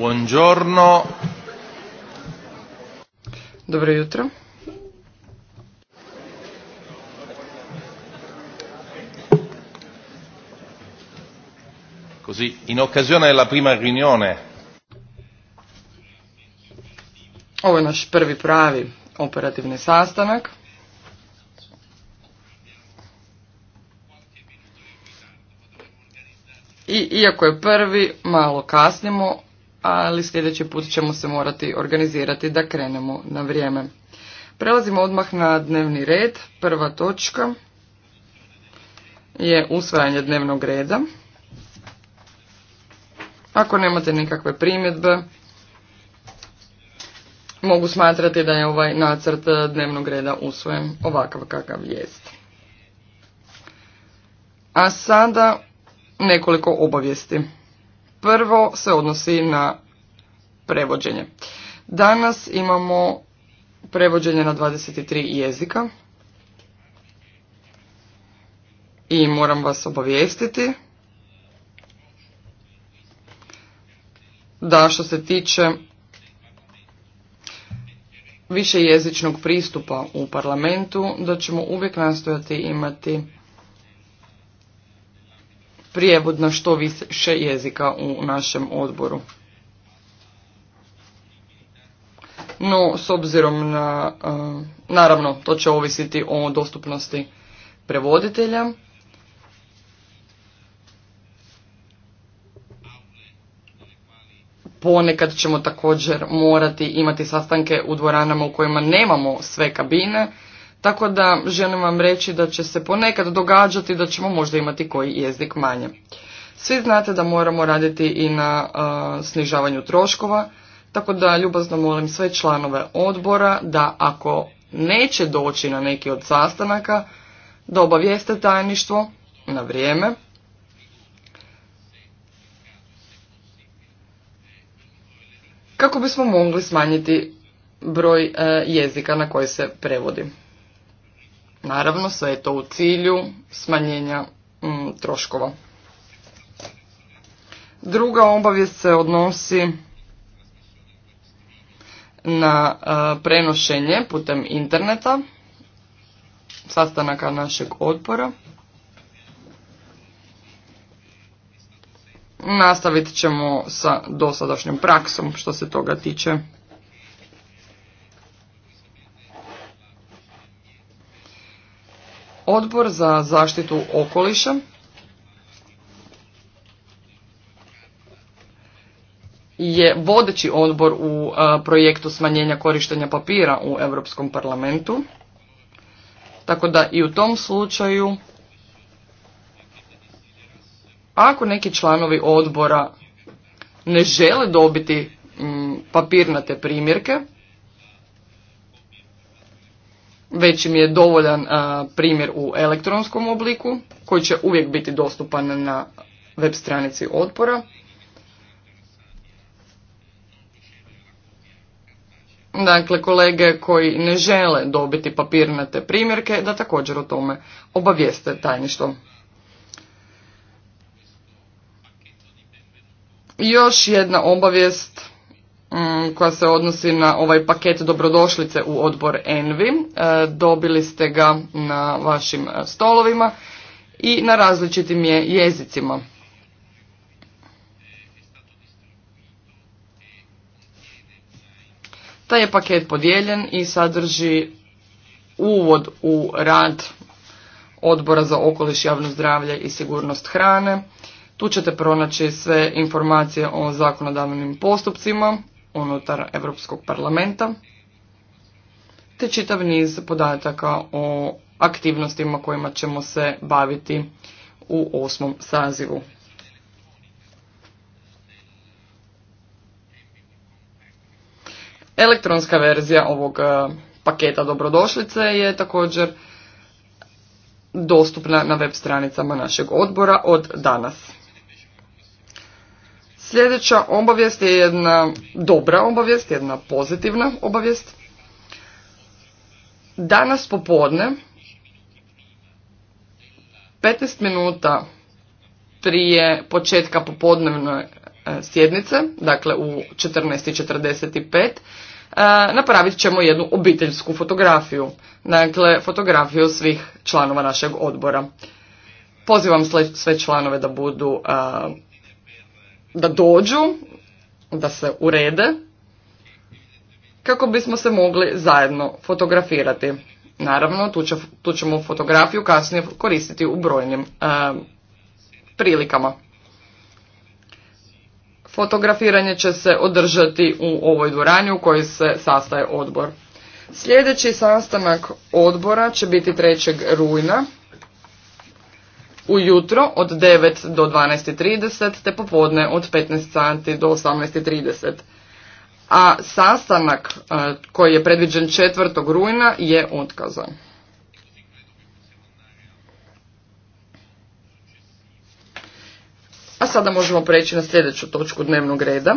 Buongiorno. Dobro jutro. Così, in occasione della prima riunione. Ovo je naš prvi pravi operativni sastanak. I iako je prvi, malo kasnimo, ali sljedeći put ćemo se morati organizirati da krenemo na vrijeme. Prelazimo odmah na dnevni red. Prva točka je usvajanje dnevnog reda. Ako nemate nikakve primjedbe, mogu smatrati da je ovaj nacrt dnevnog reda usvojen ovakav kakav jest. A sada nekoliko obavijesti. Prvo se odnosi na prevođenje. Danas imamo prevođenje na 23 jezika i moram vas obavijestiti da što se tiče više jezičnog pristupa u parlamentu, da ćemo uvijek nastojati imati prijevod na što više jezika u našem odboru. No, s obzirom na, eh, naravno, to će ovisiti o dostupnosti prevoditelja. Ponekad ćemo također morati imati sastanke u dvoranama u kojima nemamo sve kabine, tako da želim vam reći da će se ponekad događati da ćemo možda imati koji jezik manje. Svi znate da moramo raditi i na snižavanju troškova, tako da ljubazno molim sve članove odbora da ako neće doći na neki od sastanaka, da obavijeste tajništvo na vrijeme. Kako bismo mogli smanjiti broj e, jezika na koji se prevodi. Naravno, sve je to u cilju smanjenja mm, troškova. Druga obavijest se odnosi na e, prenošenje putem interneta sastanaka našeg odbora. Nastavit ćemo sa dosadašnjom praksom što se toga tiče. Odbor za zaštitu okoliša je vodeći odbor u e, projektu smanjenja korištenja papira u Europskom parlamentu. Tako da i u tom slučaju ako neki članovi odbora ne žele dobiti papirnate primjerke, već im je dovoljan primjer u elektronskom obliku koji će uvijek biti dostupan na web stranici odpora. Dakle, kolege koji ne žele dobiti papirnate primjerke da također o tome obavijeste tajništvo. Još jedna obavijest Mm, koja se odnosi na ovaj paket dobrodošlice u odbor Envi. E, dobili ste ga na vašim e, stolovima i na različitim je jezicima. Taj je paket podijeljen i sadrži uvod u rad odbora za okoliš, javno zdravlje i sigurnost hrane. Tu ćete pronaći sve informacije o zakonodavnim postupcima unutar Europskog parlamenta, te čitav niz podataka o aktivnostima kojima ćemo se baviti u osmom sazivu. Elektronska verzija ovog e, paketa dobrodošlice je također dostupna na web stranicama našeg odbora od danas. Sljedeća obavijest je jedna dobra obavijest, jedna pozitivna obavijest. Danas popodne, 15 minuta prije početka popodnevne e, sjednice, dakle u 14.45, e, napravit ćemo jednu obiteljsku fotografiju. Dakle, fotografiju svih članova našeg odbora. Pozivam sve članove da budu e, da dođu, da se urede, kako bismo se mogli zajedno fotografirati. Naravno, tu, tu ćemo fotografiju kasnije koristiti u brojnim e, prilikama. Fotografiranje će se održati u ovoj dvorani u kojoj se sastaje odbor. Sljedeći sastanak odbora će biti 3. rujna ujutro od 9 do 12.30 te popodne od 15 sati do 18.30. A sastanak e, koji je predviđen 4. rujna je otkazan. A sada možemo preći na sljedeću točku dnevnog reda.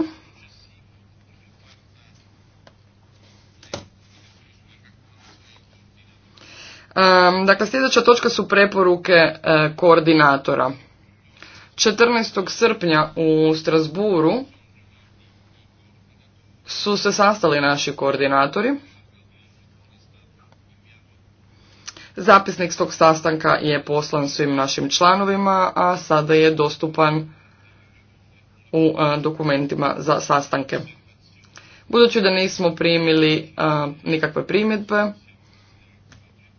Dakle, sljedeća točka su preporuke e, koordinatora. 14. srpnja u Strasburu su se sastali naši koordinatori. Zapisnik s tog sastanka je poslan svim našim članovima, a sada je dostupan u e, dokumentima za sastanke. Budući da nismo primili e, nikakve primjedbe,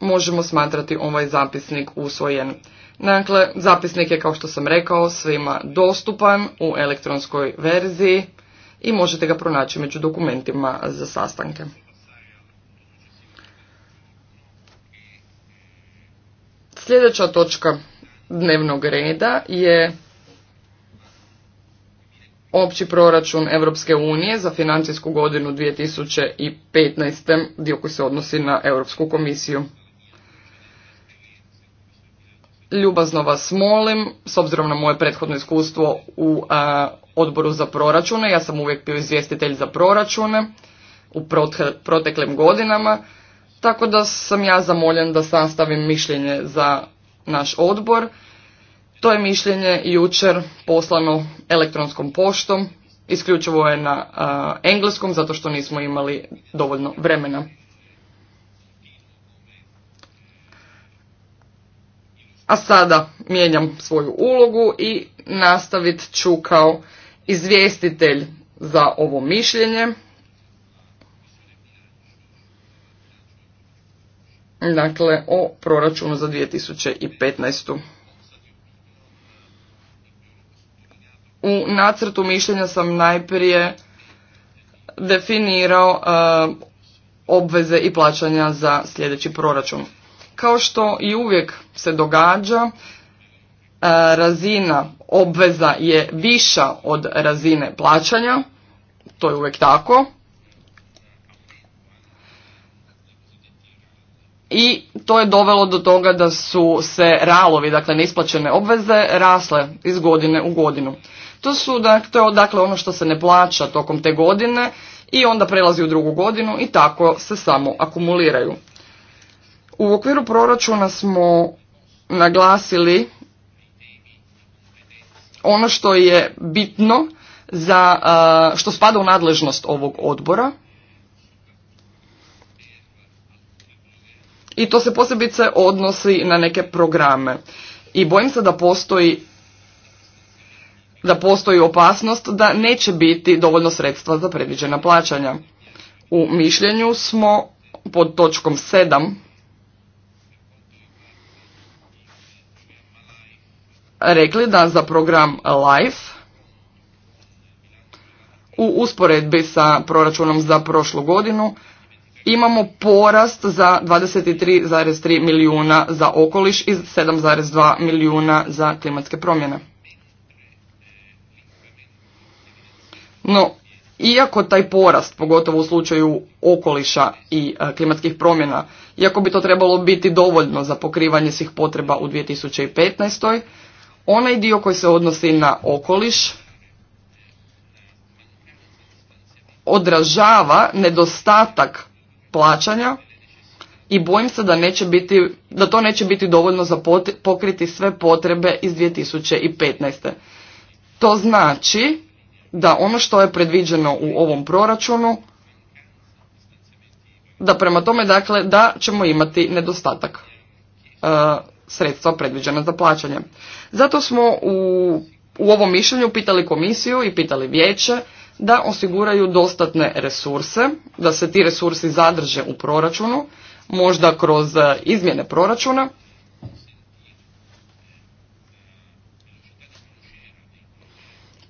možemo smatrati ovaj zapisnik usvojen. Dakle, zapisnik je kao što sam rekao svima dostupan u elektronskoj verziji i možete ga pronaći među dokumentima za sastanke. Sljedeća točka dnevnog reda je opći proračun Europske unije za financijsku godinu 2015. dio koji se odnosi na Europsku komisiju ljubazno vas molim, s obzirom na moje prethodno iskustvo u e, odboru za proračune, ja sam uvijek bio izvjestitelj za proračune u proteklim godinama, tako da sam ja zamoljen da sastavim mišljenje za naš odbor. To je mišljenje jučer poslano elektronskom poštom, isključivo je na e, engleskom zato što nismo imali dovoljno vremena. A sada mijenjam svoju ulogu i nastavit ću kao izvjestitelj za ovo mišljenje. Dakle, o proračunu za 2015. U nacrtu mišljenja sam najprije definirao e, obveze i plaćanja za sljedeći proračun. Kao što i uvijek se događa, e, razina obveza je viša od razine plaćanja, to je uvijek tako. I to je dovelo do toga da su se ralovi, dakle neisplaćene obveze, rasle iz godine u godinu. To su dakle ono što se ne plaća tokom te godine i onda prelazi u drugu godinu i tako se samo akumuliraju. U okviru proračuna smo naglasili ono što je bitno za što spada u nadležnost ovog odbora i to se posebice odnosi na neke programe. I bojim se da postoji da postoji opasnost da neće biti dovoljno sredstva za predviđena plaćanja. U mišljenju smo pod točkom sedam. rekli da za program LIFE u usporedbi sa proračunom za prošlu godinu imamo porast za 23,3 milijuna za okoliš i 7,2 milijuna za klimatske promjene. No, iako taj porast, pogotovo u slučaju okoliša i e, klimatskih promjena, iako bi to trebalo biti dovoljno za pokrivanje svih potreba u 2015. Onaj dio koji se odnosi na okoliš odražava nedostatak plaćanja i bojim se da, neće biti, da to neće biti dovoljno za pokriti sve potrebe iz 2015. To znači da ono što je predviđeno u ovom proračunu, da prema tome dakle da ćemo imati nedostatak uh, sredstva predviđena za plaćanje. Zato smo u, u ovom mišljenju pitali komisiju i pitali vijeće da osiguraju dostatne resurse, da se ti resursi zadrže u proračunu, možda kroz e, izmjene proračuna,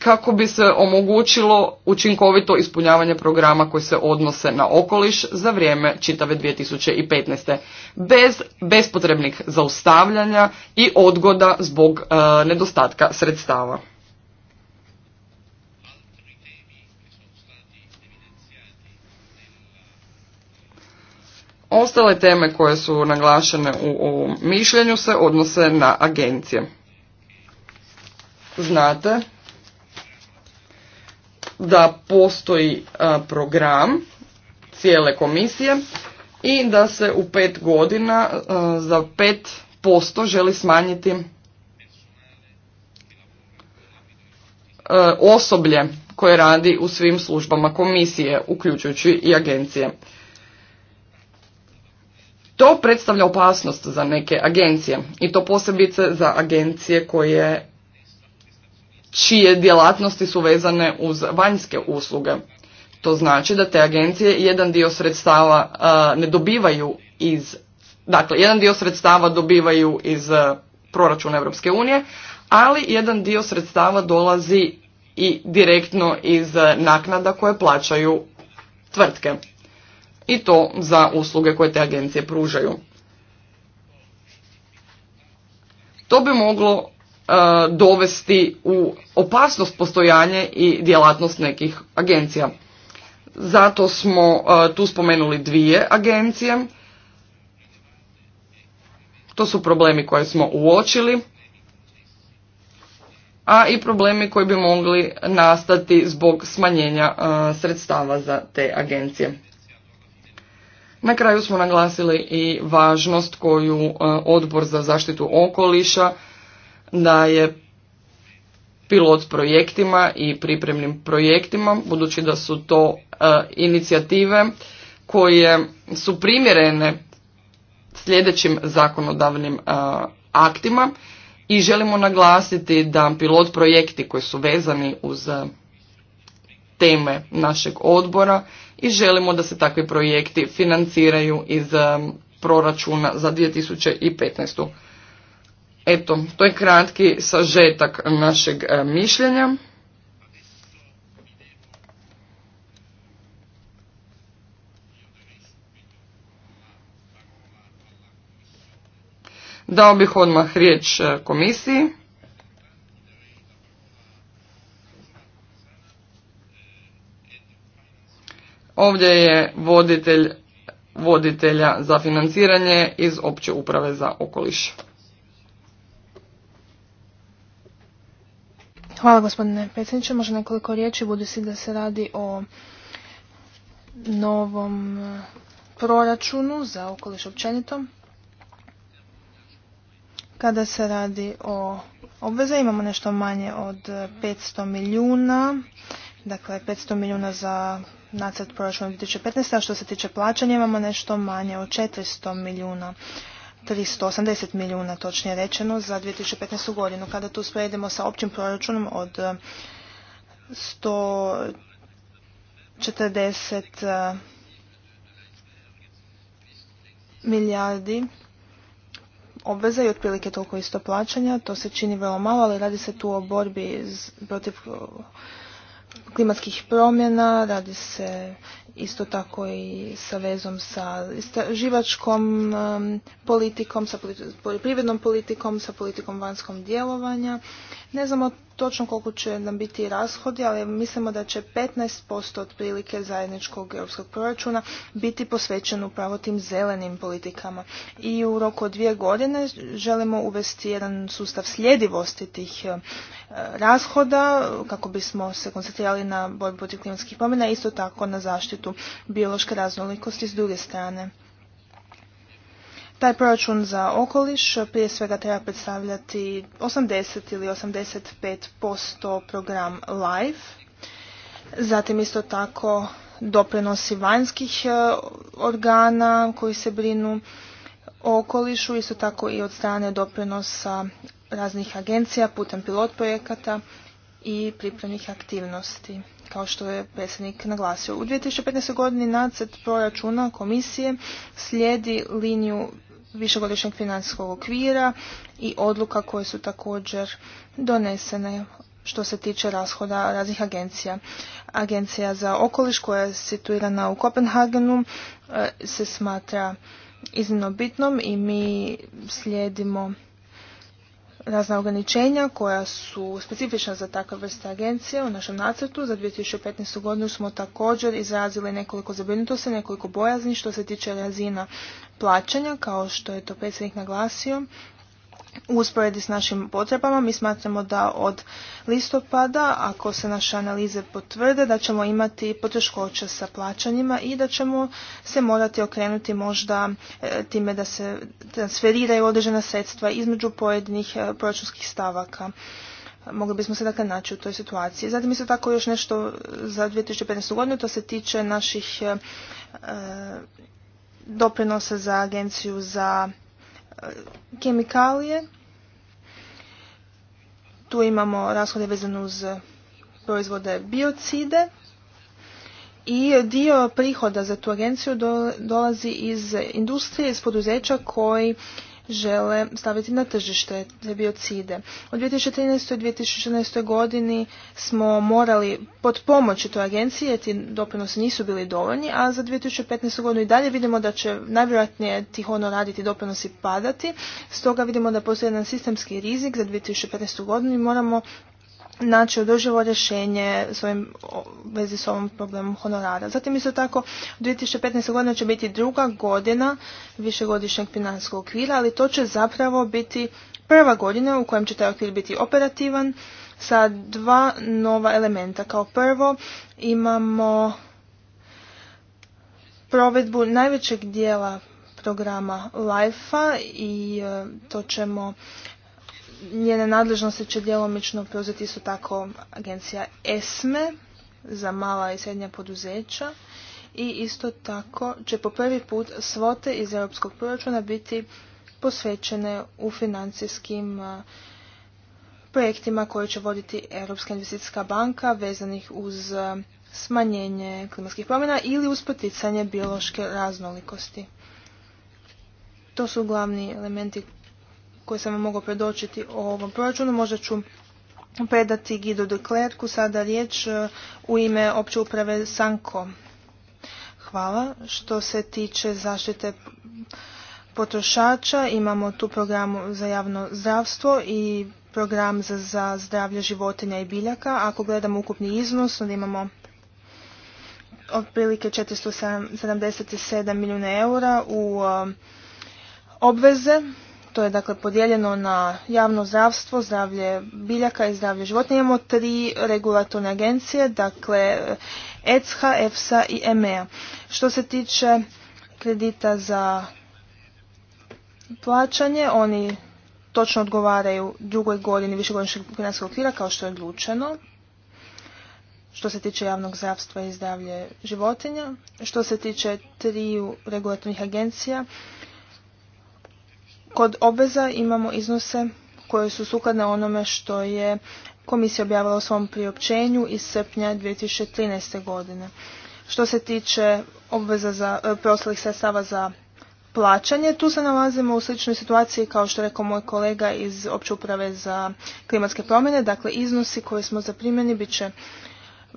kako bi se omogućilo učinkovito ispunjavanje programa koji se odnose na okoliš za vrijeme čitave 2015. bez bespotrebnih zaustavljanja i odgoda zbog e, nedostatka sredstava. Ostale teme koje su naglašene u ovom mišljenju se odnose na agencije. Znate da postoji e, program cijele komisije i da se u pet godina e, za pet posto želi smanjiti e, osoblje koje radi u svim službama komisije, uključujući i agencije. To predstavlja opasnost za neke agencije i to posebice za agencije koje čije djelatnosti su vezane uz vanjske usluge. To znači da te agencije jedan dio sredstava e, ne dobivaju iz, dakle jedan dio sredstava dobivaju iz e, proračuna Europske unije, ali jedan dio sredstava dolazi i direktno iz e, naknada koje plaćaju tvrtke. I to za usluge koje te agencije pružaju. To bi moglo E, dovesti u opasnost postojanje i djelatnost nekih agencija. Zato smo e, tu spomenuli dvije agencije. To su problemi koje smo uočili, a i problemi koji bi mogli nastati zbog smanjenja e, sredstava za te agencije. Na kraju smo naglasili i važnost koju odbor za zaštitu okoliša da je pilot projektima i pripremnim projektima, budući da su to e, inicijative koje su primjerene sljedećim zakonodavnim e, aktima i želimo naglasiti da pilot projekti koji su vezani uz e, teme našeg odbora i želimo da se takvi projekti financiraju iz proračuna za 2015. Eto, to je kratki sažetak našeg e, mišljenja. Dao bih odmah riječ e, komisiji. Ovdje je voditelj voditelja za financiranje iz opće uprave za okoliš. Hvala gospodine predsjedniče. Možda nekoliko riječi budući da se radi o novom e, proračunu za okoliš općenito. Kada se radi o obveze imamo nešto manje od 500 e, milijuna, dakle 500 milijuna za nacrt proračuna 2015. A što se tiče plaćanja imamo nešto manje od 400 milijuna 380 milijuna točnije rečeno za 2015. godinu. Kada tu usporedimo sa općim proračunom od 140 e, e, milijardi obveza i otprilike toliko isto plaćanja. To se čini vrlo malo, ali radi se tu o borbi protiv e, klimatskih promjena, radi se isto tako i sa vezom sa živačkom um, politikom, sa poljoprivrednom politikom, sa politikom vanjskom djelovanja. Ne znamo točno koliko će nam biti rashodi, ali mislimo da će 15% otprilike zajedničkog europskog proračuna biti posvećen upravo tim zelenim politikama. I u roku od dvije godine želimo uvesti jedan sustav sljedivosti tih e, rashoda kako bismo se koncentrirali na borbu protiv klimatskih promjena, isto tako na zaštitu biološke raznolikosti s druge strane. Taj proračun za okoliš prije svega treba predstavljati 80 ili 85% program LIFE, zatim isto tako doprinosi vanjskih e, organa koji se brinu o okolišu, isto tako i od strane doprinosa raznih agencija putem pilot projekata i pripremnih aktivnosti, kao što je predsjednik naglasio. U 2015. godini nacrt proračuna komisije slijedi liniju višegodišnjeg financijskog okvira i odluka koje su također donesene što se tiče rashoda raznih agencija. Agencija za okoliš koja je situirana u Kopenhagenu e, se smatra iznimno bitnom i mi slijedimo razna ograničenja koja su specifična za takve vrste agencije u našem nacrtu. Za 2015. godinu smo također izrazili nekoliko zabrinutosti, nekoliko bojazni što se tiče razina plaćanja, kao što je to predsjednik naglasio. U usporedi s našim potrebama mi smatramo da od listopada, ako se naše analize potvrde, da ćemo imati poteškoće sa plaćanjima i da ćemo se morati okrenuti možda e, time da se transferiraju određena sredstva između pojedinih e, proračunskih stavaka. Mogli bismo se dakle naći u toj situaciji. Zatim isto tako još nešto za 2015. godinu, to se tiče naših e, doprinosa za agenciju za kemikalije. Tu imamo rashode vezane uz proizvode biocide i dio prihoda za tu agenciju dolazi iz industrije, iz poduzeća koji žele staviti na tržište za biocide. Od 2013. i 2014. godini smo morali pod pomoći toj agenciji, jer ti doprinosi nisu bili dovoljni, a za 2015. godinu i dalje vidimo da će najvjerojatnije ono raditi doprinosi padati, stoga vidimo da postoji jedan sistemski rizik za 2015. godinu i moramo naći održivo rješenje svojim vezi s ovom problemom honorara. Zatim isto tako 2015. godina će biti druga godina višegodišnjeg financijskog okvira, ali to će zapravo biti prva godina u kojem će taj okvir biti operativan sa dva nova elementa. Kao prvo imamo provedbu najvećeg dijela programa LIFE-a i e, to ćemo njene nadležnosti će djelomično preuzeti isto tako agencija ESME za mala i srednja poduzeća i isto tako će po prvi put svote iz europskog proračuna biti posvećene u financijskim projektima koje će voditi Europska investicijska banka vezanih uz smanjenje klimatskih promjena ili uz poticanje biološke raznolikosti. To su glavni elementi koje sam vam mogao predočiti o ovom proračunu. Možda ću predati Gidu klerku. sada riječ e, u ime opće uprave Sanko. Hvala. Što se tiče zaštite potrošača, imamo tu program za javno zdravstvo i program za, za zdravlje životinja i biljaka. Ako gledamo ukupni iznos, onda imamo otprilike 477 milijuna eura u e, obveze to je dakle podijeljeno na javno zdravstvo, zdravlje biljaka i zdravlje životinja. Imamo tri regulatorne agencije, dakle ECHA, EFSA i EMEA. Što se tiče kredita za plaćanje, oni točno odgovaraju drugoj godini višegodišnjeg financijskog okvira kao što je odlučeno što se tiče javnog zdravstva i zdravlje životinja. Što se tiče triju regulatornih agencija, Kod obveza imamo iznose koje su sukladne onome što je komisija objavila u svom priopćenju iz srpnja 2013. godine. Što se tiče obveza za e, preostalih sredstava za plaćanje, tu se nalazimo u sličnoj situaciji kao što rekao moj kolega iz opće uprave za klimatske promjene. Dakle, iznosi koje smo zaprimljeni bit će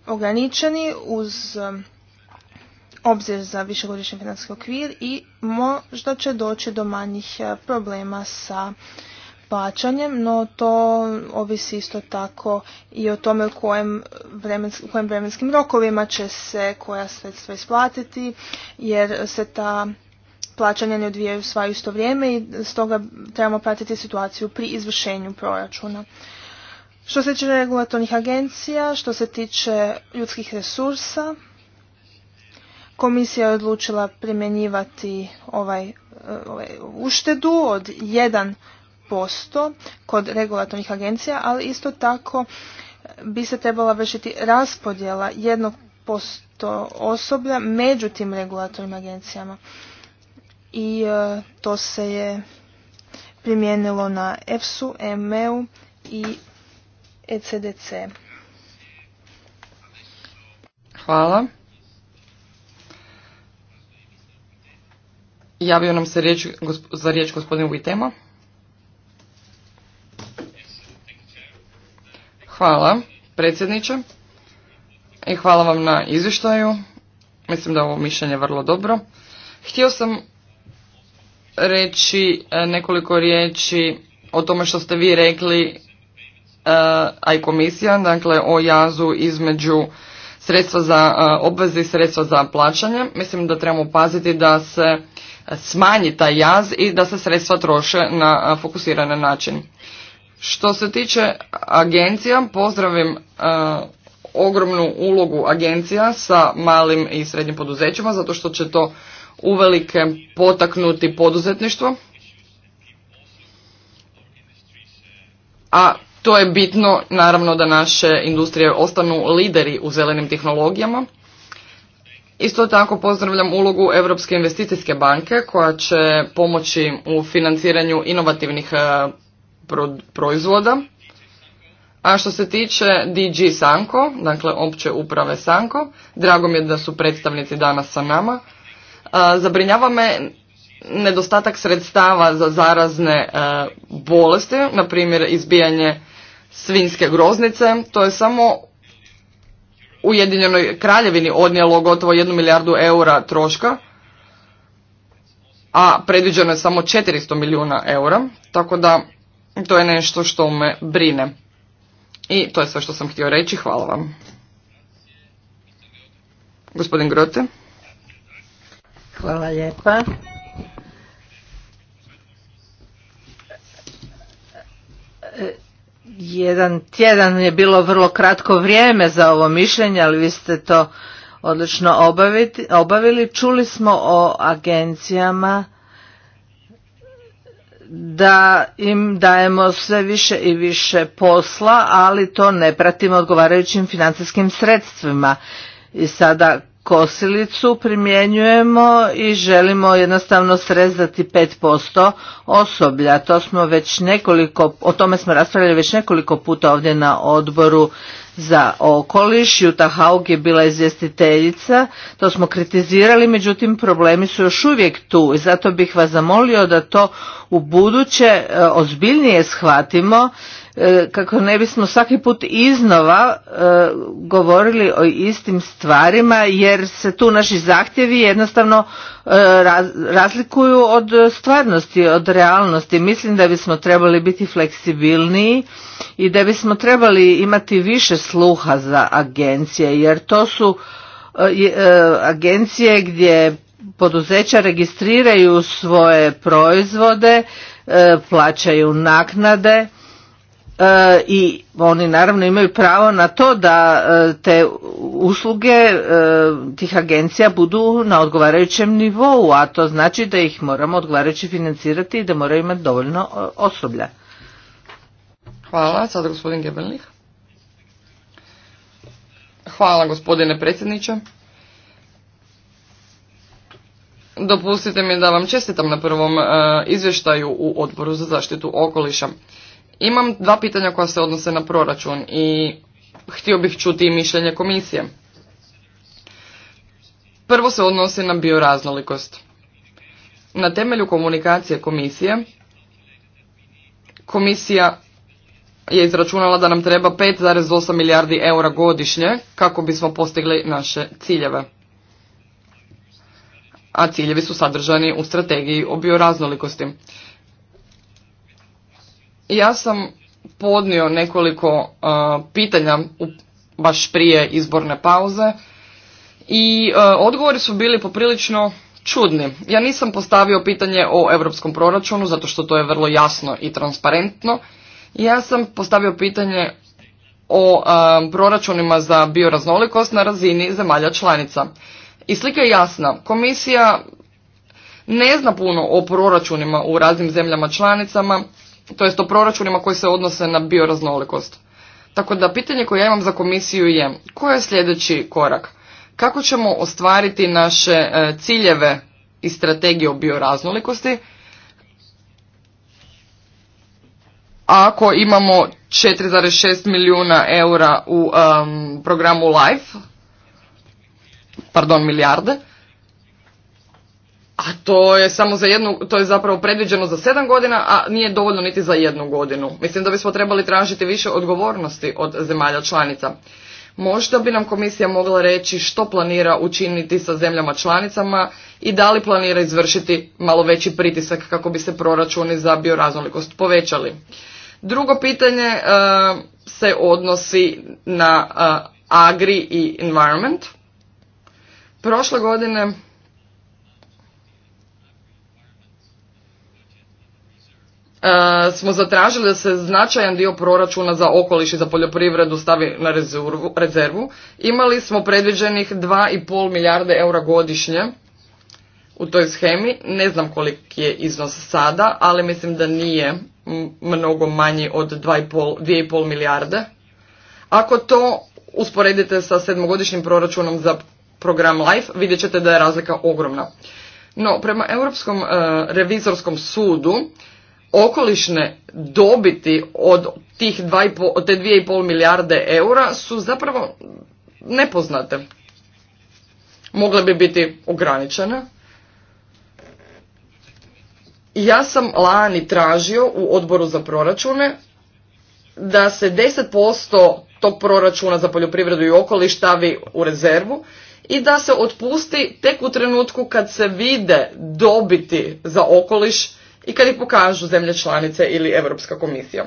ograničeni uz obzir za višegodišnji financijski okvir i možda će doći do manjih e, problema sa plaćanjem, no to ovisi isto tako i o tome u kojem, kojem vremenskim rokovima će se koja sredstva isplatiti, jer se ta plaćanja ne odvijaju sva isto vrijeme i stoga trebamo pratiti situaciju pri izvršenju proračuna. Što se tiče regulatornih agencija, što se tiče ljudskih resursa, Komisija je odlučila primjenjivati ovaj, e, ovaj uštedu od 1% kod regulatornih agencija, ali isto tako bi se trebala vršiti raspodjela 1% osoblja među tim regulatornim agencijama. I e, to se je primijenilo na EFSU, EMEU i ECDC. Hvala. Javio nam se za riječ gospodin Vitema. Hvala, predsjedniče. I hvala vam na izvještaju. Mislim da je ovo mišljenje vrlo dobro. Htio sam reći e, nekoliko riječi o tome što ste vi rekli, e, a i komisija, dakle o jazu između sredstva za e, obveze i sredstva za plaćanje. Mislim da trebamo paziti da se smanji taj jaz i da se sredstva troše na e, fokusirane način. Što se tiče agencija, pozdravim e, ogromnu ulogu agencija sa malim i srednjim poduzećima zato što će to uvelike potaknuti poduzetništvo. A to je bitno, naravno, da naše industrije ostanu lideri u zelenim tehnologijama. Isto tako pozdravljam ulogu Europske investicijske banke koja će pomoći u financiranju inovativnih e, proizvoda. A što se tiče DG Sanko, dakle opće uprave Sanko, drago mi je da su predstavnici danas sa nama, e, zabrinjava me nedostatak sredstava za zarazne e, bolesti, na primjer izbijanje Svinske groznice. To je samo Ujedinjenoj kraljevini odnijelo gotovo jednu milijardu eura troška, a predviđeno je samo 400 milijuna eura, tako da to je nešto što me brine. I to je sve što sam htio reći, hvala vam. Gospodin Grote. Hvala lijepa jedan tjedan je bilo vrlo kratko vrijeme za ovo mišljenje, ali vi ste to odlično obavili. Čuli smo o agencijama da im dajemo sve više i više posla, ali to ne pratimo odgovarajućim financijskim sredstvima. I sada kosilicu primjenjujemo i želimo jednostavno srezati 5% osoblja. To smo već nekoliko, o tome smo raspravljali već nekoliko puta ovdje na odboru za okoliš. Juta Haug je bila izvjestiteljica, to smo kritizirali, međutim problemi su još uvijek tu i zato bih vas zamolio da to u buduće e, ozbiljnije shvatimo E, kako ne bismo svaki put iznova e, govorili o istim stvarima jer se tu naši zahtjevi jednostavno e, razlikuju od stvarnosti, od realnosti. Mislim da bismo trebali biti fleksibilniji i da bismo trebali imati više sluha za agencije jer to su agencije gdje poduzeća registriraju svoje proizvode, plaćaju naknade E, i oni naravno imaju pravo na to da e, te usluge e, tih agencija budu na odgovarajućem nivou, a to znači da ih moramo odgovarajuće financirati i da moraju imati dovoljno osoblja. Hvala, sad gospodin Gebelnih. Hvala gospodine predsjedniče. Dopustite mi da vam čestitam na prvom izvještaju u odboru za zaštitu okoliša. Imam dva pitanja koja se odnose na proračun i htio bih čuti i mišljenje komisije. Prvo se odnosi na bioraznolikost. Na temelju komunikacije komisije, komisija je izračunala da nam treba 5,8 milijardi eura godišnje kako bismo postigli naše ciljeve. A ciljevi su sadržani u strategiji o bioraznolikosti. Ja sam podnio nekoliko pitanja u, baš prije izborne pauze i odgovori su bili poprilično čudni. Ja nisam postavio pitanje o europskom proračunu zato što to je vrlo jasno i transparentno. Ja sam postavio pitanje o proračunima za bioraznolikost na razini zemalja članica. I slika je jasna. Komisija ne zna puno o proračunima u raznim zemljama članicama, to jest o proračunima koji se odnose na bioraznolikost. Tako da pitanje koje ja imam za komisiju je koji je sljedeći korak? Kako ćemo ostvariti naše e, ciljeve i strategije o bioraznolikosti ako imamo 4,6 milijuna eura u programu LIFE, pardon milijarde, a to je samo za jednu, to je zapravo predviđeno za sedam godina, a nije dovoljno niti za jednu godinu. Mislim da bismo trebali tražiti više odgovornosti od zemalja članica. Možda bi nam komisija mogla reći što planira učiniti sa zemljama članicama i da li planira izvršiti malo veći pritisak kako bi se proračuni za bioraznolikost povećali. Drugo pitanje e, se odnosi na e, agri i environment. Prošle godine E, smo zatražili da se značajan dio proračuna za okoliš i za poljoprivredu stavi na rezervu, Imali smo predviđenih 2,5 milijarde eura godišnje u toj schemi. Ne znam koliki je iznos sada, ali mislim da nije mnogo manji od 2,5 milijarde. Ako to usporedite sa sedmogodišnjim proračunom za program LIFE, vidjet ćete da je razlika ogromna. No, prema Europskom e, revizorskom sudu, okolišne dobiti od tih pol, te 2,5 milijarde eura su zapravo nepoznate. Mogle bi biti ograničene. Ja sam lani tražio u odboru za proračune da se 10% tog proračuna za poljoprivredu i okoliš stavi u rezervu i da se otpusti tek u trenutku kad se vide dobiti za okoliš i kad ih pokažu zemlje članice ili Europska komisija.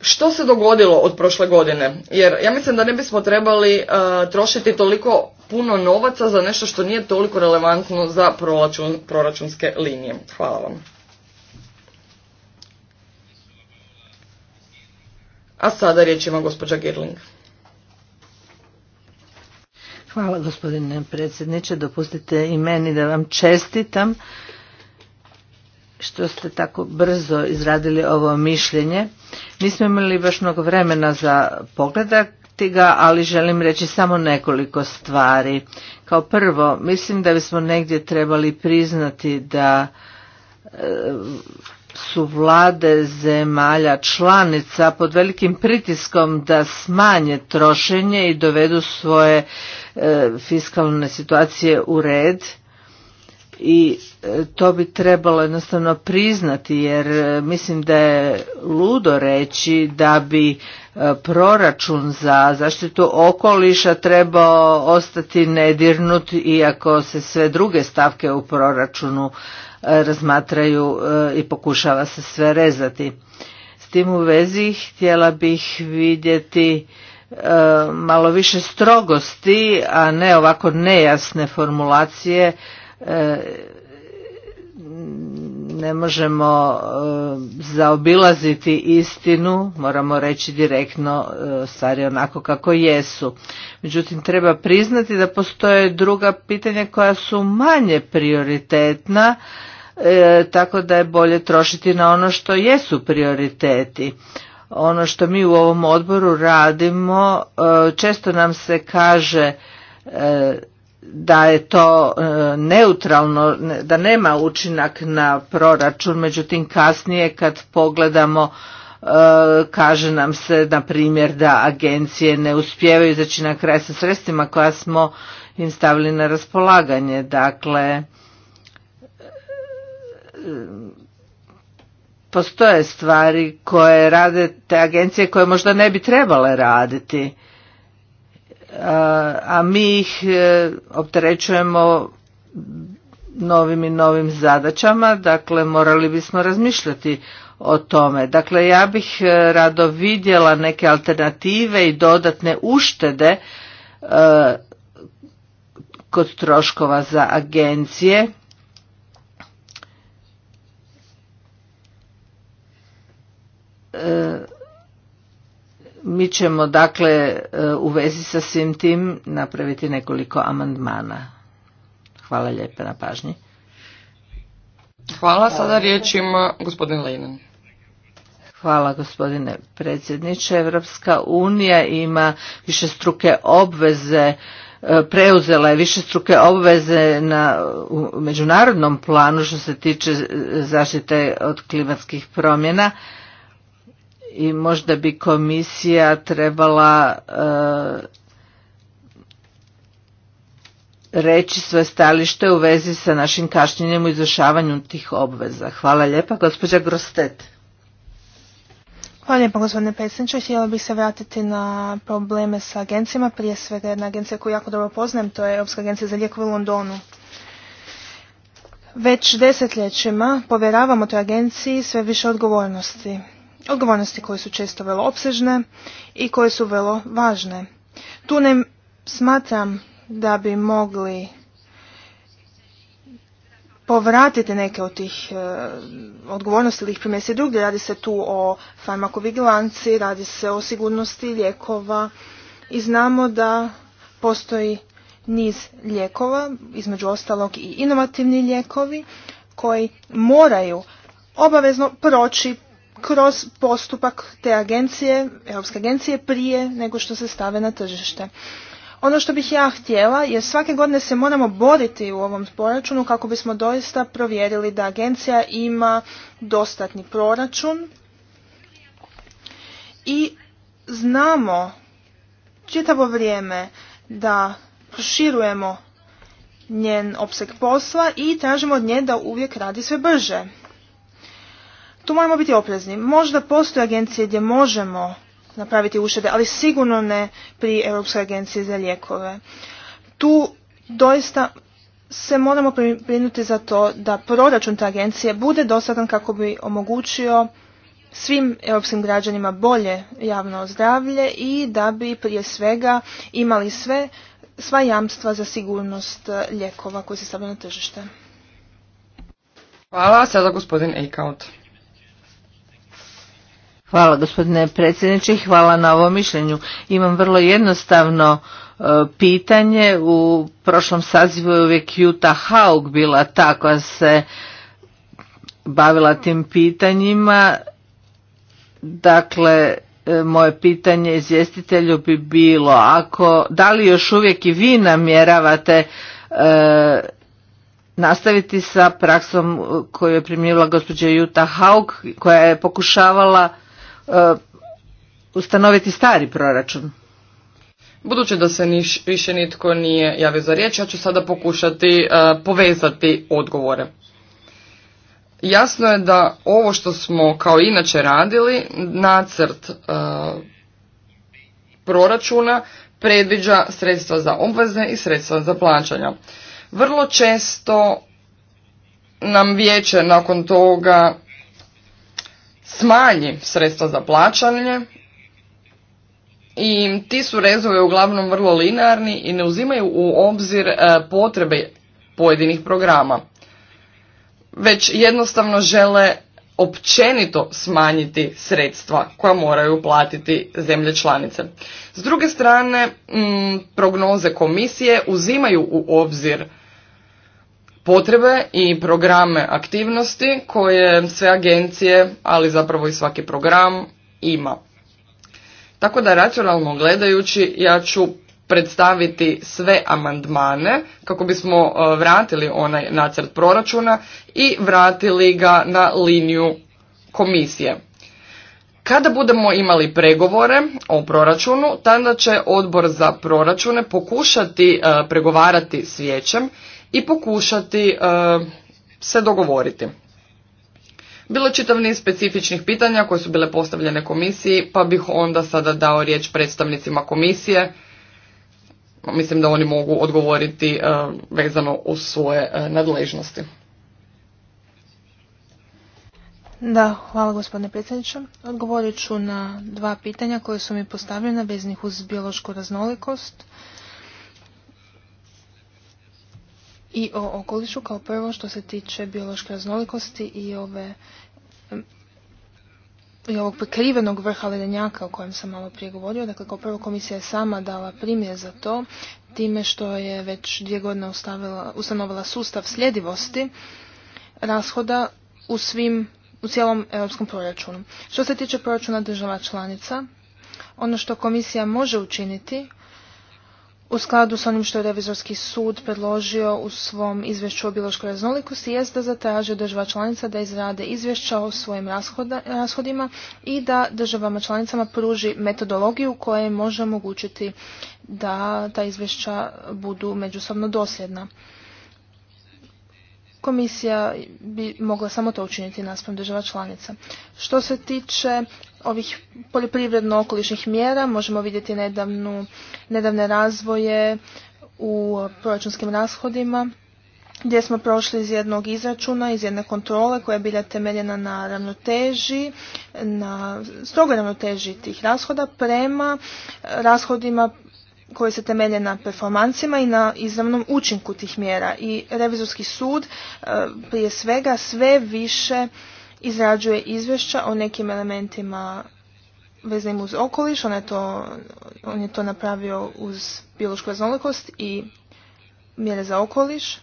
Što se dogodilo od prošle godine? Jer ja mislim da ne bismo trebali e, trošiti toliko puno novaca za nešto što nije toliko relevantno za proračunske linije. Hvala vam. A sada riječ ima gospođa Girling. Hvala gospodine predsjedniče. Dopustite i meni da vam čestitam što ste tako brzo izradili ovo mišljenje. Nismo imali baš mnogo vremena za pogledati ga, ali želim reći samo nekoliko stvari. Kao prvo, mislim da bismo negdje trebali priznati da e, su vlade zemalja članica pod velikim pritiskom da smanje trošenje i dovedu svoje e, fiskalne situacije u red i e, to bi trebalo jednostavno priznati jer e, mislim da je ludo reći da bi e, proračun za zaštitu okoliša trebao ostati nedirnut iako se sve druge stavke u proračunu razmatraju i pokušava se sve rezati. S tim u vezi htjela bih vidjeti malo više strogosti, a ne ovako nejasne formulacije E, ne možemo e, zaobilaziti istinu, moramo reći direktno e, stvari onako kako jesu. Međutim, treba priznati da postoje druga pitanja koja su manje prioritetna, tako da je bolje trošiti na ono što jesu prioriteti. Ono što mi u ovom odboru radimo, često nam se kaže da je to e, neutralno, da nema učinak na proračun, međutim kasnije kad pogledamo e, kaže nam se na primjer da agencije ne uspijevaju izaći na kraj sa sredstvima koja smo im stavili na raspolaganje. Dakle, e, postoje stvari koje rade te agencije koje možda ne bi trebale raditi a mi ih e, opterećujemo novim i novim zadaćama, dakle morali bismo razmišljati o tome. Dakle, ja bih e, rado vidjela neke alternative i dodatne uštede e, kod troškova za agencije. E, mi ćemo dakle e, u vezi sa svim tim napraviti nekoliko amandmana. Hvala lijepa na pažnji. Hvala, sada riječ gospodin Hvala gospodine predsjedniče. Evropska unija ima više struke obveze e, preuzela je višestruke obveze na u međunarodnom planu što se tiče e, zaštite od klimatskih promjena i možda bi komisija trebala e, reći svoje stalište u vezi sa našim kašnjenjem u izvršavanju tih obveza. Hvala lijepa, gospođa Grostet. Hvala lijepa, gospodine predsjedniče. Htjela bih se vratiti na probleme sa agencijama. Prije svega jedna agencija koju jako dobro poznajem, to je Europska agencija za lijekove u Londonu. Već desetljećima povjeravamo toj agenciji sve više odgovornosti odgovornosti koje su često vrlo opsežne i koje su vrlo važne. Tu ne smatram da bi mogli povratiti neke od tih e, odgovornosti ili ih primjesti drugdje. Radi se tu o farmakovigilanci, radi se o sigurnosti lijekova i znamo da postoji niz lijekova, između ostalog i inovativni lijekovi koji moraju obavezno proći kroz postupak te agencije, Europske agencije prije nego što se stave na tržište. Ono što bih ja htjela je svake godine se moramo boriti u ovom proračunu kako bismo doista provjerili da agencija ima dostatni proračun i znamo čitavo vrijeme da proširujemo njen opseg posla i tražimo od nje da uvijek radi sve brže. Tu moramo biti oprezni. Možda postoje agencije gdje možemo napraviti uštede, ali sigurno ne pri Europskoj agenciji za lijekove. Tu doista se moramo brinuti za to da proračun te agencije bude dostatan kako bi omogućio svim europskim građanima bolje javno zdravlje i da bi prije svega imali sve sva jamstva za sigurnost e, lijekova koji se stavljaju na tržište. Hvala, sada gospodin Hvala gospodine predsjedniče, hvala na ovom mišljenju. Imam vrlo jednostavno e, pitanje. U prošlom sazivu je uvijek Juta Haug bila ta koja se bavila tim pitanjima. Dakle, e, moje pitanje izvjestitelju bi bilo ako, da li još uvijek i vi namjeravate e, nastaviti sa praksom koju je primjela gospođa Juta Haug koja je pokušavala E, ustanoviti stari proračun. Budući da se niš, više nitko nije javio za riječ, ja ću sada pokušati e, povezati odgovore. Jasno je da ovo što smo kao inače radili, nacrt e, proračuna predviđa sredstva za obveze i sredstva za plaćanja. Vrlo često nam vijeće nakon toga smanji sredstva za plaćanje i ti su rezovi uglavnom vrlo linearni i ne uzimaju u obzir e, potrebe pojedinih programa, već jednostavno žele općenito smanjiti sredstva koja moraju platiti zemlje članice. S druge strane, prognoze komisije uzimaju u obzir potrebe i programe aktivnosti koje sve agencije, ali zapravo i svaki program ima. Tako da racionalno gledajući ja ću predstaviti sve amandmane kako bismo e, vratili onaj nacrt proračuna i vratili ga na liniju komisije. Kada budemo imali pregovore o proračunu, tada će odbor za proračune pokušati e, pregovarati s vijećem i pokušati e, se dogovoriti. Bilo je čitav niz specifičnih pitanja koje su bile postavljene komisiji, pa bih onda sada dao riječ predstavnicima komisije. Pa mislim da oni mogu odgovoriti e, vezano uz svoje e, nadležnosti. Da, hvala gospodine predsjedniče. Odgovorit ću na dva pitanja koje su mi postavljena veznih uz biološku raznolikost i o okolišu kao prvo što se tiče biološke raznolikosti i ove i ovog prekrivenog vrha ledenjaka o kojem sam malo prije govorio. Dakle, kao prvo komisija je sama dala primjer za to, time što je već dvije godine ustanovila sustav sljedivosti rashoda u svim u cijelom europskom proračunu. Što se tiče proračuna država članica, ono što komisija može učiniti u skladu s onim što je revizorski sud predložio u svom izvješću o biološkoj raznolikosti jest da zatraže država članica da izrade izvješća o svojim rashodima i da državama članicama pruži metodologiju koja im može omogućiti da ta izvješća budu međusobno dosljedna komisija bi mogla samo to učiniti naspram država članica. Što se tiče ovih poljoprivredno-okolišnih mjera, možemo vidjeti nedavnu, nedavne razvoje u proračunskim rashodima gdje smo prošli iz jednog izračuna, iz jedne kontrole koja je bila temeljena na ravnoteži, na strogoj ravnoteži tih rashoda prema rashodima koje se temelje na performancima i na izravnom učinku tih mjera. I revizorski sud e, prije svega sve više izrađuje izvješća o nekim elementima vezanim uz okoliš. On je to, on je to napravio uz biološku raznolikost i mjere za okoliš.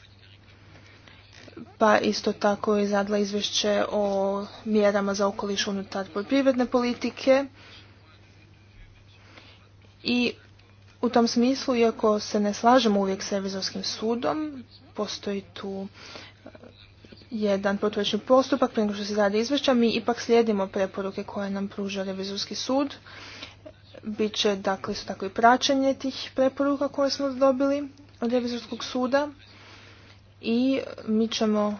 Pa isto tako je izradila izvješće o mjerama za okoliš unutar poljoprivredne politike. I u tom smislu, iako se ne slažemo uvijek s revizorskim sudom, postoji tu e, jedan proturečni postupak, prije nego što se radi izvješća, mi ipak slijedimo preporuke koje nam pruža revizorski sud. Biće, dakle, su tako i praćenje tih preporuka koje smo dobili od revizorskog suda i mi ćemo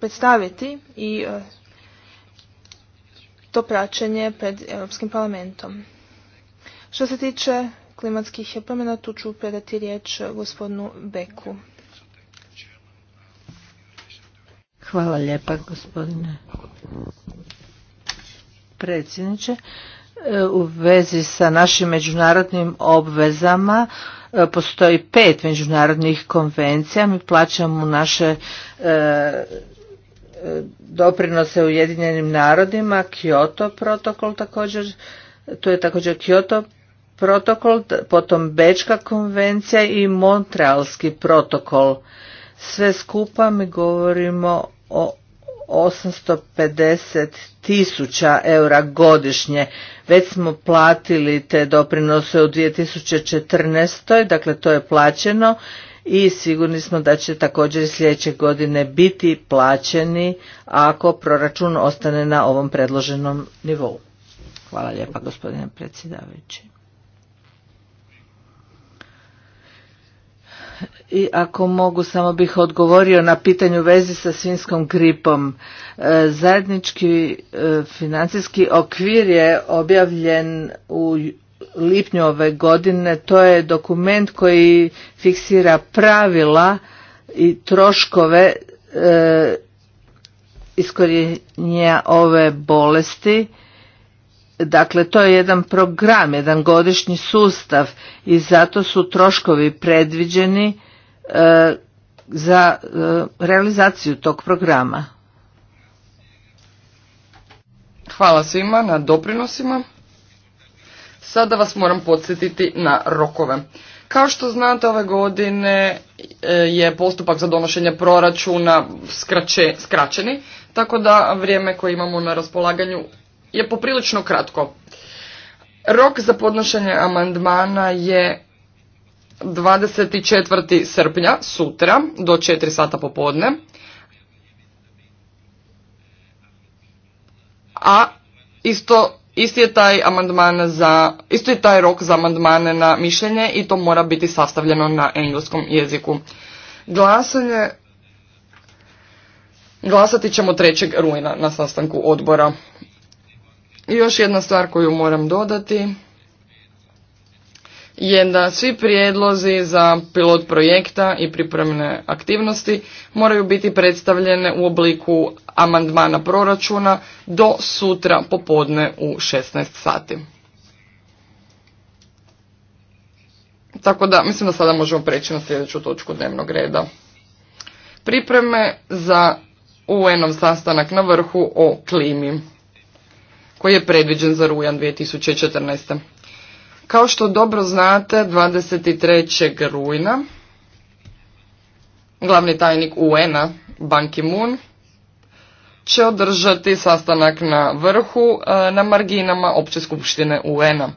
predstaviti i e, to praćenje pred Europskim parlamentom. Što se tiče klimatskih promjena, tu ću predati riječ gospodinu Beku. Hvala lijepa gospodine predsjedniče. E, u vezi sa našim međunarodnim obvezama e, postoji pet međunarodnih konvencija. Mi plaćamo naše e, doprinose Ujedinjenim narodima, Kyoto protokol također, To je također Kyoto protokol, potom Bečka konvencija i Montrealski protokol. Sve skupa mi govorimo o 850 tisuća eura godišnje. Već smo platili te doprinose u 2014. Dakle, to je plaćeno i sigurni smo da će također sljedeće godine biti plaćeni ako proračun ostane na ovom predloženom nivou. Hvala lijepa gospodine predsjedavajući. I ako mogu, samo bih odgovorio na pitanju vezi sa svinskom gripom. E, zajednički e, financijski okvir je objavljen u lipnju ove godine. To je dokument koji fiksira pravila i troškove e, iskorjenja ove bolesti. Dakle, to je jedan program, jedan godišnji sustav i zato su troškovi predviđeni E, za e, realizaciju tog programa. Hvala svima na doprinosima. Sada vas moram podsjetiti na rokove. Kao što znate, ove godine e, je postupak za donošenje proračuna skraće, skraćeni, tako da vrijeme koje imamo na raspolaganju je poprilično kratko. Rok za podnošenje amandmana je 24. srpnja, sutra, do 4 sata popodne. A isto, isti je taj amandman za, isto taj rok za amandmane na mišljenje i to mora biti sastavljeno na engleskom jeziku. Glasanje Glasati ćemo 3. rujna na sastanku odbora. I još jedna stvar koju moram dodati je da svi prijedlozi za pilot projekta i pripremne aktivnosti moraju biti predstavljene u obliku amandmana proračuna do sutra popodne u 16 sati. Tako da mislim da sada možemo preći na sljedeću točku dnevnog reda. Pripreme za UN-ov sastanak na vrhu o klimi koji je predviđen za rujan 2014. Kao što dobro znate, 23. rujna glavni tajnik UN-a Ban Ki-moon će održati sastanak na vrhu e, na marginama Opće skupštine UN-a.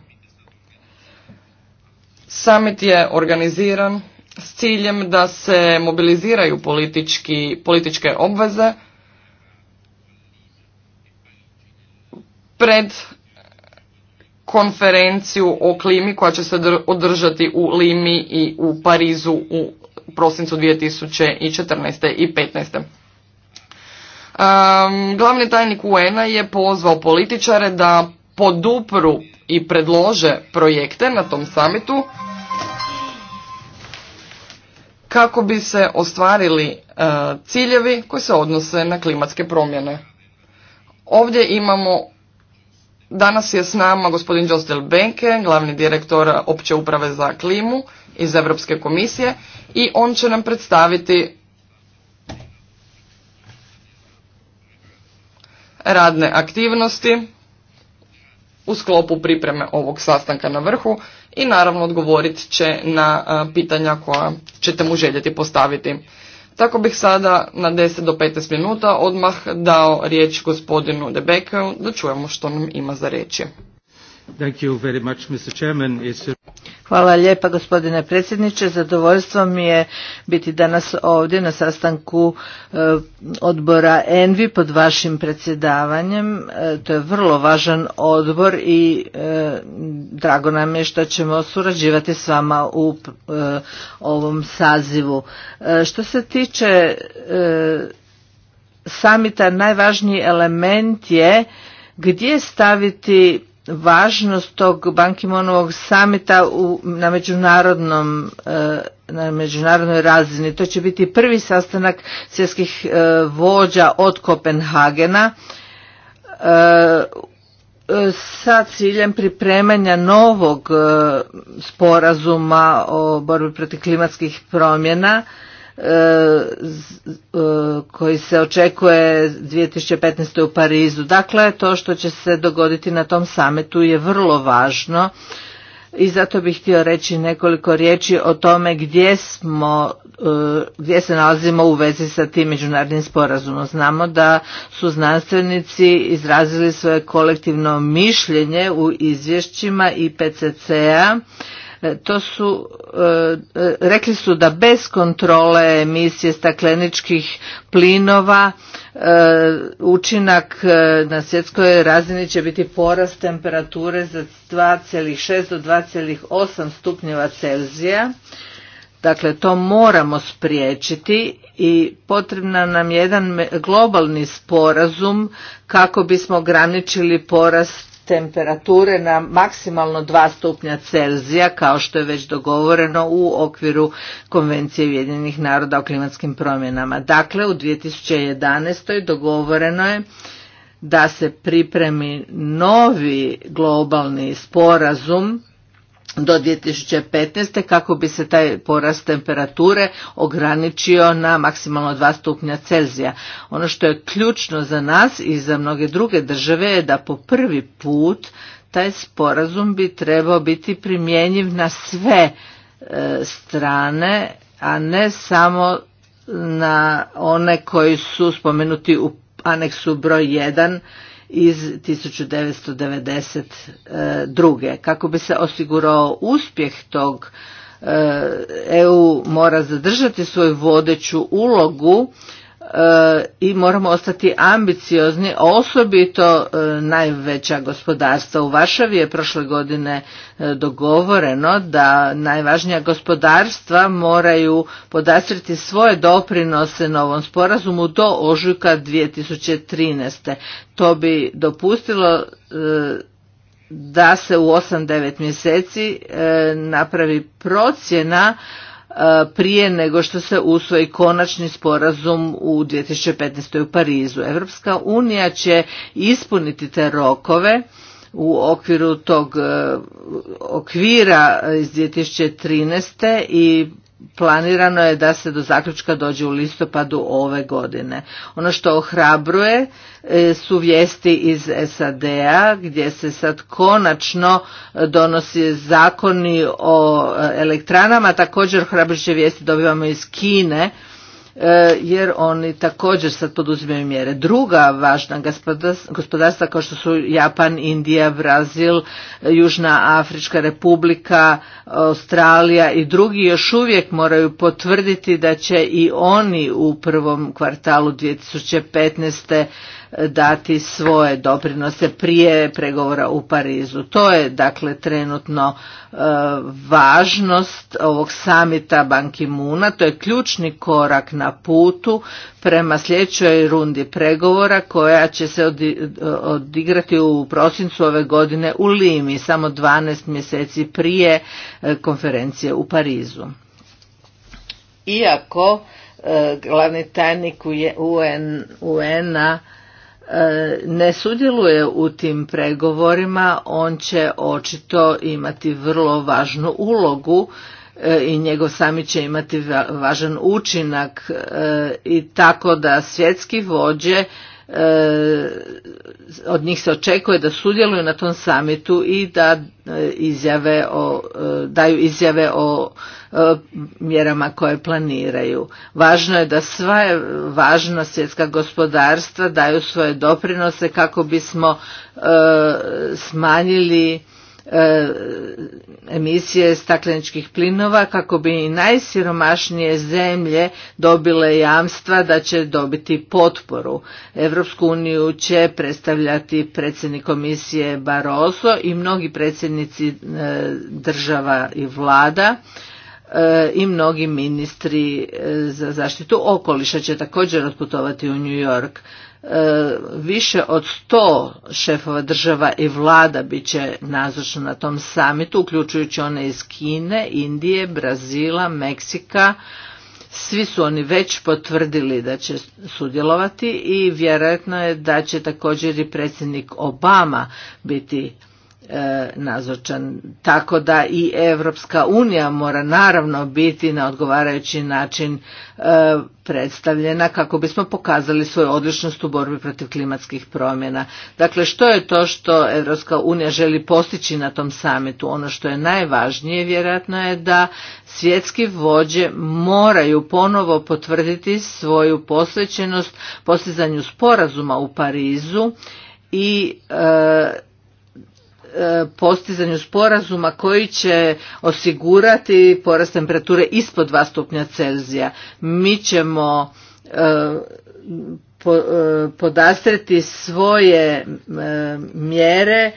Summit je organiziran s ciljem da se mobiliziraju političke obveze pred konferenciju o klimi koja će se održati u Limi i u Parizu u prosincu 2014. i 2015. Um, glavni tajnik UN-a je pozvao političare da podupru i predlože projekte na tom samitu kako bi se ostvarili e, ciljevi koji se odnose na klimatske promjene. Ovdje imamo Danas je s nama gospodin Jostel Benke, glavni direktor opće uprave za klimu iz Europske komisije i on će nam predstaviti radne aktivnosti u sklopu pripreme ovog sastanka na vrhu i naravno odgovorit će na pitanja koja ćete mu željeti postaviti. Tako bih sada na 10 do 15 minuta odmah dao riječ gospodinu Debekeu da čujemo što nam ima za reći. Hvala lijepa gospodine predsjedniče. Zadovoljstvo mi je biti danas ovdje na sastanku e, odbora Envi pod vašim predsjedavanjem. E, to je vrlo važan odbor i e, drago nam je što ćemo surađivati s vama u ovom sazivu. Što se tiče samita najvažniji element je gdje staviti važnost tog Bankimonovog samita na, međunarodnom, e, na međunarodnoj razini. To će biti prvi sastanak svjetskih e, vođa od Kopenhagena e, sa ciljem pripremanja novog sporazuma o borbi protiv klimatskih promjena E, e, koji se očekuje 2015. u Parizu. Dakle, to što će se dogoditi na tom sametu je vrlo važno i zato bih htio reći nekoliko riječi o tome gdje smo e, gdje se nalazimo u vezi sa tim međunarodnim sporazumom. Znamo da su znanstvenici izrazili svoje kolektivno mišljenje u izvješćima IPCC-a E, to su, e, e, rekli su da bez kontrole emisije stakleničkih plinova učinak na svjetskoj razini će biti porast temperature za 2,6 do 2,8 stupnjeva Celzija. Dakle, to moramo spriječiti i potrebna nam jedan globalni sporazum kako bismo ograničili porast temperature na maksimalno 2 stupnja Celzija kao što je već dogovoreno u okviru Konvencije Ujedinjenih naroda o klimatskim promjenama. Dakle, u 2011. dogovoreno je da se pripremi novi globalni sporazum do 2015. kako bi se taj porast temperature ograničio na maksimalno 2 stupnja Celzija. Ono što je ključno za nas i za mnoge druge države je da po prvi put taj sporazum bi trebao biti primjenjiv na sve e, strane, a ne samo na one koji su spomenuti u aneksu broj 1 iz 1992. E, Kako bi se osigurao uspjeh tog e, EU mora zadržati svoju vodeću ulogu E, i moramo ostati ambiciozni, osobito e, najveća gospodarstva. U Varšavi je prošle godine e, dogovoreno da najvažnija gospodarstva moraju podastriti svoje doprinose novom sporazumu do ožujka 2013. To bi dopustilo da se u 8-9 mjeseci napravi procjena E, prije nego što se usvoji konačni sporazum u 2015. u Parizu. Evropska unija će ispuniti te rokove u okviru tog e, okvira iz 2013. i planirano je da se do zaključka dođe u listopadu ove godine. Ono što ohrabruje e, su vijesti iz SAD-a gdje se sad konačno e, donosi zakoni o e, elektranama, također ohrabrujuće vijesti dobivamo iz Kine E, jer oni također sad poduzimaju mjere. Druga važna gospodarstva kao što su Japan, Indija, Brazil, Južna Afrička republika, Australija i drugi još uvijek moraju potvrditi da će i oni u prvom kvartalu 2015 dati svoje doprinose prije pregovora u Parizu. To je dakle trenutno e, važnost ovog samita Banki Muna, to je ključni korak na putu prema sljedećoj rundi pregovora koja će se odigrati u prosincu ove godine u Limi, samo 12 mjeseci prije e, konferencije u Parizu. Iako e, glavni tajnik UN-a E, ne sudjeluje u tim pregovorima, on će očito imati vrlo važnu ulogu e, i njegov sami će imati važan učinak e, i tako da svjetski vođe E, od njih se očekuje da sudjeluju na tom samitu i da e, izjave o, e, daju izjave o mjerama koje planiraju. Važno je da sva važna svjetska gospodarstva daju svoje doprinose kako bismo smanjili E, emisije stakleničkih plinova kako bi i najsiromašnije zemlje dobile jamstva da će dobiti potporu. Evropsku uniju će predstavljati predsjednik komisije Barroso i mnogi predsjednici e, država i vlada e, i mnogi ministri za zaštitu okoliša će također otputovati u New York. E, više od sto šefova država i vlada bit će nazočno na tom samitu, uključujući one iz Kine, Indije, Brazila, Meksika. Svi su oni već potvrdili da će sudjelovati i vjerojatno je da će također i predsjednik Obama biti E, nazočan. Tako da i Europska unija mora naravno biti na odgovarajući način e, predstavljena kako bismo pokazali svoju odličnost u borbi protiv klimatskih promjena. Dakle, što je to što Europska unija želi postići na tom samitu? Ono što je najvažnije vjerojatno je da svjetski vođe moraju ponovo potvrditi svoju posvećenost postizanju sporazuma u Parizu i e, E, postizanju sporazuma koji će osigurati porast temperature ispod 2 stupnja Celzija. Mi ćemo e, e, podastreti svoje mjere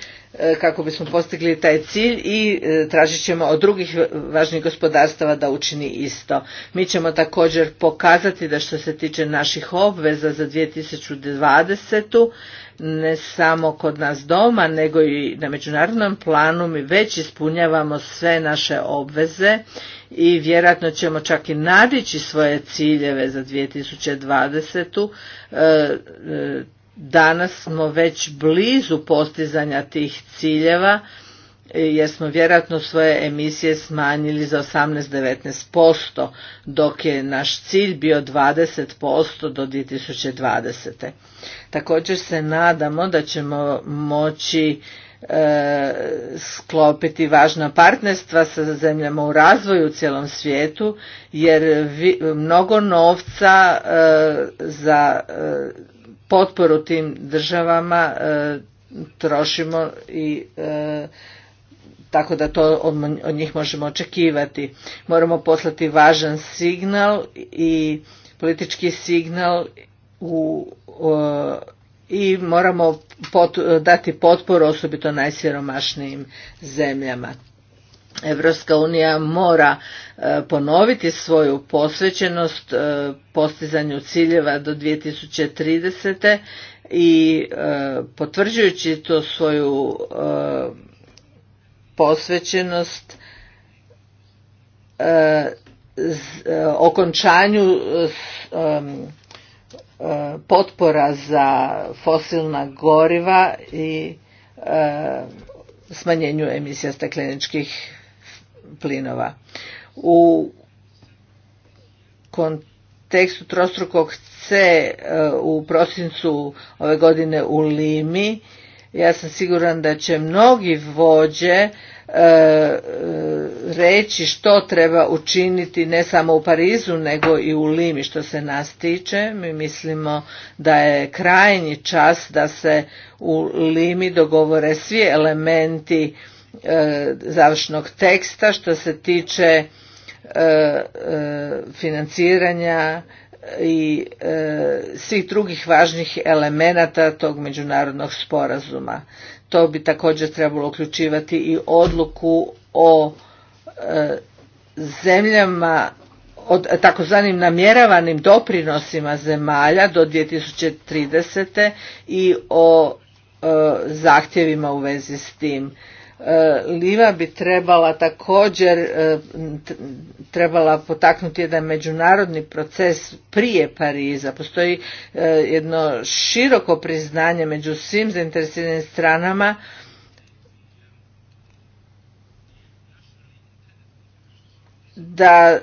kako bismo postigli taj cilj i tražit ćemo od drugih važnih gospodarstava da učini isto. Mi ćemo također pokazati da što se tiče naših obveza za 2020 ne samo kod nas doma, nego i na međunarodnom planu mi već ispunjavamo sve naše obveze i vjerojatno ćemo čak i nadići svoje ciljeve za 2020. E, e, danas smo već blizu postizanja tih ciljeva jer smo vjerojatno svoje emisije smanjili za 18-19%, dok je naš cilj bio 20% do 2020. Također se nadamo da ćemo moći e, sklopiti važna partnerstva sa zemljama u razvoju u cijelom svijetu, jer mnogo novca e, za e, potporu tim državama trošimo i tako da to od njih možemo očekivati. Moramo poslati važan signal i politički signal u, i moramo dati potporu osobito najsiromašnijim zemljama. Evropska unija mora e, ponoviti svoju posvećenost e, postizanju ciljeva do 2030. i e, potvrđujući to svoju posvećenost eh, eh, okončanju eh, potpora za fosilna goriva i smanjenju emisija stakleničkih plinova. U kontekstu trostrukog C u prosincu ove godine u Limi ja sam siguran da će mnogi vođe e, e, reći što treba učiniti ne samo u Parizu nego i u Limi što se nas tiče. Mi mislimo da je krajnji čas da se u Limi dogovore svi elementi e, završnog teksta što se tiče financiranja i e, svih drugih važnih elemenata tog međunarodnog sporazuma. To bi također trebalo uključivati i odluku o e, zemljama od takozvanim namjeravanim doprinosima zemalja do 2030. i o e, zahtjevima u vezi s tim. E, Liva bi trebala također e, trebala potaknuti jedan međunarodni proces prije Pariza. Postoji e, jedno široko priznanje među svim zainteresiranim stranama da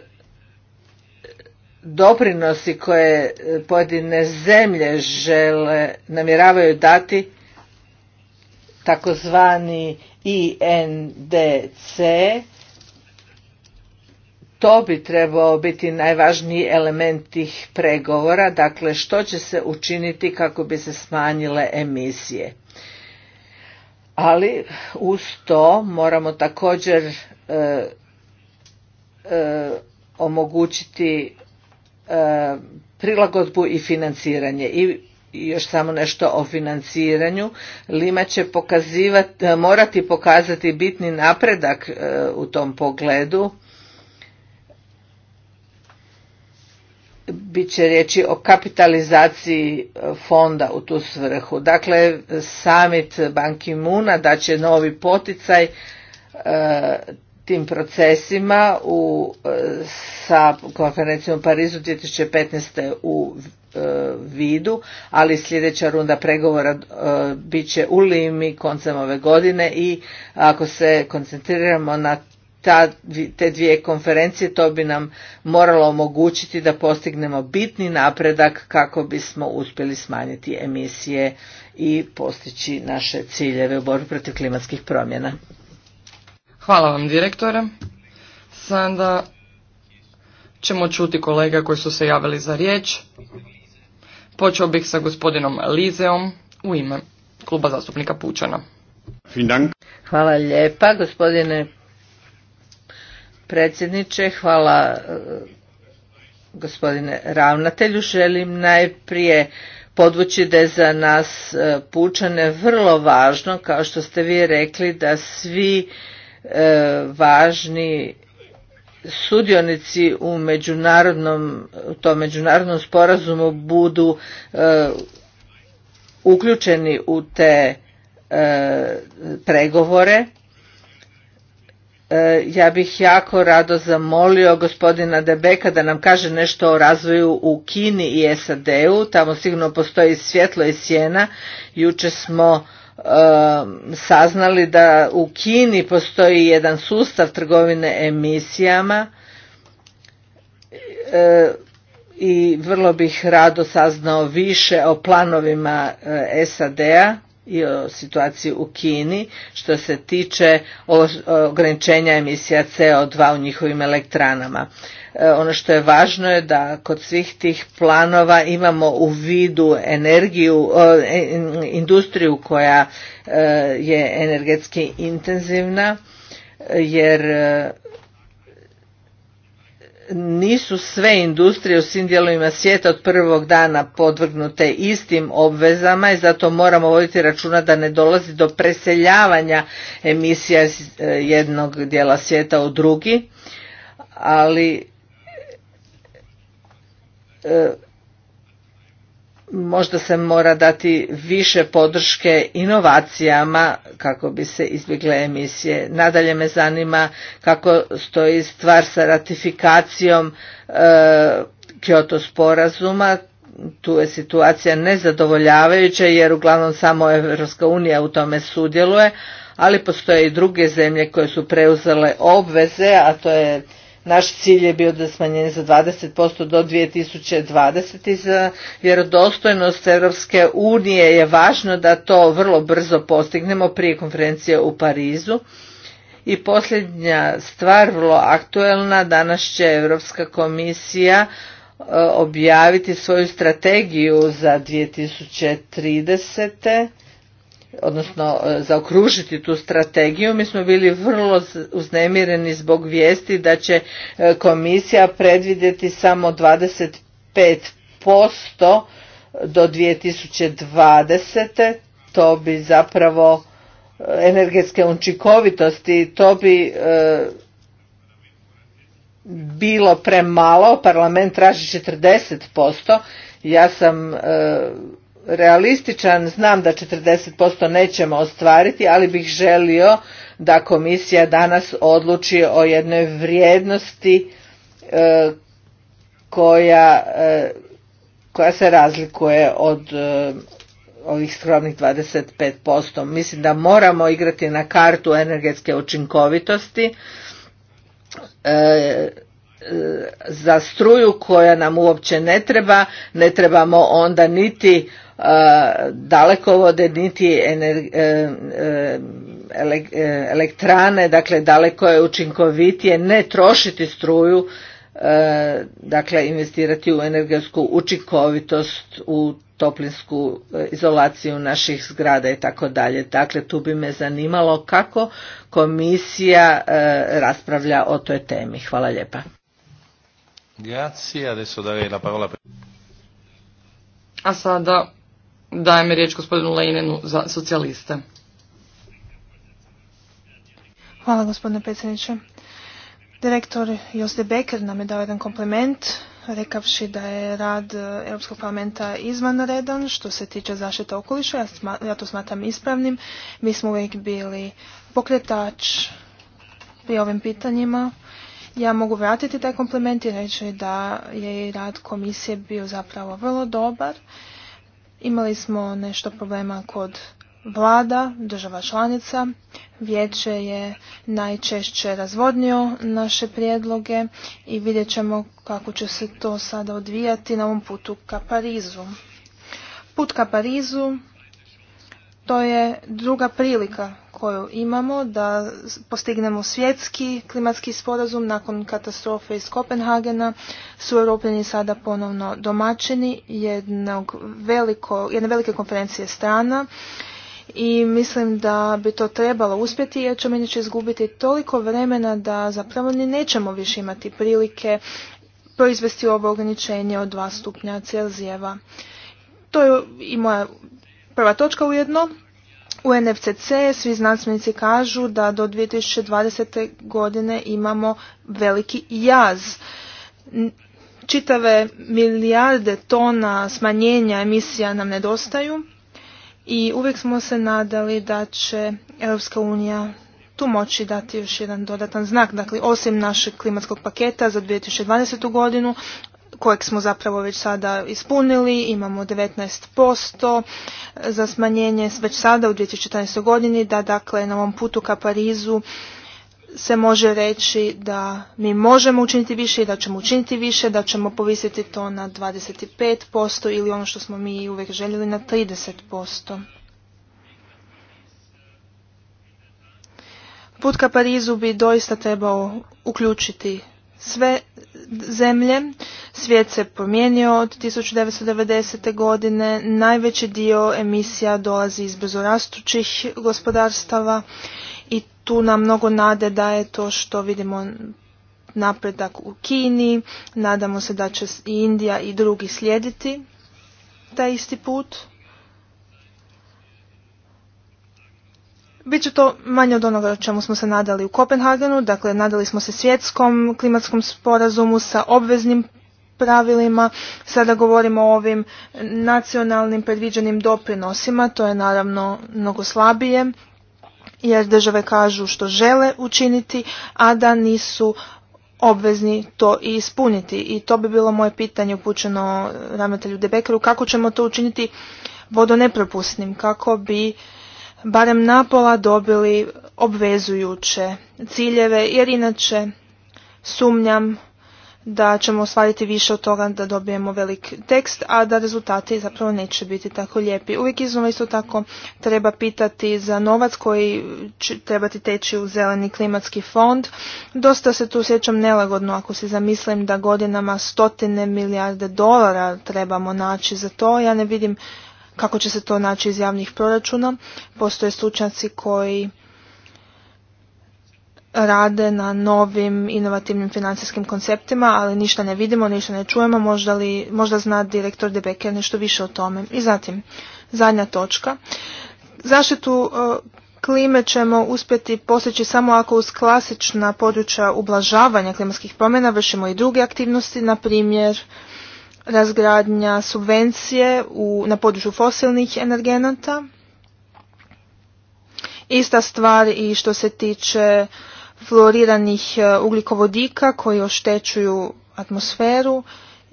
doprinosi koje pojedine zemlje žele namjeravaju dati takozvani NDC, To bi trebao biti najvažniji element tih pregovora, dakle što će se učiniti kako bi se smanjile emisije. Ali uz to moramo također e, e, omogućiti e, prilagodbu i financiranje i još samo nešto o financiranju. Lima će pokazivati, e, morati pokazati bitni napredak e, u tom pogledu. Biće riječi o kapitalizaciji e, fonda u tu svrhu. Dakle, summit Banki Muna daće novi poticaj tim procesima sa konferencijom u Parizu 2015. u E, vidu, ali sljedeća runda pregovora e, bit će u Limi koncem ove godine i ako se koncentriramo na te dvije konferencije to bi nam moralo omogućiti da postignemo bitni napredak kako bismo uspjeli smanjiti emisije i postići naše ciljeve u borbi protiv klimatskih promjena. Hvala vam direktore. Sada ćemo čuti kolega koji su se javili za riječ. Počeo bih sa gospodinom Lizeom u ime kluba zastupnika Pučana. Hvala lijepa gospodine predsjedniče, hvala eh, gospodine ravnatelju. Želim najprije podvući da je za nas eh, pučane vrlo važno, kao što ste vi rekli, da svi eh, važni sudionici u međunarodnom, tom međunarodnom sporazumu budu e, uključeni u te e, pregovore. E, ja bih jako rado zamolio gospodina Debeka da nam kaže nešto o razvoju u Kini i SAD-u. Tamo sigurno postoji svjetlo i sjena. Juče smo Um, saznali da u Kini postoji jedan sustav trgovine emisijama e, i vrlo bih rado saznao više o planovima e, SAD-a i o e, situaciji u Kini što se tiče e, ograničenja emisija CO2 u njihovim elektranama. E, ono što je važno je da kod svih tih planova imamo u vidu energiju, industriju koja je energetski intenzivna jer nisu sve industrije u svim dijelovima svijeta od prvog dana podvrgnute istim obvezama i zato moramo voditi računa da ne dolazi do preseljavanja emisija e, jednog dijela svijeta u drugi ali e, možda se mora dati više podrške inovacijama kako bi se izbjegle emisije. Nadalje me zanima kako stoji stvar sa ratifikacijom e, Kyoto sporazuma. Tu je situacija nezadovoljavajuća jer uglavnom samo Europska unija u tome sudjeluje, ali postoje i druge zemlje koje su preuzele obveze, a to je naš cilj je bio da smanjenje za 20% do 2020 za vjerodostojnost Europske unije je važno da to vrlo brzo postignemo prije konferencije u Parizu. I posljednja stvar, vrlo aktuelna, danas će Europska komisija e, objaviti svoju strategiju za 2030 odnosno e, zaokružiti tu strategiju. Mi smo bili vrlo uznemireni zbog vijesti da će e, komisija predvidjeti samo 25% do 2020. To bi zapravo e, energetske učinkovitosti, to bi bilo premalo, parlament traži 40%. Ja sam realističan, znam da 40% nećemo ostvariti, ali bih želio da komisija danas odluči o jednoj vrijednosti e, koja, e, koja se razlikuje od e, ovih skromnih 25%. Mislim da moramo igrati na kartu energetske učinkovitosti za struju koja nam uopće ne treba, ne trebamo onda niti E, dalekovode niti e, e, elektrane, dakle daleko je učinkovitije ne trošiti struju, dakle investirati u energetsku učinkovitost, u toplinsku izolaciju naših zgrada i tako dalje. Dakle, tu bi me zanimalo kako komisija raspravlja o toj temi. Hvala lijepa. Grazie, adesso darei la parola. A sada Dajem riječ gospodinu Lejnenu za socijaliste. Hvala gospodine predsjedniče. Direktor Josde Becker nam je dao jedan kompliment rekavši da je rad Europskog parlamenta izvanredan što se tiče zaštite okoliša. Ja, to smatram ispravnim. Mi smo uvijek bili pokretač pri ovim pitanjima. Ja mogu vratiti taj kompliment i reći da je rad komisije bio zapravo vrlo dobar Imali smo nešto problema kod vlada, država članica. Vijeće je najčešće razvodnio naše prijedloge i vidjet ćemo kako će se to sada odvijati na ovom putu ka Parizu. Put ka Parizu to je druga prilika koju imamo da postignemo svjetski klimatski sporazum nakon katastrofe iz Kopenhagena su Europljani sada ponovno domaćini veliko, jedne velike konferencije strana i mislim da bi to trebalo uspjeti jer ćemo inače izgubiti toliko vremena da zapravo ni nećemo više imati prilike proizvesti ovo ograničenje od dva stupnja Celzijeva. To je i moja prva točka ujedno. U NFCC svi znanstvenici kažu da do 2020. godine imamo veliki jaz. Čitave milijarde tona smanjenja emisija nam nedostaju i uvijek smo se nadali da će Europska unija tu moći dati još jedan dodatan znak. Dakle, osim našeg klimatskog paketa za 2020. godinu, kojeg smo zapravo već sada ispunili, imamo 19% za smanjenje već sada u 2014. godini, da dakle na ovom putu ka Parizu se može reći da mi možemo učiniti više i da ćemo učiniti više, da ćemo povisiti to na 25% ili ono što smo mi uvijek željeli na 30%. Put ka Parizu bi doista trebao uključiti sve zemlje. Svijet se promijenio od 1990. godine. Najveći dio emisija dolazi iz brzorastućih gospodarstava i tu nam mnogo nade daje to što vidimo napredak u Kini. Nadamo se da će i Indija i drugi slijediti taj isti put. će to manje od onoga čemu smo se nadali u Kopenhagenu, dakle nadali smo se svjetskom klimatskom sporazumu sa obveznim pravilima. Sada govorimo o ovim nacionalnim predviđenim doprinosima, to je naravno mnogo slabije jer države kažu što žele učiniti, a da nisu obvezni to i ispuniti. I to bi bilo moje pitanje upućeno ravnatelju Debekeru, kako ćemo to učiniti vodonepropusnim, kako bi barem napola dobili obvezujuće ciljeve jer inače sumnjam da ćemo ostvariti više od toga da dobijemo velik tekst, a da rezultati zapravo neće biti tako lijepi. Uvijek iznova isto tako treba pitati za novac koji će trebati teći u zeleni klimatski fond. Dosta se tu sjećam nelagodno ako se zamislim da godinama stotine milijarde dolara trebamo naći za to. Ja ne vidim kako će se to naći iz javnih proračuna. Postoje stručnjaci koji rade na novim inovativnim financijskim konceptima, ali ništa ne vidimo, ništa ne čujemo, možda, li, možda zna direktor Debeker nešto više o tome. I zatim, zadnja točka. Zaštitu e, klime ćemo uspjeti postići samo ako uz klasična područja ublažavanja klimatskih promjena vršimo i druge aktivnosti, na primjer razgradnja subvencije u, na području fosilnih energenata. Ista stvar i što se tiče fluoriranih e, ugljikovodika koji oštećuju atmosferu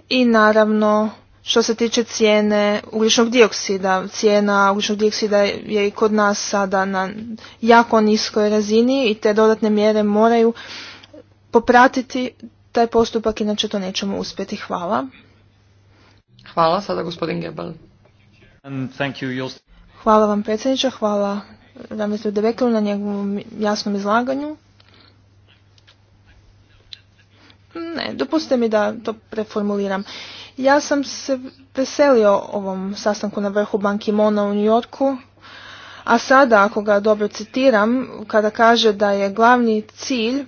i naravno što se tiče cijene ugljičnog dioksida. Cijena ugljičnog dioksida je i kod nas sada na jako niskoj razini i te dodatne mjere moraju popratiti taj postupak, inače to nećemo uspjeti. Hvala. Hvala, sada gospodin Gebel. Hvala vam predsjedniče, hvala ste Debekelu na njegovom jasnom izlaganju. Ne, dopustite mi da to preformuliram. Ja sam se veselio ovom sastanku na vrhu Banki Mona u New a sada ako ga dobro citiram, kada kaže da je glavni cilj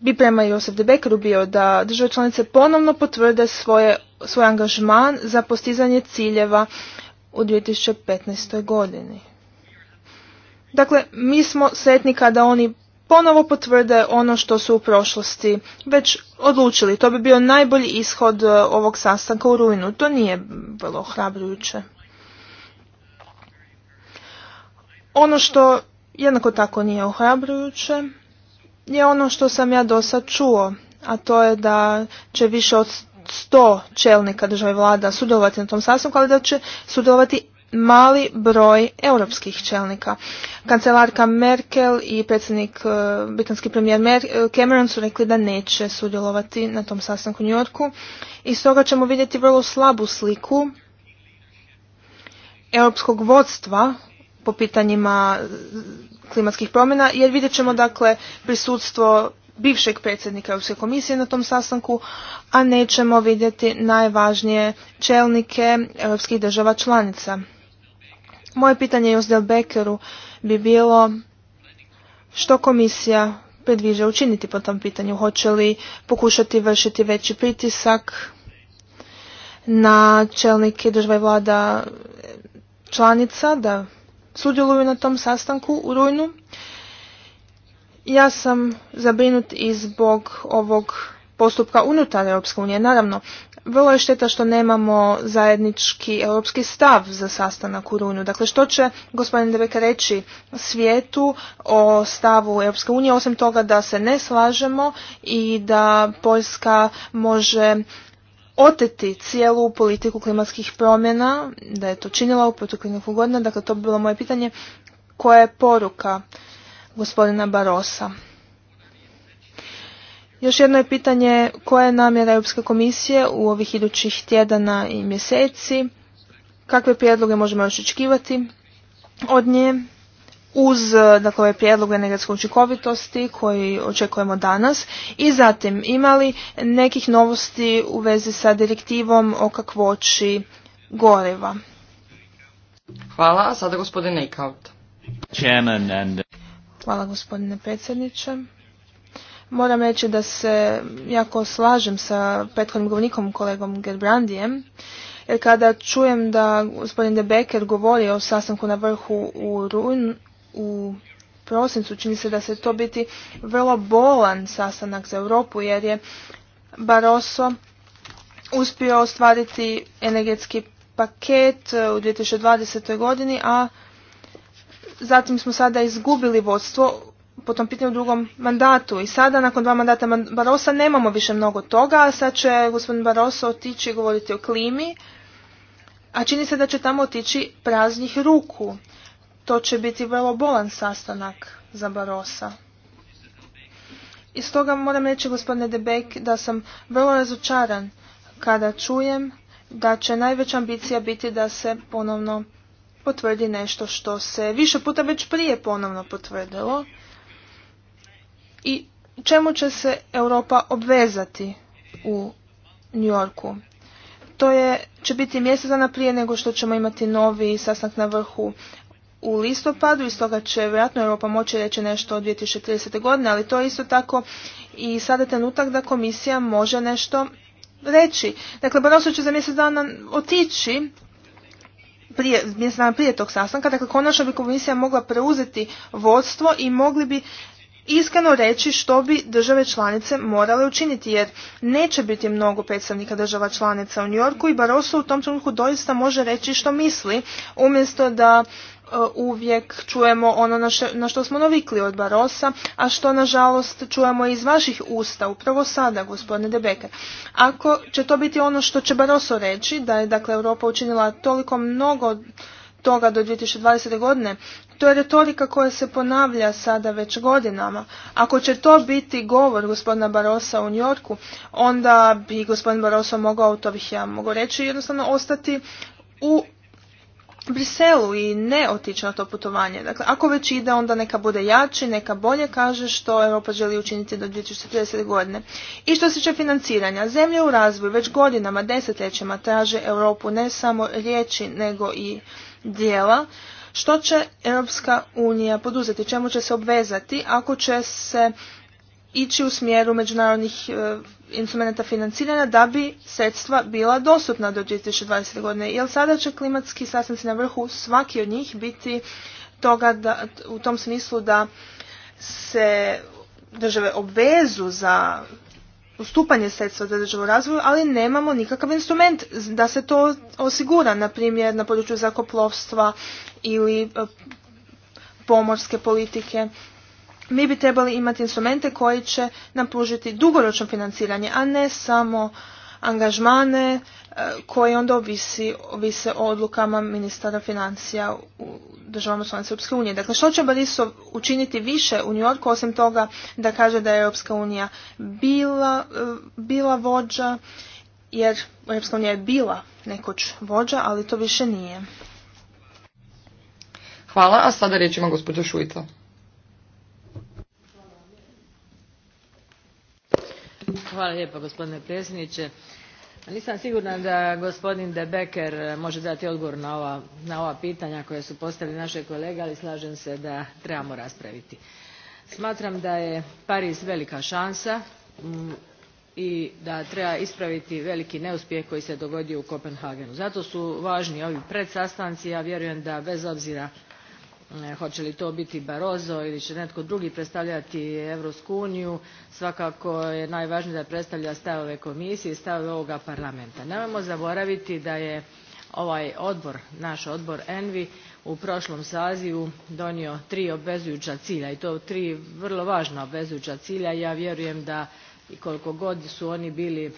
bi prema Josef de Beckeru bio da države članice ponovno potvrde svoje svoj angažman za postizanje ciljeva u 2015. godini. Dakle, mi smo sretni kada oni ponovo potvrde ono što su u prošlosti već odlučili. To bi bio najbolji ishod e, ovog sastanka u rujnu. To nije bilo hrabrujuće. Ono što jednako tako nije ohrabrujuće je ono što sam ja do čuo, a to je da će više od sto čelnika države vlada sudjelovati na tom sastanku, ali da će sudjelovati mali broj europskih čelnika. Kancelarka Merkel i predsjednik e, britanski premijer e, Cameron su rekli da neće sudjelovati na tom sastanku u Yorku i stoga ćemo vidjeti vrlo slabu sliku europskog vodstva po pitanjima klimatskih promjena jer vidjet ćemo dakle prisutstvo bivšeg predsjednika Europske komisije na tom sastanku, a nećemo vidjeti najvažnije čelnike europskih država članica. Moje pitanje uzdel Beckeru bi bilo što komisija predviđa učiniti po tom pitanju. Hoće li pokušati vršiti veći pritisak na čelnike država i vlada članica da sudjeluju na tom sastanku u rujnu? Ja sam zabrinut i zbog ovog postupka unutar Europske unije. Naravno, vrlo je šteta što nemamo zajednički europski stav za sastanak u Runju. Dakle, što će gospodin Debeke reći svijetu o stavu Europske unije, osim toga da se ne slažemo i da Poljska može oteti cijelu politiku klimatskih promjena, da je to činila u proteklih godina. Dakle, to bi bilo moje pitanje. Koja je poruka gospodina Barosa. Još jedno je pitanje koja je namjera Europske komisije u ovih idućih tjedana i mjeseci, kakve prijedloge možemo očekivati od nje, uz dakle, ove ovaj prijedlog energetske učinkovitosti koji očekujemo danas i zatim imali nekih novosti u vezi sa direktivom o kakvoći goriva. Hvala, sada gospodin Hvala gospodine predsjedniče. Moram reći da se jako slažem sa prethodnim govornikom, kolegom Gerbrandijem, jer kada čujem da gospodin De Becker govori o sastanku na vrhu u, rujn, u prosincu, čini se da će to biti vrlo bolan sastanak za Europu, jer je Barroso uspio ostvariti energetski paket u 2020. godini, a Zatim smo sada izgubili vodstvo po tom pitanju u drugom mandatu i sada nakon dva mandata Barosa nemamo više mnogo toga, a sad će gospodin Barosa otići govoriti o klimi, a čini se da će tamo otići praznih ruku. To će biti vrlo bolan sastanak za Barosa. I stoga moram reći gospodine Debek da sam vrlo razočaran kada čujem da će najveća ambicija biti da se ponovno potvrdi nešto što se više puta već prije ponovno potvrdilo i čemu će se Europa obvezati u New Yorku. To je, će biti mjesec dana prije nego što ćemo imati novi sastanak na vrhu u listopadu i stoga će vjerojatno Europa moći reći nešto od 2030. godine, ali to je isto tako i sada trenutak da komisija može nešto reći. Dakle, Barroso će za mjesec dana otići prije, prije tog sastanka, dakle konačno bi komisija mogla preuzeti vodstvo i mogli bi iskreno reći što bi države članice morale učiniti jer neće biti mnogo predstavnika država članica u New Yorku i Barroso u tom trenutku doista može reći što misli umjesto da E, uvijek čujemo ono na, što smo navikli od Barosa, a što nažalost čujemo iz vaših usta, upravo sada, gospodine Debeke. Ako će to biti ono što će Baroso reći, da je dakle Europa učinila toliko mnogo toga do 2020. godine, to je retorika koja se ponavlja sada već godinama. Ako će to biti govor gospodina Barosa u Njorku, onda bi gospodin Baroso mogao, to bih ja mogu reći, jednostavno ostati u Briselu i ne otići na to putovanje. Dakle, ako već ide, onda neka bude jači, neka bolje kaže što Europa želi učiniti do 2030. godine. I što se tiče financiranja, zemlje u razvoju već godinama, desetljećima traže Europu ne samo riječi, nego i dijela. Što će Europska unija poduzeti? Čemu će se obvezati ako će se ići u smjeru međunarodnih e, instrumenta financiranja da bi sredstva bila dostupna do 2020. godine. Jer sada će klimatski sastanci na vrhu svaki od njih biti toga da, u tom smislu da se države obvezu za ustupanje sredstva za državu razvoju, ali nemamo nikakav instrument da se to osigura, na primjer na području zakoplovstva ili e, pomorske politike mi bi trebali imati instrumente koji će nam pružiti dugoročno financiranje, a ne samo angažmane e, koji onda ovisi, ovise o odlukama ministara financija u državama članice Europske unije. Dakle, što će Bariso učiniti više u New Yorku, osim toga da kaže da je Europska unija bila, e, bila vođa, jer Europska unija je bila nekoć vođa, ali to više nije. Hvala, a sada riječ ima gospođa Hvala lijepo gospodine predsjedniče. Nisam sigurna da gospodin De Becker eh, može dati odgovor na ova, pitanja koja su postavili naše kolege, ali slažem se da trebamo raspraviti. Smatram da je Pariz velika šansa mm, i da treba ispraviti veliki neuspjeh koji se dogodio u Kopenhagenu. Zato su važni ovi predsastanci, ja vjerujem da bez obzira E, hoće li to biti barroso ili će netko drugi predstavljati europsku uniju svakako je najvažnije da predstavlja stavove komisije i stavove ovoga parlamenta. nemojmo zaboraviti da je ovaj odbor naš odbor envi u prošlom sazivu donio tri obvezujuća cilja i to tri vrlo važna obvezujuća cilja ja vjerujem da koliko god su oni bili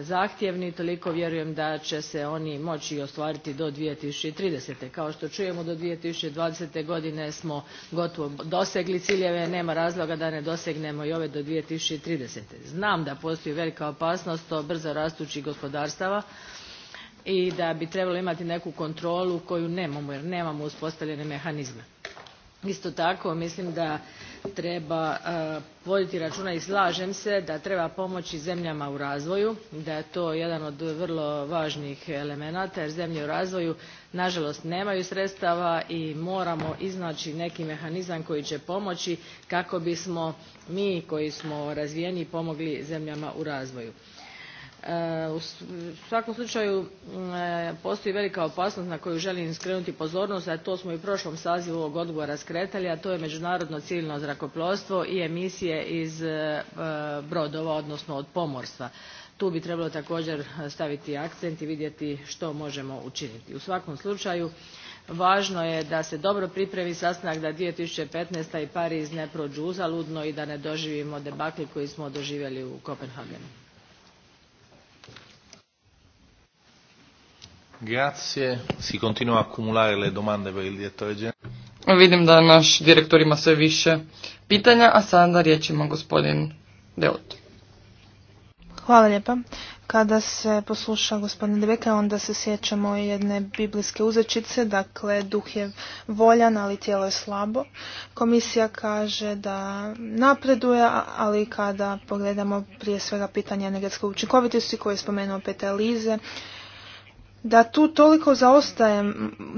zahtjevni toliko vjerujem da će se oni moći ostvariti do. 2030. kao što čujemo do. 2020. godine smo gotovo dosegli ciljeve nema razloga da ne dosegnemo i ove do. 2030. znam da postoji velika opasnost od brzo rastućih gospodarstava i da bi trebalo imati neku kontrolu koju nemamo jer nemamo uspostavljene mehanizme isto tako mislim da treba e, voditi računa i slažem se da treba pomoći zemljama u razvoju da je to jedan od vrlo važnih elemenata jer zemlje u razvoju nažalost nemaju sredstava i moramo iznaći neki mehanizam koji će pomoći kako bismo mi koji smo razvijeniji pomogli zemljama u razvoju. E, u svakom slučaju e, postoji velika opasnost na koju želim skrenuti pozornost a to smo i u prošlom sazivu ovog odbora skretali a to je međunarodno civilno zrakoplovstvo i emisije iz e, brodova odnosno od pomorstva tu bi trebalo također staviti akcent i vidjeti što možemo učiniti u svakom slučaju važno je da se dobro pripremi sastanak da. 2015. i pariz ne prođu uzaludno i da ne doživimo debakl koji smo doživjeli u kopenhagenu. Grazie. Si continua a accumulare le domande per il direttore generale. Vidim da naš direktor ima sve više pitanja, a sada riječ ima gospodin Deot. Hvala lijepa. Kada se posluša gospodin Debeka, onda se sjećamo jedne biblijske uzečice, dakle duh je voljan, ali tijelo je slabo. Komisija kaže da napreduje, ali kada pogledamo prije svega pitanje energetske učinkovitosti koje je spomenuo Peter da tu toliko zaostaje,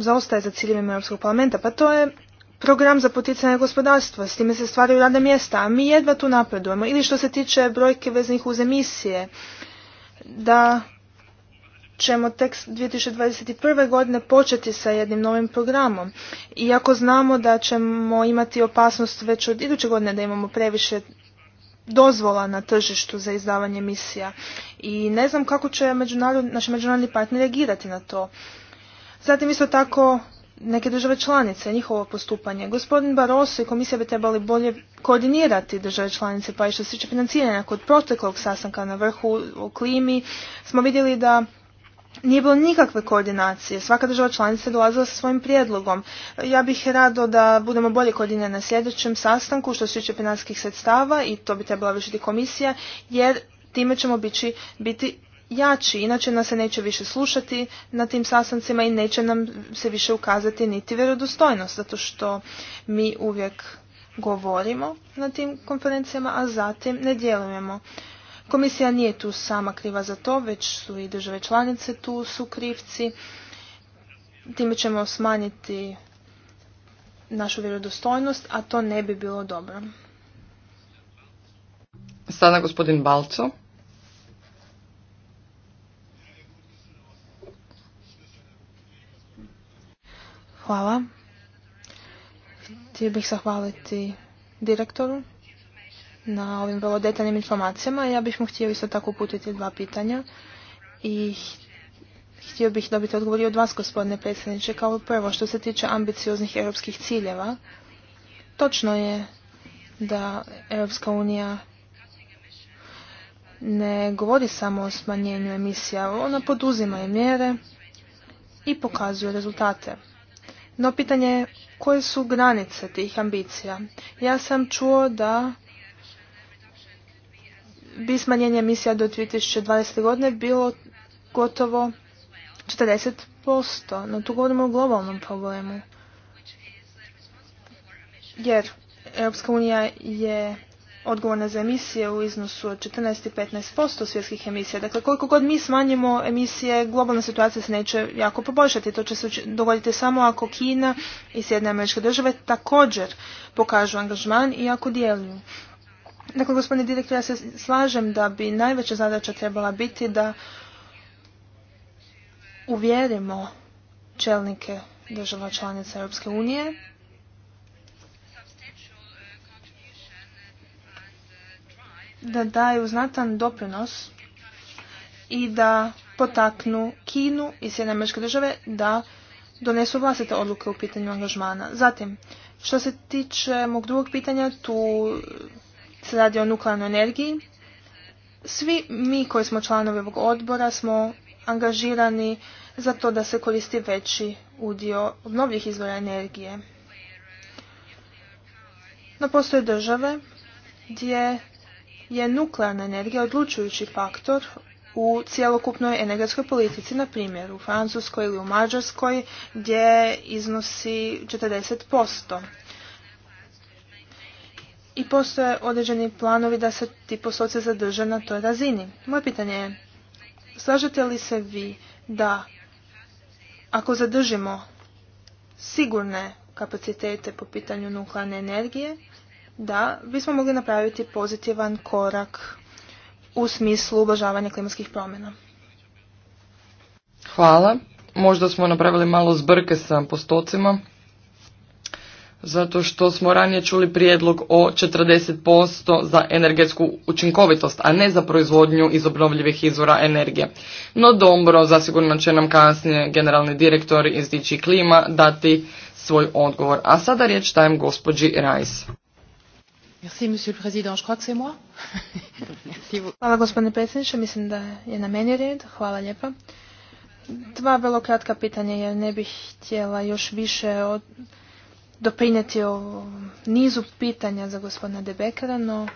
zaostaje za ciljevima Europskog parlamenta. Pa to je program za poticanje gospodarstva, s time se stvaraju radna mjesta, a mi jedva tu napredujemo. Ili što se tiče brojke veznih uz emisije, da ćemo tek 2021. godine početi sa jednim novim programom. Iako znamo da ćemo imati opasnost već od iduće godine da imamo previše dozvola na tržištu za izdavanje misija i ne znam kako će međunarodni, naši međunarodni partneri reagirati na to. Zatim isto tako neke države članice, njihovo postupanje. Gospodin Barroso i komisija bi trebali bolje koordinirati države članice, pa i što se tiče financiranja. Kod proteklog sastanka na vrhu u klimi smo vidjeli da nije bilo nikakve koordinacije. Svaka država članica je dolazila sa svojim prijedlogom. Ja bih rado da budemo bolje koordinirani na sljedećem sastanku što se tiče financijskih sredstava i to bi trebala vršiti komisija jer time ćemo biti, biti jači, inače nas se neće više slušati na tim sastancima i neće nam se više ukazati niti vjerodostojnost, zato što mi uvijek govorimo na tim konferencijama, a zatim ne djelujemo. Komisija nije tu sama kriva za to, već su i države članice tu su krivci. Time ćemo smanjiti našu vjerodostojnost, a to ne bi bilo dobro. Sada gospodin Balco. Hvala. Htio bih zahvaliti direktoru na ovim vrlo detaljnim informacijama. Ja bih mu htio isto tako uputiti dva pitanja i htio bih dobiti odgovor od vas, gospodine predsjedniče. Kao prvo, što se tiče ambicioznih europskih ciljeva, točno je da Europska unija ne govori samo o smanjenju emisija, ona poduzima i mjere i pokazuje rezultate. No pitanje je koje su granice tih ambicija. Ja sam čuo da bi smanjenje emisija do 2020. godine bilo gotovo 40%, no tu govorimo o globalnom problemu. Jer Europska unija je odgovorna za emisije u iznosu od 14 i 15% svjetskih emisija. Dakle, koliko god mi smanjimo emisije, globalna situacija se neće jako poboljšati. To će se dogoditi samo ako Kina i Sjedne američke države također pokažu angažman i ako djeluju. Dakle, gospodine direktor, ja se slažem da bi najveća zadaća trebala biti da uvjerimo čelnike država članica Europske unije da daju znatan doprinos i da potaknu Kinu i Sjedne američke države da donesu vlastite odluke u pitanju angažmana. Zatim, što se tiče mog drugog pitanja, tu se radi o nuklearnoj energiji. Svi mi koji smo članovi ovog odbora smo angažirani za to da se koristi veći udio obnovljivih izvora energije. No postoje države gdje je nuklearna energija odlučujući faktor u cjelokupnoj energetskoj politici, na primjer u Francuskoj ili u Mađarskoj gdje iznosi 40% i postoje određeni planovi da se ti postoci zadrže na toj razini. Moje pitanje je, slažete li se vi da ako zadržimo sigurne kapacitete po pitanju nuklearne energije, da bismo mogli napraviti pozitivan korak u smislu ublažavanja klimatskih promjena. Hvala. Možda smo napravili malo zbrke sa postocima zato što smo ranije čuli prijedlog o 40% za energetsku učinkovitost, a ne za proizvodnju iz obnovljivih izvora energije. No dobro, zasigurno će nam kasnije generalni direktor iz DG Klima dati svoj odgovor. A sada riječ dajem gospođi Rajs. Hvala gospodine predsjedniče, mislim da je na meni red. Hvala lijepa. Dva vrlo kratka pitanja jer ne bih htjela još više od doprinijeti o nizu pitanja za gospodina Debekera, no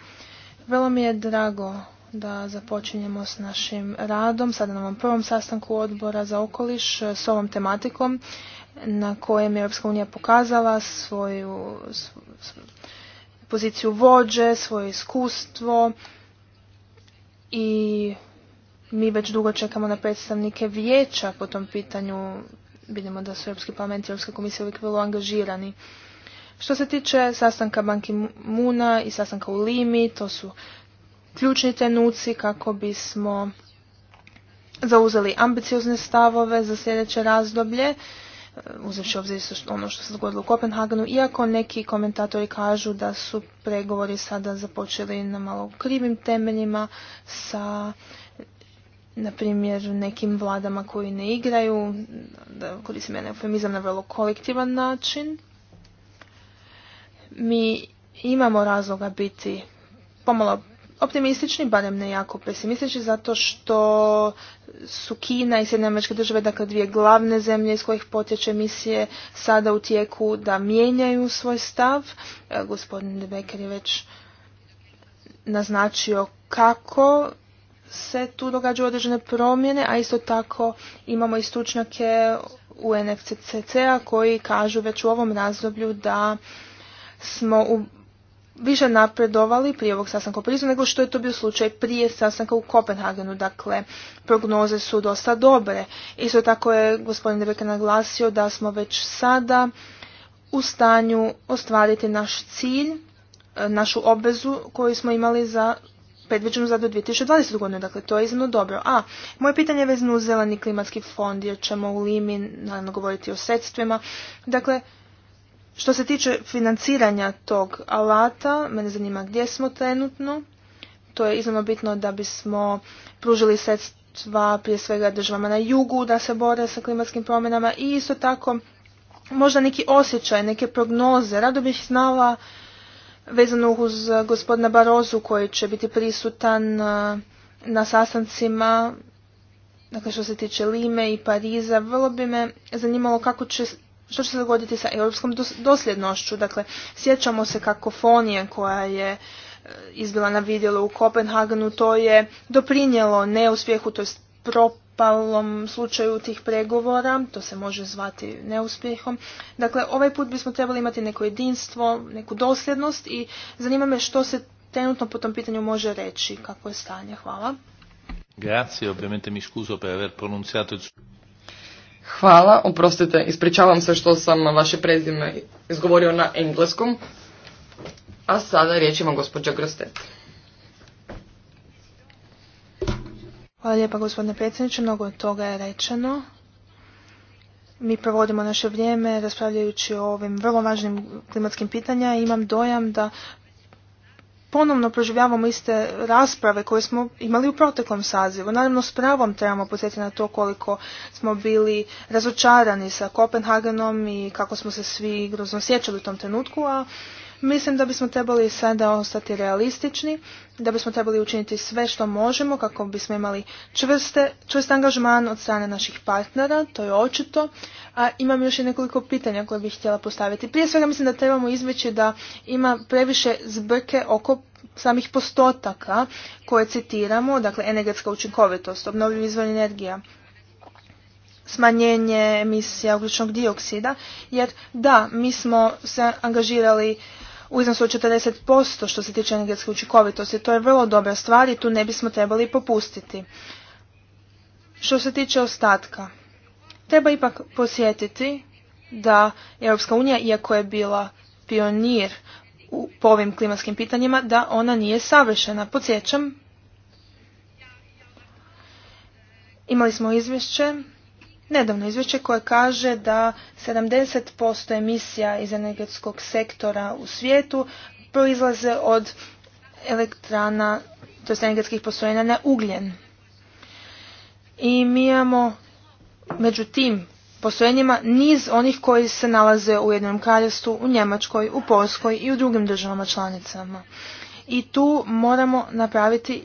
vrlo mi je drago da započinjemo s našim radom, sada na ovom prvom sastanku odbora za okoliš s ovom tematikom na kojem je Europska unija pokazala svoju poziciju vođe, svoje iskustvo i mi već dugo čekamo na predstavnike vijeća po tom pitanju Vidimo da su Europski parlament i Europska komisija uvijek vrlo angažirani. Što se tiče sastanka Banki Muna i sastanka u Limi, to su ključni trenuci kako bismo zauzeli ambiciozne stavove za sljedeće razdoblje, e, uzevši obzir ono što se dogodilo u Kopenhagenu, iako neki komentatori kažu da su pregovori sada započeli na malo krivim temeljima sa na primjer nekim vladama koji ne igraju, da koristim jedan eufemizam na vrlo kolektivan način. Mi imamo razloga biti pomalo optimistični, barem ne jako pesimistični, zato što su Kina i Sjedinjene američke države, dakle dvije glavne zemlje iz kojih potječe misije, sada u tijeku da mijenjaju svoj stav. E, gospodin De Becker je već naznačio kako se tu događaju određene promjene, a isto tako imamo i stručnjake u nfccc a koji kažu već u ovom razdoblju da smo u više napredovali prije ovog sastanka u Parizu nego što je to bio slučaj prije sastanka u Kopenhagenu. Dakle, prognoze su dosta dobre. Isto tako je gospodin Debeke naglasio da smo već sada u stanju ostvariti naš cilj, e, našu obvezu koju smo imali za predviđeno za do 2020. godine, dakle to je iznimno dobro. A, moje pitanje je vezano uz zeleni klimatski fond, jer ćemo u Limi naravno govoriti o sredstvima. Dakle, što se tiče financiranja tog alata, mene zanima gdje smo trenutno. To je iznimno bitno da bismo pružili sredstva prije svega državama na jugu da se bore sa klimatskim promjenama i isto tako možda neki osjećaj, neke prognoze. Rado bih znala vezano uz eh, gospodina Barozu koji će biti prisutan eh, na sastancima dakle što se tiče Lime i Pariza, vrlo bi me zanimalo kako će, što će se dogoditi sa europskom dosljednošću. Dakle, sjećamo se kakofonije koja je eh, izbila na vidjelu u Kopenhagenu, to je doprinjelo neuspjehu, to je pa ovom slučaju tih pregovora, to se može zvati neuspjehom. Dakle, ovaj put bismo trebali imati neko jedinstvo, neku dosljednost i zanima me što se trenutno po tom pitanju može reći, kako je stanje. Hvala. Grazie, ovviamente mi scuso per aver pronunciato Hvala, oprostite, ispričavam se što sam vaše prezime izgovorio na engleskom. A sada riječ ima gospođa Grostet. Hvala lijepa gospodine predsjedniče, mnogo toga je rečeno. Mi provodimo naše vrijeme raspravljajući o ovim vrlo važnim klimatskim pitanja i imam dojam da ponovno proživljavamo iste rasprave koje smo imali u proteklom sazivu. Naravno, s pravom trebamo posjetiti na to koliko smo bili razočarani sa Kopenhagenom i kako smo se svi grozno sjećali u tom trenutku, a Mislim da bismo trebali sada ostati realistični, da bismo trebali učiniti sve što možemo kako bismo imali čvrste, čvrst angažman od strane naših partnera, to je očito. A imam još i nekoliko pitanja koje bih htjela postaviti. Prije svega mislim da trebamo izbjeći da ima previše zbrke oko samih postotaka koje citiramo, dakle energetska učinkovitost, obnovljivi izvor energija, smanjenje emisija ugljičnog dioksida, jer da, mi smo se angažirali u iznosu od 40% što se tiče energetske učinkovitosti. To je vrlo dobra stvar i tu ne bismo trebali popustiti. Što se tiče ostatka, treba ipak posjetiti da Europska unija, iako je bila pionir u, ovim klimatskim pitanjima, da ona nije savršena. Podsjećam, imali smo izvješće nedavno izvješće koje kaže da 70% emisija iz energetskog sektora u svijetu proizlaze od elektrana, to energetskih postrojenja na ugljen. I mi imamo među tim postrojenjima niz onih koji se nalaze u jednom kraljevstvu, u Njemačkoj, u Polskoj i u drugim državama članicama. I tu moramo napraviti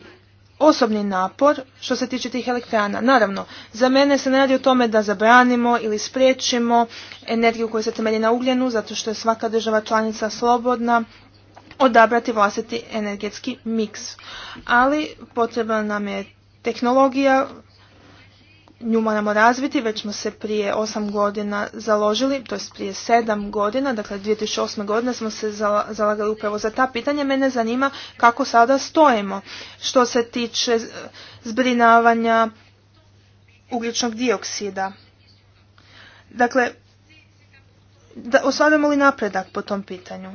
osobni napor što se tiče tih elektrana. Naravno, za mene se ne radi o tome da zabranimo ili spriječimo energiju koja se temelji na ugljenu, zato što je svaka država članica slobodna odabrati vlastiti energetski miks. Ali potrebna nam je tehnologija nju moramo razviti, već smo se prije 8 godina založili, to jest prije 7 godina, dakle 2008. godine smo se zalagali upravo za ta pitanja. Mene zanima kako sada stojimo što se tiče e, zbrinavanja ugljičnog dioksida. Dakle, da ostvarujemo li napredak po tom pitanju?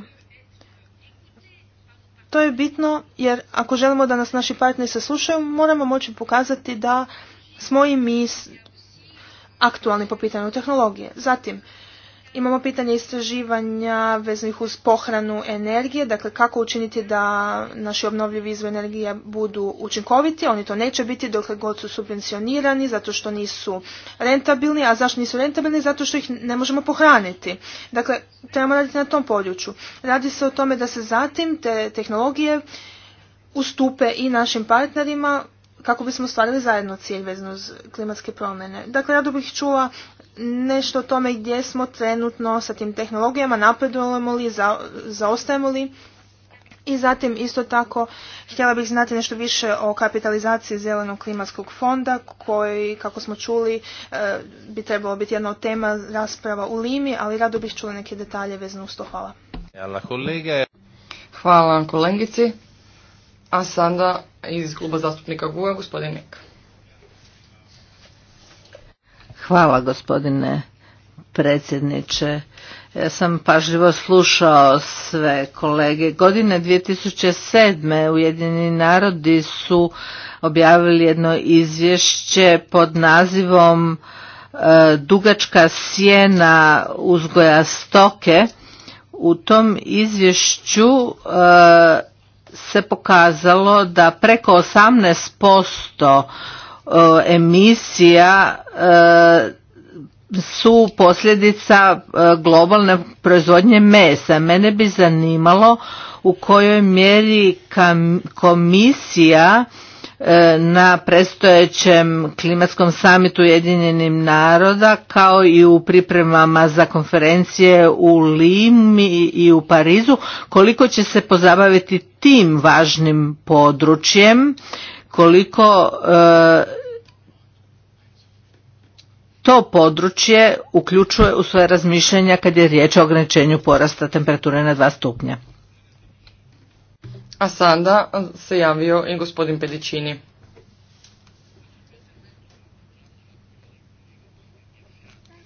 To je bitno jer ako želimo da nas naši partneri saslušaju, moramo moći pokazati da smo i mi aktualni po pitanju tehnologije. Zatim, Imamo pitanje istraživanja veznih uz pohranu energije, dakle kako učiniti da naši obnovljivi izvori energije budu učinkoviti, oni to neće biti dok god su subvencionirani, zato što nisu rentabilni, a zašto nisu rentabilni? Zato što ih ne možemo pohraniti. Dakle, trebamo raditi na tom području. Radi se o tome da se zatim te tehnologije ustupe i našim partnerima kako bismo stvarili zajedno cilj vezano uz klimatske promjene. Dakle, rado bih čula nešto o tome gdje smo trenutno sa tim tehnologijama, napredujemo li, zaostajemo li. I zatim isto tako htjela bih znati nešto više o kapitalizaciji zelenog klimatskog fonda koji, kako smo čuli, e, bi trebalo biti jedna od tema rasprava u Limi, ali rado bih čula neke detalje vezano uz to. Hvala. Hvala kolegici. A sada iz kluba zastupnika Guga, e, gospodin Hvala gospodine predsjedniče. Ja sam pažljivo slušao sve kolege. Godine 2007. Ujedini narodi su objavili jedno izvješće pod nazivom e, Dugačka sjena uzgoja stoke. U tom izvješću e, se pokazalo da preko 18% e, emisija e, su posljedica e, globalne proizvodnje mesa. Mene bi zanimalo u kojoj mjeri komisija E, na predstojećem klimatskom samitu Ujedinjenim naroda kao i u pripremama za konferencije u Limi i u Parizu koliko će se pozabaviti tim važnim područjem koliko e, to područje uključuje u svoje razmišljanja kad je riječ o ograničenju porasta temperature na dva stupnja. A sada se javio i gospodin Pedičini.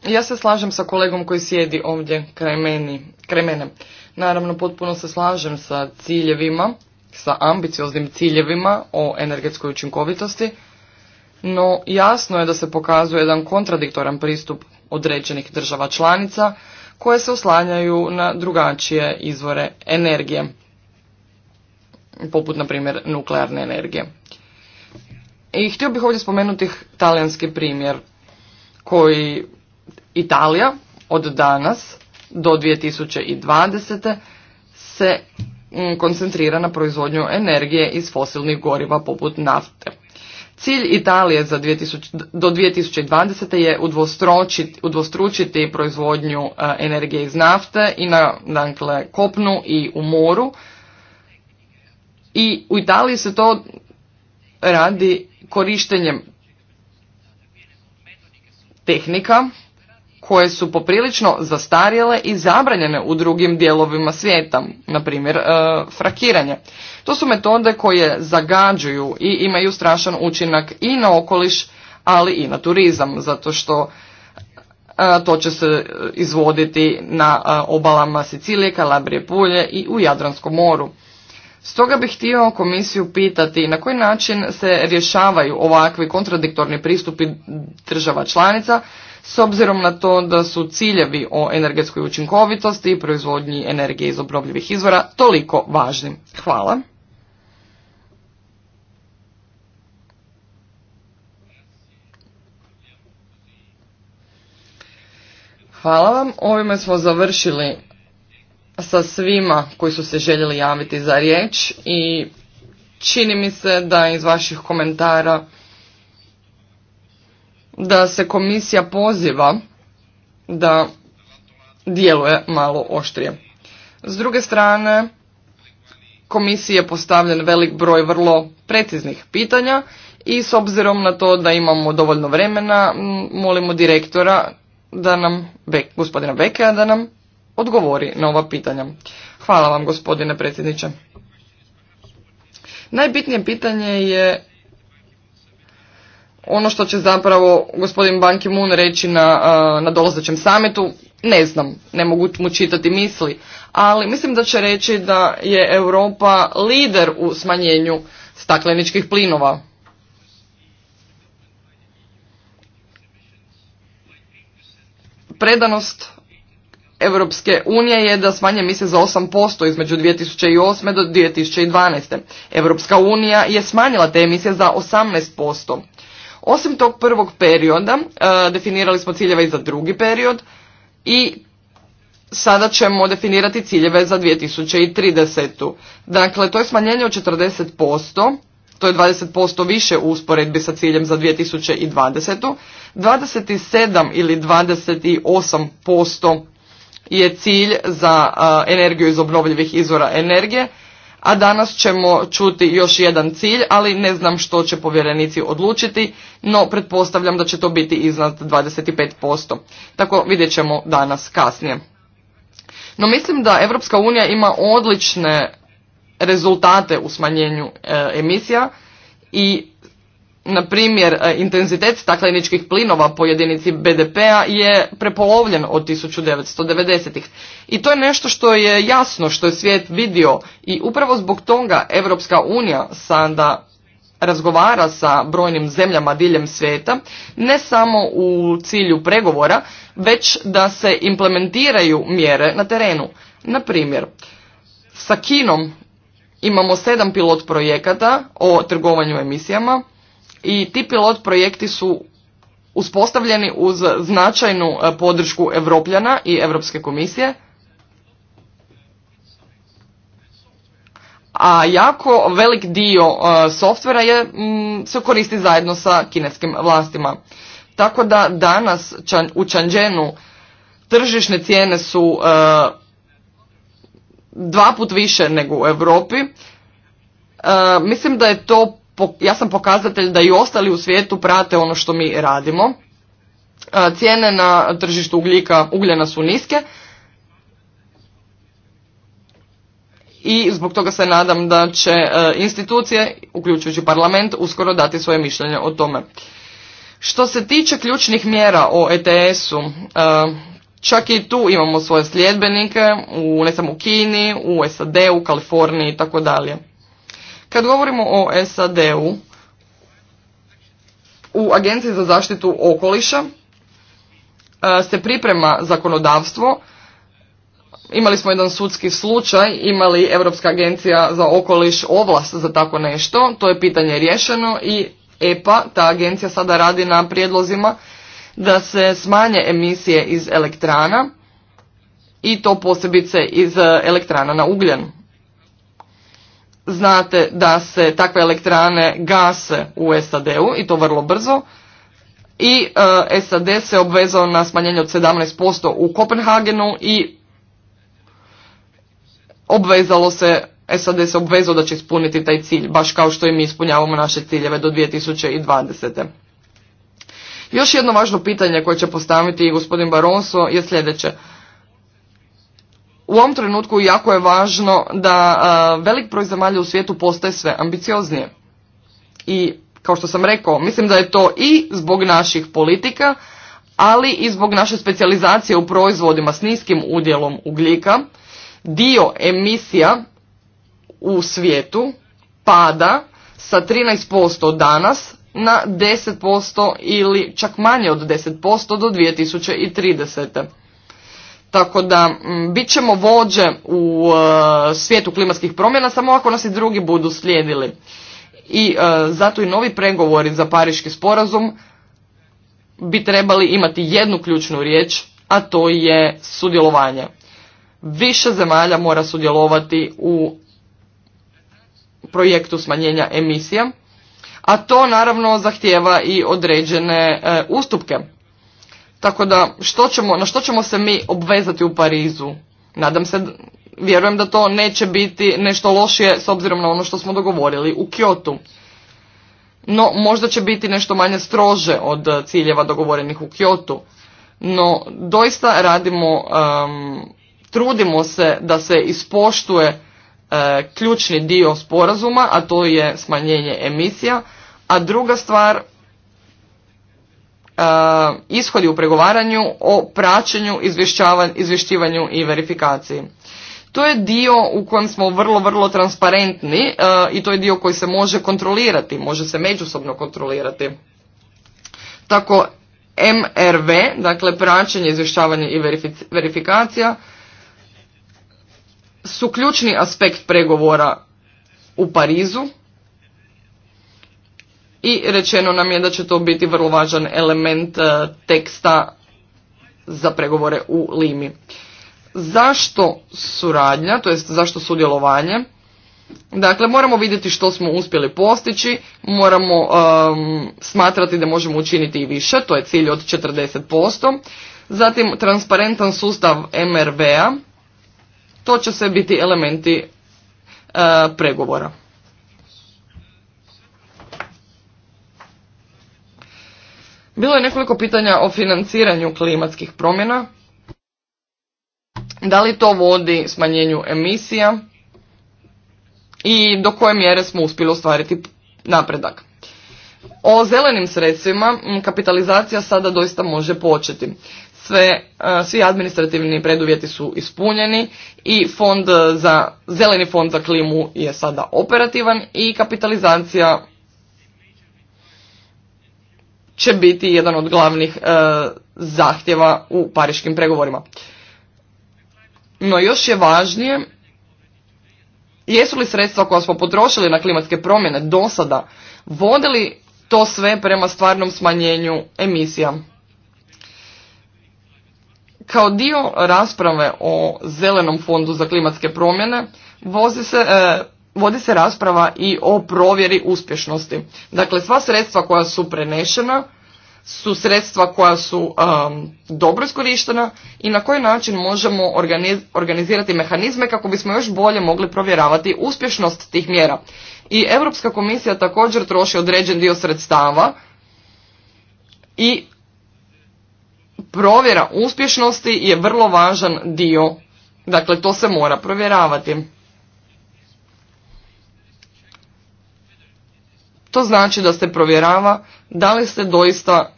Ja se slažem sa kolegom koji sjedi ovdje kraj, kraj mene. Naravno, potpuno se slažem sa ciljevima, sa ambicioznim ciljevima o energetskoj učinkovitosti, no jasno je da se pokazuje jedan kontradiktoran pristup određenih država članica koje se oslanjaju na drugačije izvore energije poput, na primjer, nuklearne energije. I htio bih ovdje spomenuti talijanski primjer koji Italija od danas do 2020. se mm, koncentrira na proizvodnju energije iz fosilnih goriva poput nafte. Cilj Italije za 2000, do 2020. je udvostručiti, udvostručiti proizvodnju e, energije iz nafte i na dakle, kopnu i u moru i u Italiji se to radi korištenjem tehnika koje su poprilično zastarjele i zabranjene u drugim dijelovima svijeta, na primjer e, frakiranje. To su metode koje zagađuju i imaju strašan učinak i na okoliš, ali i na turizam, zato što e, to će se izvoditi na e, obalama Sicilije, Kalabrije, Pulje i u Jadranskom moru. Stoga bih htio komisiju pitati na koji način se rješavaju ovakvi kontradiktorni pristupi država članica s obzirom na to da su ciljevi o energetskoj učinkovitosti i proizvodnji energije iz obnovljivih izvora toliko važni. Hvala. Hvala vam. Ovime smo završili sa svima koji su se željeli javiti za riječ i čini mi se da iz vaših komentara da se komisija poziva da djeluje malo oštrije. S druge strane, komisiji je postavljen velik broj vrlo preciznih pitanja i s obzirom na to da imamo dovoljno vremena, molimo direktora da nam, gospodina Beke, da nam odgovori na ova pitanja. Hvala vam gospodine predsjedniče. Najbitnije pitanje je ono što će zapravo gospodin Ban Ki-moon reći na, na dolazećem samitu, ne znam, ne mogu mu čitati misli, ali mislim da će reći da je Europa lider u smanjenju stakleničkih plinova. Predanost Europske unije je da smanje emisije za 8% između 2008. do 2012. Europska unija je smanjila te emisije za 18%. Osim tog prvog perioda, e, definirali smo ciljeve i za drugi period i sada ćemo definirati ciljeve za 2030. Dakle, to je smanjenje od 40%, to je 20% više u usporedbi sa ciljem za 2020. 27 ili 28% je cilj za energiju iz obnovljivih izvora energije, a danas ćemo čuti još jedan cilj, ali ne znam što će povjerenici odlučiti, no pretpostavljam da će to biti iznad 25%. Tako vidjet ćemo danas kasnije. No mislim da Europska unija ima odlične rezultate u smanjenju e, emisija i na primjer, e, intenzitet stakleničkih plinova po jedinici BDP-a je prepolovljen od 1990-ih. I to je nešto što je jasno, što je svijet vidio i upravo zbog toga Evropska unija sada razgovara sa brojnim zemljama diljem svijeta, ne samo u cilju pregovora, već da se implementiraju mjere na terenu. Na primjer, sa Kinom imamo sedam pilot projekata o trgovanju emisijama, i ti pilot projekti su uspostavljeni uz značajnu e, podršku Evropljana i Europske komisije, a jako velik dio e, softvera je, se koristi zajedno sa kineskim vlastima. Tako da danas u Čanđenu tržišne cijene su e, dva put više nego u Europi. mislim da je to ja sam pokazatelj da i ostali u svijetu prate ono što mi radimo. E, cijene na tržištu ugljika, ugljena su niske i zbog toga se nadam da će e, institucije, uključujući parlament, uskoro dati svoje mišljenje o tome. Što se tiče ključnih mjera o ETS-u, e, čak i tu imamo svoje sljedbenike, u, ne samo u Kini, u SAD, u Kaliforniji i tako dalje. Kad govorimo o SAD-u, u Agenciji za zaštitu okoliša e, se priprema zakonodavstvo. Imali smo jedan sudski slučaj, imali Europska agencija za okoliš ovlast za tako nešto, to je pitanje rješeno i EPA, ta agencija sada radi na prijedlozima da se smanje emisije iz elektrana i to posebice iz elektrana na ugljen. Znate da se takve elektrane gase u SAD-u i to vrlo brzo. I e, SAD se obvezao na smanjenje od 17% u Kopenhagenu i obvezalo se, SAD se obvezao da će ispuniti taj cilj, baš kao što i mi ispunjavamo naše ciljeve do 2020. Još jedno važno pitanje koje će postaviti gospodin Baronso je sljedeće u ovom trenutku jako je važno da velik broj zemalja u svijetu postaje sve ambicioznije. I kao što sam rekao, mislim da je to i zbog naših politika, ali i zbog naše specijalizacije u proizvodima s niskim udjelom ugljika, dio emisija u svijetu pada sa 13% danas na 10% ili čak manje od 10% do 2030. Tako da mm, bit ćemo vođe u e, svijetu klimatskih promjena samo ako nas i drugi budu slijedili. I e, zato i novi pregovori za Pariški sporazum bi trebali imati jednu ključnu riječ, a to je sudjelovanje. Više zemalja mora sudjelovati u projektu smanjenja emisija, a to naravno zahtjeva i određene e, ustupke. Tako da, što ćemo, na što ćemo se mi obvezati u Parizu? Nadam se, vjerujem da to neće biti nešto lošije s obzirom na ono što smo dogovorili u Kyotu. No, možda će biti nešto manje strože od eh, ciljeva dogovorenih u Kyotu. No, doista radimo, trudimo se da se ispoštuje eh, ključni dio sporazuma, a to je smanjenje emisija, a druga stvar E, ishodi u pregovaranju o praćenju, izvješćivanju i verifikaciji. To je dio u kojem smo vrlo, vrlo transparentni e, i to je dio koji se može kontrolirati, može se međusobno kontrolirati. Tako MRV, dakle praćenje, izvještavanje i verifikacija, su ključni aspekt pregovora u Parizu i rečeno nam je da će to biti vrlo važan element e, teksta za pregovore u Limi. Zašto suradnja, to jest zašto sudjelovanje? Dakle, moramo vidjeti što smo uspjeli postići, moramo smatrati da možemo učiniti i više, to je cilj od 40%. Zatim, transparentan sustav MRV-a, er to će se biti elementi e, pregovora. Bilo je nekoliko pitanja o financiranju klimatskih promjena. Da li to vodi smanjenju emisija i do koje mjere smo uspjeli ostvariti napredak. O zelenim sredstvima kapitalizacija sada doista može početi. Sve, e, svi administrativni preduvjeti su ispunjeni i fond za, zeleni fond za klimu je sada operativan i kapitalizacija će biti jedan od glavnih e, zahtjeva u pariškim pregovorima. No još je važnije, jesu li sredstva koja smo potrošili na klimatske promjene do sada vodili to sve prema stvarnom smanjenju emisija? Kao dio rasprave o zelenom fondu za klimatske promjene vozi se e, vodi se rasprava i o provjeri uspješnosti. Dakle, sva sredstva koja su prenešena su sredstva koja su um, dobro iskorištena i na koji način možemo organizirati mehanizme kako bismo još bolje mogli provjeravati uspješnost tih mjera. I Europska komisija također troši određen dio sredstava i provjera uspješnosti je vrlo važan dio. Dakle, to se mora provjeravati. To znači da se provjerava da li se doista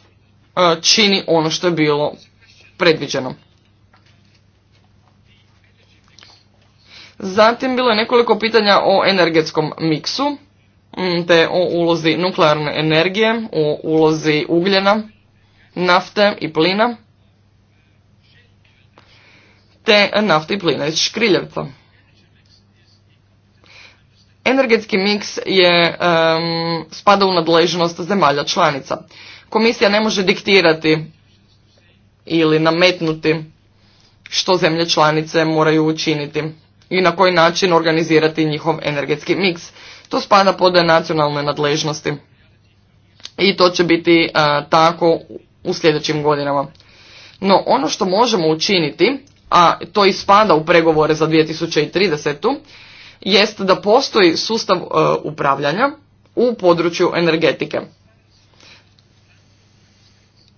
e, čini ono što je bilo predviđeno. Zatim bilo je nekoliko pitanja o energetskom miksu, mm, te o ulozi nuklearne energije, o ulozi ugljena, nafte i plina, te nafte i plina iz škriljevca. Energetski miks je spada u nadležnost zemalja članica. Komisija ne može diktirati ili nametnuti što zemlje članice moraju učiniti i na koji način organizirati njihov energetski miks. To spada pod nacionalne nadležnosti i to će biti tako u sljedećim godinama. No ono što možemo učiniti, a to i spada u pregovore za 2030 jest da postoji sustav e, upravljanja u području energetike.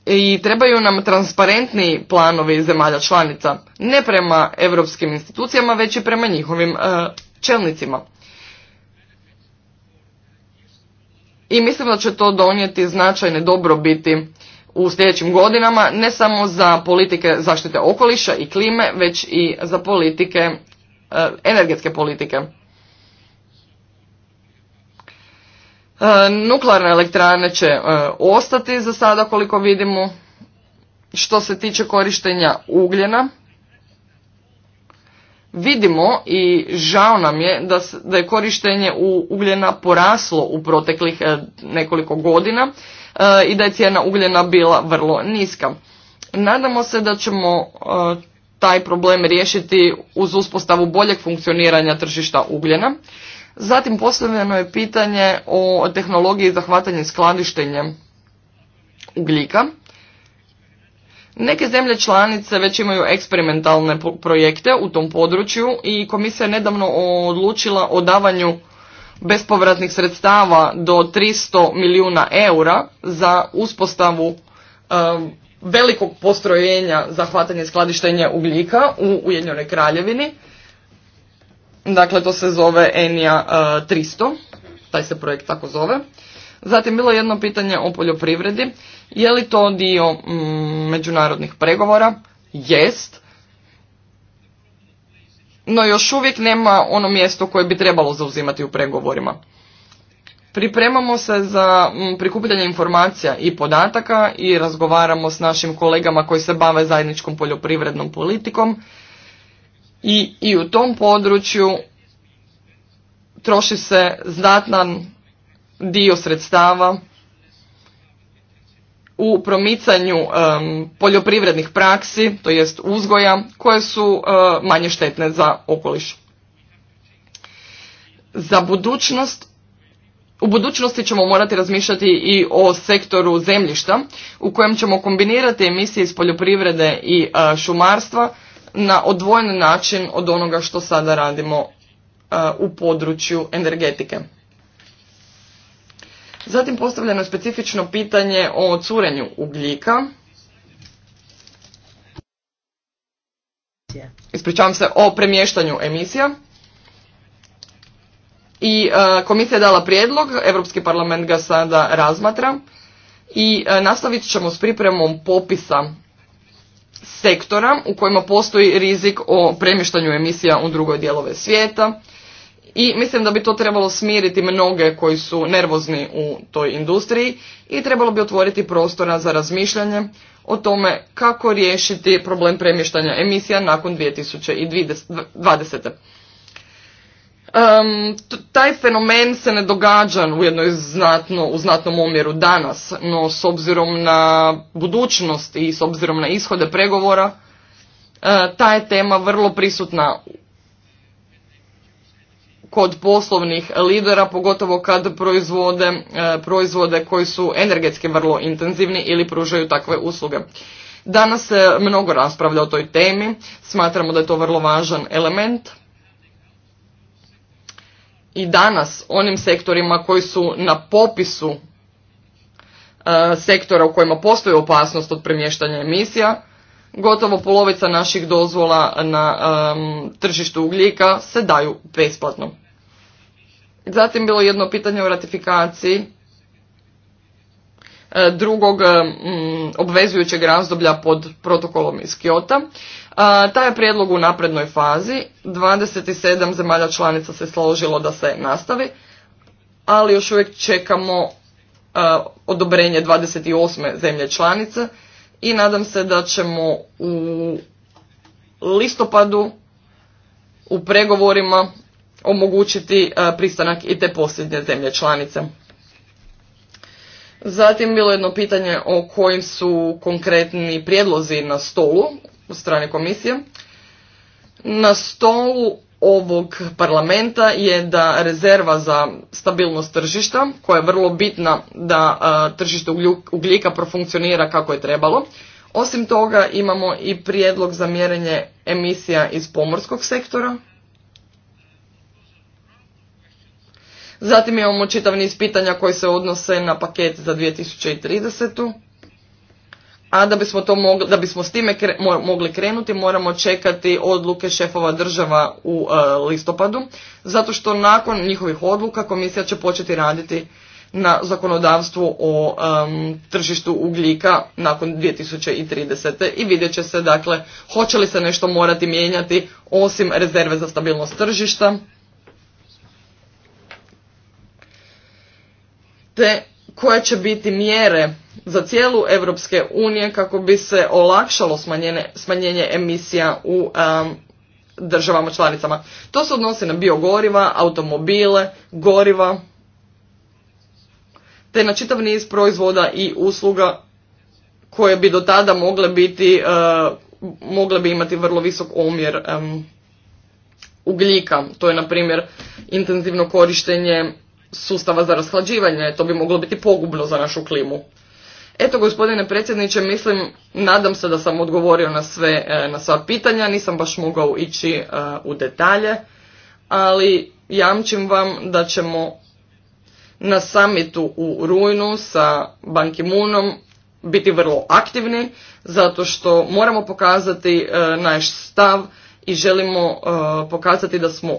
I trebaju nam transparentni planovi zemalja članica, ne prema europskim institucijama, već i prema njihovim e, čelnicima. I mislim da će to donijeti značajne dobrobiti u sljedećim godinama, ne samo za politike zaštite okoliša i klime, već i za politike Eh, energetske politike. Eh, nuklearne elektrane će eh, ostati za sada koliko vidimo. Što se tiče korištenja ugljena, vidimo i žao nam je da, je korištenje ugljena poraslo u proteklih nekoliko godina i da je cijena ugljena bila vrlo niska. Nadamo se da ćemo taj problem riješiti uz uspostavu boljeg funkcioniranja tržišta ugljena. Zatim postavljeno je pitanje o tehnologiji za hvatanje skladištenjem ugljika. Neke zemlje članice već imaju eksperimentalne projekte u tom području i komisija je nedavno odlučila o davanju bespovratnih sredstava do 300 milijuna eura za uspostavu ehm, velikog postrojenja za hvatanje skladištenja ugljika u Ujedinjenoj kraljevini. Dakle, to se zove Enija 300, e, taj se projekt tako zove. Zatim bilo je jedno pitanje o poljoprivredi. Je li to dio mm, međunarodnih pregovora? Jest. No još uvijek nema ono mjesto koje bi trebalo zauzimati u pregovorima. Pripremamo se za mm, prikupljanje informacija i podataka i razgovaramo s našim kolegama koji se bave zajedničkom poljoprivrednom politikom i, i u tom području troši se znatan dio sredstava u promicanju poljoprivrednih praksi, to jest uzgoja, koje su e, manje štetne za okoliš. Za budućnost u budućnosti ćemo morati razmišljati i o sektoru zemljišta u kojem ćemo kombinirati emisije iz poljoprivrede i e, šumarstva na odvojen način od onoga što sada radimo e, u području energetike. Zatim postavljeno je specifično pitanje o curenju ugljika. Ispričavam se o premještanju emisija. I e, komisija je dala prijedlog, Europski parlament ga sada razmatra i e, nastavit ćemo s pripremom popisa sektora u kojima postoji rizik o premještanju emisija u drugoj dijelove svijeta i mislim da bi to trebalo smiriti mnoge koji su nervozni u toj industriji i trebalo bi otvoriti prostora za razmišljanje o tome kako riješiti problem premještanja emisija nakon 2020. Um, taj fenomen se ne događa u jednoj znatno, u znatnom omjeru danas, no s obzirom na budućnost i s obzirom na ishode pregovora, e, ta je tema vrlo prisutna kod poslovnih lidera, pogotovo kad proizvode e, proizvode koji su energetski vrlo intenzivni ili pružaju takve usluge. Danas se mnogo raspravlja o toj temi, smatramo da je to vrlo važan element i danas onim sektorima koji su na popisu e, sektora u kojima postoji opasnost od premještanja emisija, gotovo polovica naših dozvola na tržištu ugljika se daju besplatno. Zatim bilo jedno pitanje o ratifikaciji e, drugog obvezujućeg razdoblja pod protokolom iz Kiota taj je prijedlog u naprednoj fazi, 27 zemalja članica se složilo da se nastavi, ali još uvijek čekamo odobrenje 28. zemlje članice i nadam se da ćemo u listopadu u pregovorima omogućiti pristanak i te posljednje zemlje članice. Zatim bilo jedno pitanje o kojim su konkretni prijedlozi na stolu od strane komisije, na stolu ovog parlamenta je da rezerva za stabilnost tržišta, koja je vrlo bitna da tržište ugljika profunkcionira kako je trebalo. Osim toga imamo i prijedlog za mjerenje emisija iz pomorskog sektora. Zatim imamo čitav niz pitanja koji se odnose na paket za 2030 a da bismo, to mogli, da bismo s time mogli krenuti moramo čekati odluke šefova država u e, listopadu, zato što nakon njihovih odluka komisija će početi raditi na zakonodavstvu o tržištu ugljika nakon 2030. i vidjet će se dakle hoće li se nešto morati mijenjati osim rezerve za stabilnost tržišta te koje će biti mjere za cijelu Europske unije kako bi se olakšalo smanjenje, smanjenje emisija u državama članicama. To se odnosi na biogoriva, automobile, goriva, te na čitav niz proizvoda i usluga koje bi do tada mogle biti, e, mogle bi imati vrlo visok omjer um, ugljika. To je, na primjer, intenzivno korištenje sustava za rashlađivanje. To bi moglo biti pogubno za našu klimu. Eto, gospodine predsjedniče, mislim, nadam se da sam odgovorio na, sve, e, na sva pitanja, nisam baš mogao ići e, u detalje, ali jamčim vam da ćemo na samitu u Rujnu sa Bankimunom biti vrlo aktivni, zato što moramo pokazati e, naš stav i želimo pokazati da smo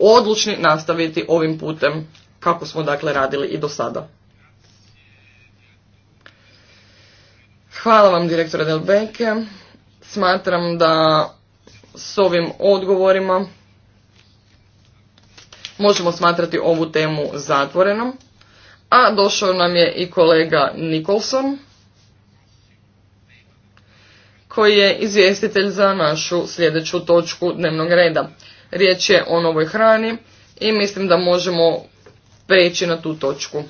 odlučni nastaviti ovim putem kako smo dakle radili i do sada. Hvala vam direktore Delbeke. Smatram da s ovim odgovorima možemo smatrati ovu temu zatvorenom. A došao nam je i kolega Nikolson koji je izvjestitelj za našu sljedeću točku dnevnog reda. Riječ je o novoj hrani i mislim da možemo preći na tu točku.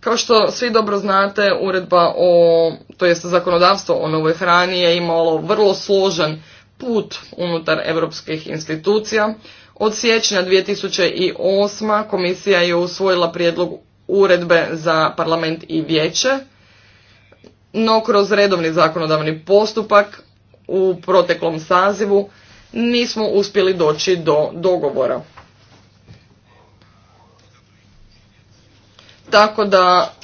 Kao što svi dobro znate, uredba o, to jest zakonodavstvo o novoj hrani je imalo vrlo složen put unutar europskih institucija. Od siječnja 2008. komisija je usvojila prijedlog uredbe za parlament i vijeće, no kroz redovni zakonodavni postupak u proteklom sazivu nismo uspjeli doći do dogovora. Tako da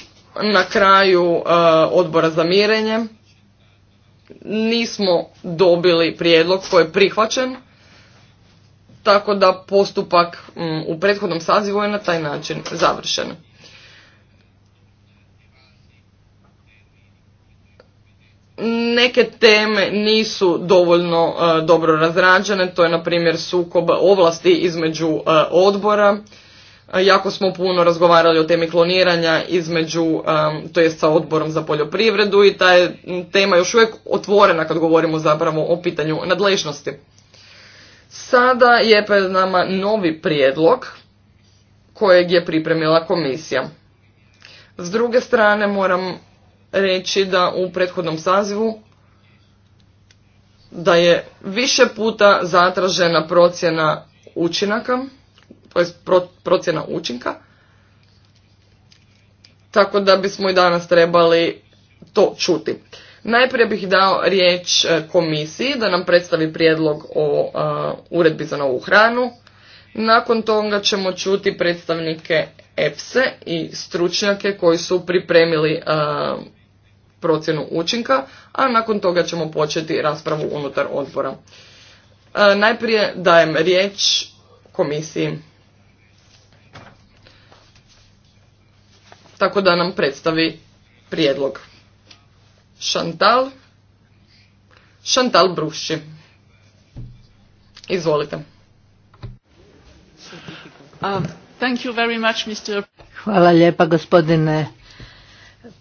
na kraju e, odbora za mirenje nismo dobili prijedlog koji je prihvaćen, tako da postupak mm, u prethodnom sazivu je na taj način završen. Neke teme nisu dovoljno e, dobro razrađene, to je na primjer sukob ovlasti između e, odbora. E, jako smo puno razgovarali o temi kloniranja između, to jest sa odborom za poljoprivredu i ta je tema još uvijek otvorena kad govorimo zapravo o pitanju nadležnosti. Sada je pred nama novi prijedlog kojeg je pripremila komisija. S druge strane moram reći da u prethodnom sazivu da je više puta zatražena procjena učinaka, to procjena učinka, tako da bismo i danas trebali to čuti. Najprije bih dao riječ e, komisiji da nam predstavi prijedlog o e, uredbi za novu hranu. Nakon toga ćemo čuti predstavnike EPSE i stručnjake koji su pripremili e, procjenu učinka, a nakon toga ćemo početi raspravu unutar odbora. E, najprije dajem riječ komisiji. Tako da nam predstavi prijedlog. Šantal. Šantal Bruši. Izvolite. Uh, Hvala lijepa gospodine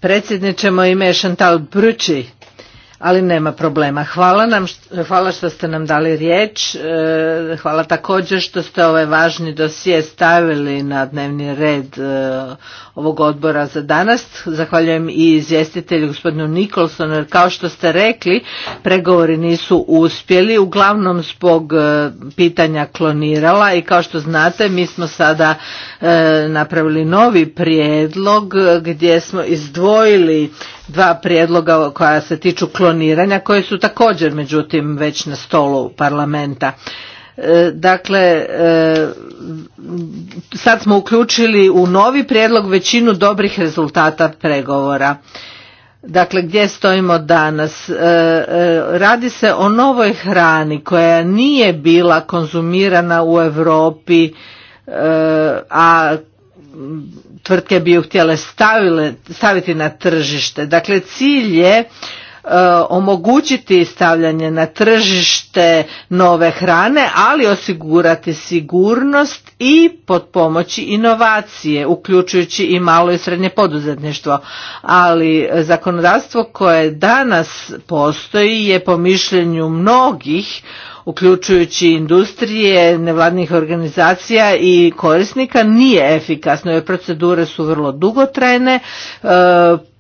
predsjedniče, moje ime je Chantal ali nema problema. Hvala, nam, hvala što ste nam dali riječ, e, hvala također što ste ovaj važni dosije stavili na dnevni red e, ovog odbora za danas. Zahvaljujem i izvjestitelju gospodinu Nikolsonu jer kao što ste rekli pregovori nisu uspjeli, uglavnom zbog e, pitanja klonirala i kao što znate mi smo sada napravili novi prijedlog gdje smo izdvojili dva prijedloga koja se tiču kloniranja koji su također međutim već na stolu parlamenta. E, dakle, e, sad smo uključili u novi prijedlog većinu dobrih rezultata pregovora. Dakle, gdje stojimo danas? E, radi se o novoj hrani koja nije bila konzumirana u Europi, a tvrtke bi ju htjele stavile, staviti na tržište. Dakle, cilj je E, omogućiti stavljanje na tržište nove hrane, ali osigurati sigurnost i potpomoći inovacije, uključujući i malo i srednje poduzetništvo. Ali zakonodavstvo koje danas postoji je po mišljenju mnogih uključujući industrije, nevladnih organizacija i korisnika, nije efikasno jer procedure su vrlo dugotrajne, e,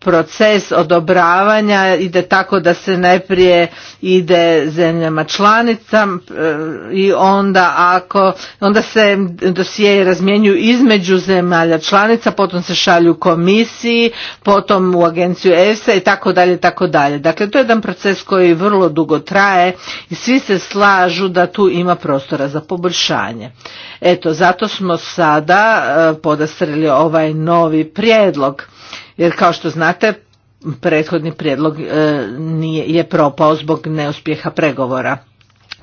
proces odobravanja ide tako da se najprije ide zemljama članica e, i onda ako onda se dosije razmjenjuju između zemalja članica, potom se šalju komisiji, potom u agenciju EFSA i tako dalje tako dalje. Dakle to je jedan proces koji vrlo dugo traje i svi se slažu da tu ima prostora za poboljšanje. Eto zato smo sada e, podastrili ovaj novi prijedlog jer kao što znate prethodni prijedlog e, nije, je propao zbog neuspjeha pregovora.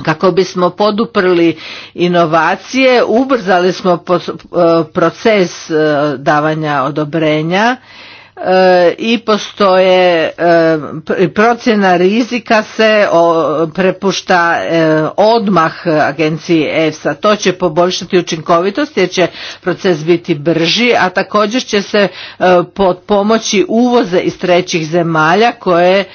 Kako bismo poduprli inovacije, ubrzali smo e, proces e, davanja odobrenja i postoje e, procjena rizika se prepušta e, odmah agenciji EFSA. To će poboljšati učinkovitost jer će proces biti brži, a također će se e, pod pomoći uvoze iz trećih zemalja koje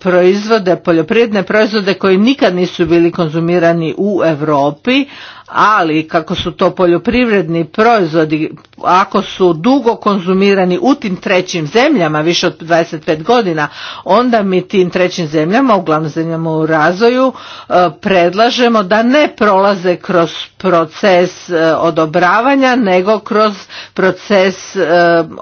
proizvode poljoprivredne proizvode koji nikad nisu bili konzumirani u Europi, ali kako su to poljoprivredni proizvodi, ako su dugo konzumirani u tim trećim zemljama, više od 25 godina, onda mi tim trećim zemljama, uglavnom zemljama u razvoju, e, predlažemo da ne prolaze kroz proces e, odobravanja, nego kroz proces e,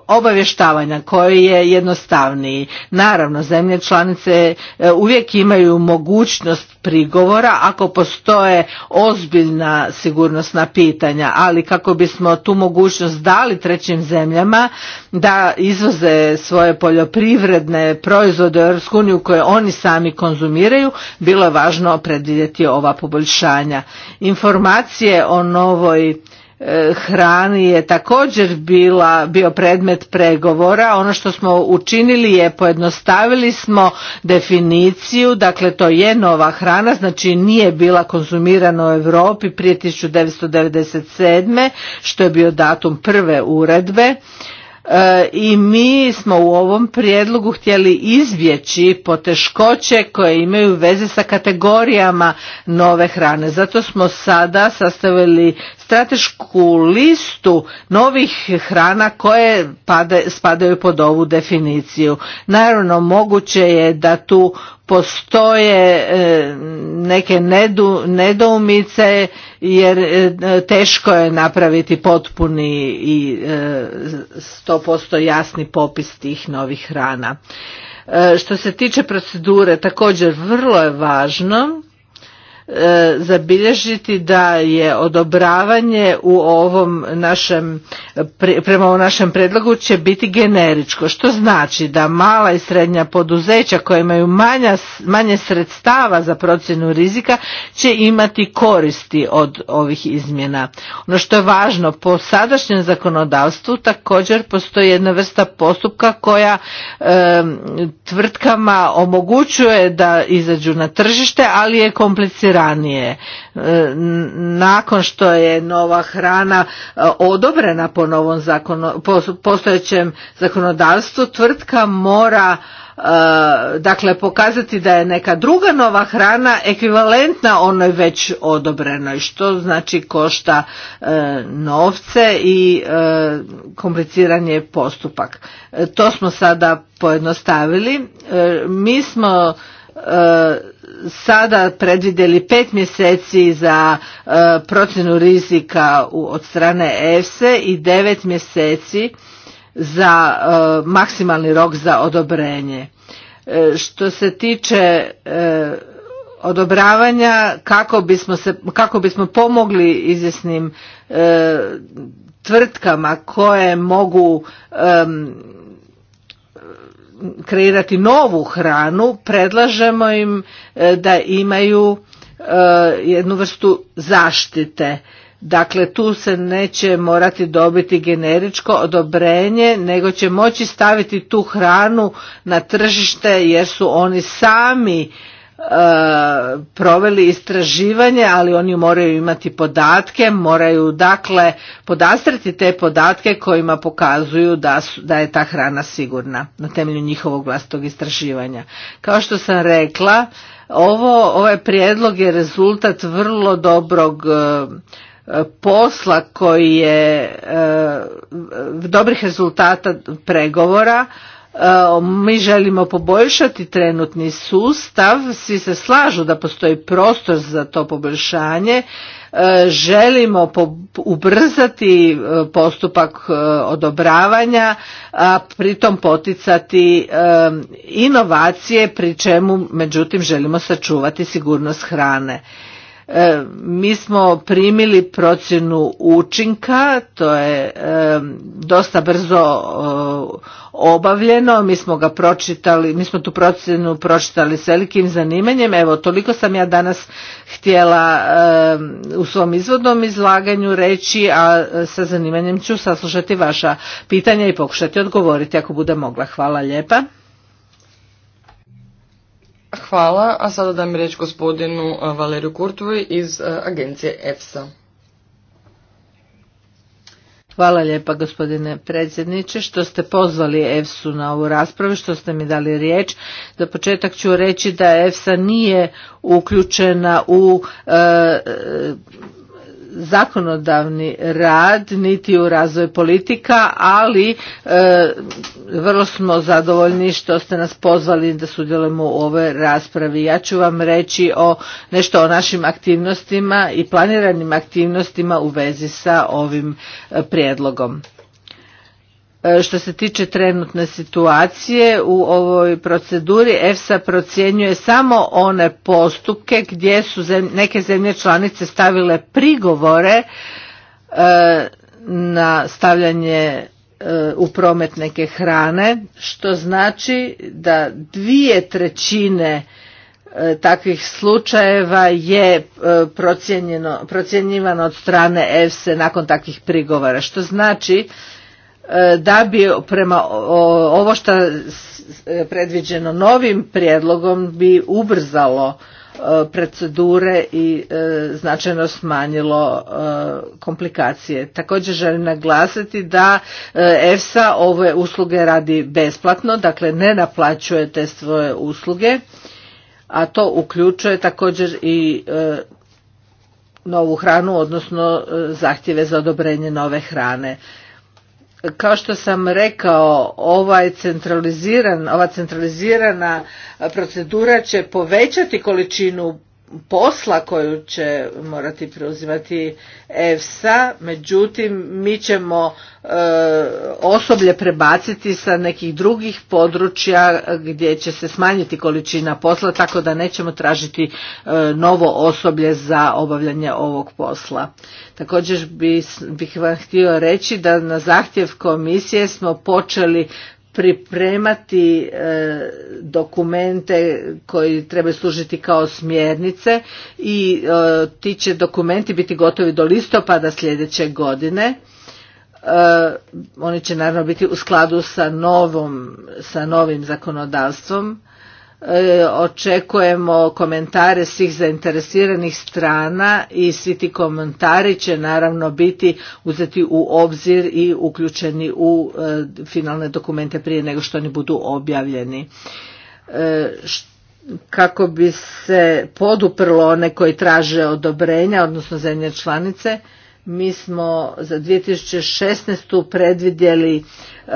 obavještavanja koji je jednostavniji. Naravno, zemlje članice uvijek imaju mogućnost prigovora ako postoje ozbiljna sigurnosna pitanja, ali kako bismo tu mogućnost dali trećim zemljama da izvoze svoje poljoprivredne proizvode u EU koje oni sami konzumiraju, bilo je važno predvidjeti ova poboljšanja. Informacije o novoj E, hrani je također bila, bio predmet pregovora. Ono što smo učinili je pojednostavili smo definiciju, dakle to je nova hrana, znači nije bila konzumirana u Europi prije 1997. što je bio datum prve uredbe. E, i mi smo u ovom prijedlogu htjeli izbjeći poteškoće koje imaju veze sa kategorijama nove hrane. Zato smo sada sastavili stratešku listu novih hrana koje spadaju pod ovu definiciju. Naravno moguće je da tu postoje e, neke nedoumice jer e, teško je napraviti potpuni i 100% e, jasni popis tih novih hrana. Što se tiče procedure, također vrlo je važno zabilježiti da je odobravanje u ovom našem, prema ovom našem predlogu će biti generičko, što znači da mala i srednja poduzeća koja imaju manja, manje sredstava za procjenu rizika će imati koristi od ovih izmjena. Ono što je važno, po sadašnjem zakonodavstvu također postoji jedna vrsta postupka koja tvrtkama omogućuje da izađu na tržište, ali je komplicirana ranije. E, nakon što je nova hrana e, odobrena po novom zakonu, postojećem zakonodavstvu, tvrtka mora e, dakle pokazati da je neka druga nova hrana ekvivalentna onoj već odobrenoj što znači košta novce i kompliciran je postupak to smo sada pojednostavili mi smo E, sada predvidjeli pet mjeseci za e, procjenu rizika od strane EFSE i devet mjeseci za e, maksimalni rok za odobrenje. Što se tiče odobravanja kako bismo, pomogli izvjesnim tvrtkama koje mogu kreirati novu hranu, predlažemo im e, da imaju e, jednu vrstu zaštite. Dakle, tu se neće morati dobiti generičko odobrenje, nego će moći staviti tu hranu na tržište jer su oni sami E, proveli istraživanje, ali oni moraju imati podatke, moraju dakle podastriti te podatke kojima pokazuju da, su, da je ta hrana sigurna na temelju njihovog vlastitog istraživanja. Kao što sam rekla, ovo, ovaj prijedlog je rezultat vrlo dobrog e, posla koji je e, dobrih rezultata pregovora Ehm, mi želimo poboljšati trenutni sustav, svi se slažu da postoji prostor za to poboljšanje, ehm, želimo ubrzati ehm, postupak odobravanja, a pritom poticati inovacije, pri čemu međutim želimo sačuvati sigurnost hrane. E, mi smo primili procjenu učinka, to je e, dosta brzo e, obavljeno, mi smo ga pročitali, mi smo tu procjenu pročitali s velikim zanimanjem. Evo, toliko sam ja danas htjela u svom izvodnom izlaganju reći, a sa zanimanjem ću saslušati vaša pitanja i pokušati odgovoriti ako bude mogla. Hvala lijepa. Hvala, a sada dam riječ gospodinu e, Valeriju Kurtovi iz e, agencije EFSA. Hvala lijepa gospodine predsjedniče što ste pozvali EFSU na ovu raspravu, što ste mi dali riječ. Za početak ću reći da EFSA nije uključena u e, zakonodavni rad niti u razvoj politika, ali e, vrlo smo zadovoljni što ste nas pozvali da sudjelujemo u ovoj raspravi. Ja ću vam reći o nešto o našim aktivnostima i planiranim aktivnostima u vezi sa ovim e, prijedlogom. E, što se tiče trenutne situacije u ovoj proceduri EFSA procjenjuje samo one postupke gdje su neke zemlje članice stavile prigovore e, na stavljanje e, u promet neke hrane što znači da dvije trećine takvih slučajeva je procjenjivano od strane EFSA nakon takvih prigovora što znači E, da bi prema ovo što e, predviđeno novim prijedlogom bi ubrzalo e, procedure i značajno smanjilo komplikacije. Također želim naglasiti da EFSA ove usluge radi besplatno, dakle ne naplaćuje te svoje usluge, a to uključuje također i novu hranu, odnosno zahtjeve za odobrenje nove hrane kao što sam rekao, ovaj centraliziran, ova centralizirana procedura će povećati količinu posla koju će morati preuzimati EFSA, međutim mi ćemo e, osoblje prebaciti sa nekih drugih područja gdje će se smanjiti količina posla tako da nećemo tražiti e, novo osoblje za obavljanje ovog posla. Također bih, bih vam htio reći da na zahtjev komisije smo počeli pripremati e, dokumente koji trebaju služiti kao smjernice i e, ti će dokumenti biti gotovi do listopada sljedeće godine. E, oni će naravno biti u skladu sa, novom, sa novim zakonodavstvom E, očekujemo komentare svih zainteresiranih strana i svi ti komentari će naravno biti uzeti u obzir i uključeni u e, finalne dokumente prije nego što oni budu objavljeni e, kako bi se poduprlo one koji traže odobrenja odnosno zemlje članice mi smo za 2016. predvidjeli e,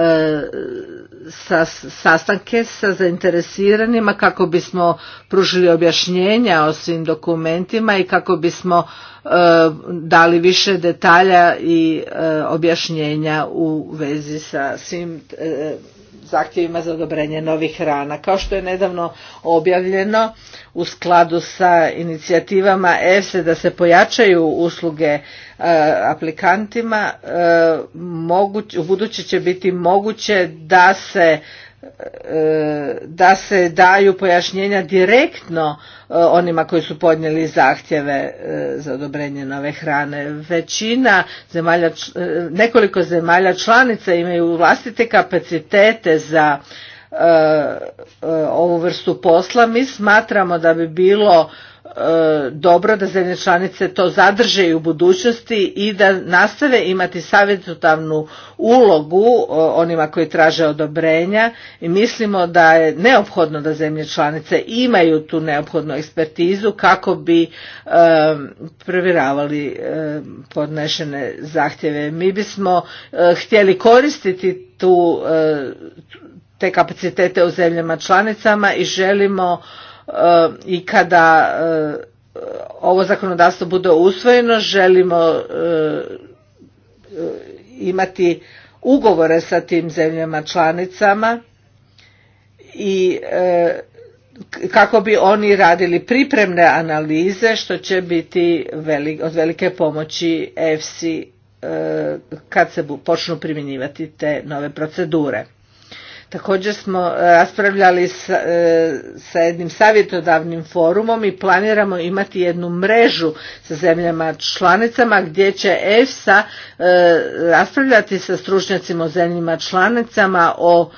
sa, sastanke sa zainteresiranima kako bismo pružili objašnjenja o svim dokumentima i kako bismo e, dali više detalja i e, objašnjenja u vezi sa svim e, zahtjevima za odobrenje novih hrana. Kao što je nedavno objavljeno u skladu sa inicijativama EFSE da se pojačaju usluge e, aplikantima, e, moguć, u će biti moguće da se da se daju pojašnjenja direktno e, onima koji su podnijeli zahtjeve e, za odobrenje nove hrane. Većina zemalja, e, nekoliko zemalja članica imaju vlastite kapacitete za ovu vrstu posla. Mi smatramo da bi bilo E, dobro da zemlje članice to zadrže i u budućnosti i da nastave imati savjetodavnu ulogu onima koji traže odobrenja i mislimo da je neophodno da zemlje članice imaju tu neophodnu ekspertizu kako bi e, provjeravali e, podnešene zahtjeve. Mi bismo htjeli koristiti tu te kapacitete u zemljama članicama i želimo i kada e, ovo zakonodavstvo bude usvojeno želimo e, imati ugovore sa tim zemljama članicama i e, kako bi oni radili pripremne analize što će biti od velike pomoći EFSI kad se počnu primjenjivati te nove procedure. Također smo e, raspravljali e, sa, jednim savjetodavnim forumom i planiramo imati jednu mrežu sa zemljama članicama gdje će EFSA e, raspravljati sa stručnjacima o zemljama članicama o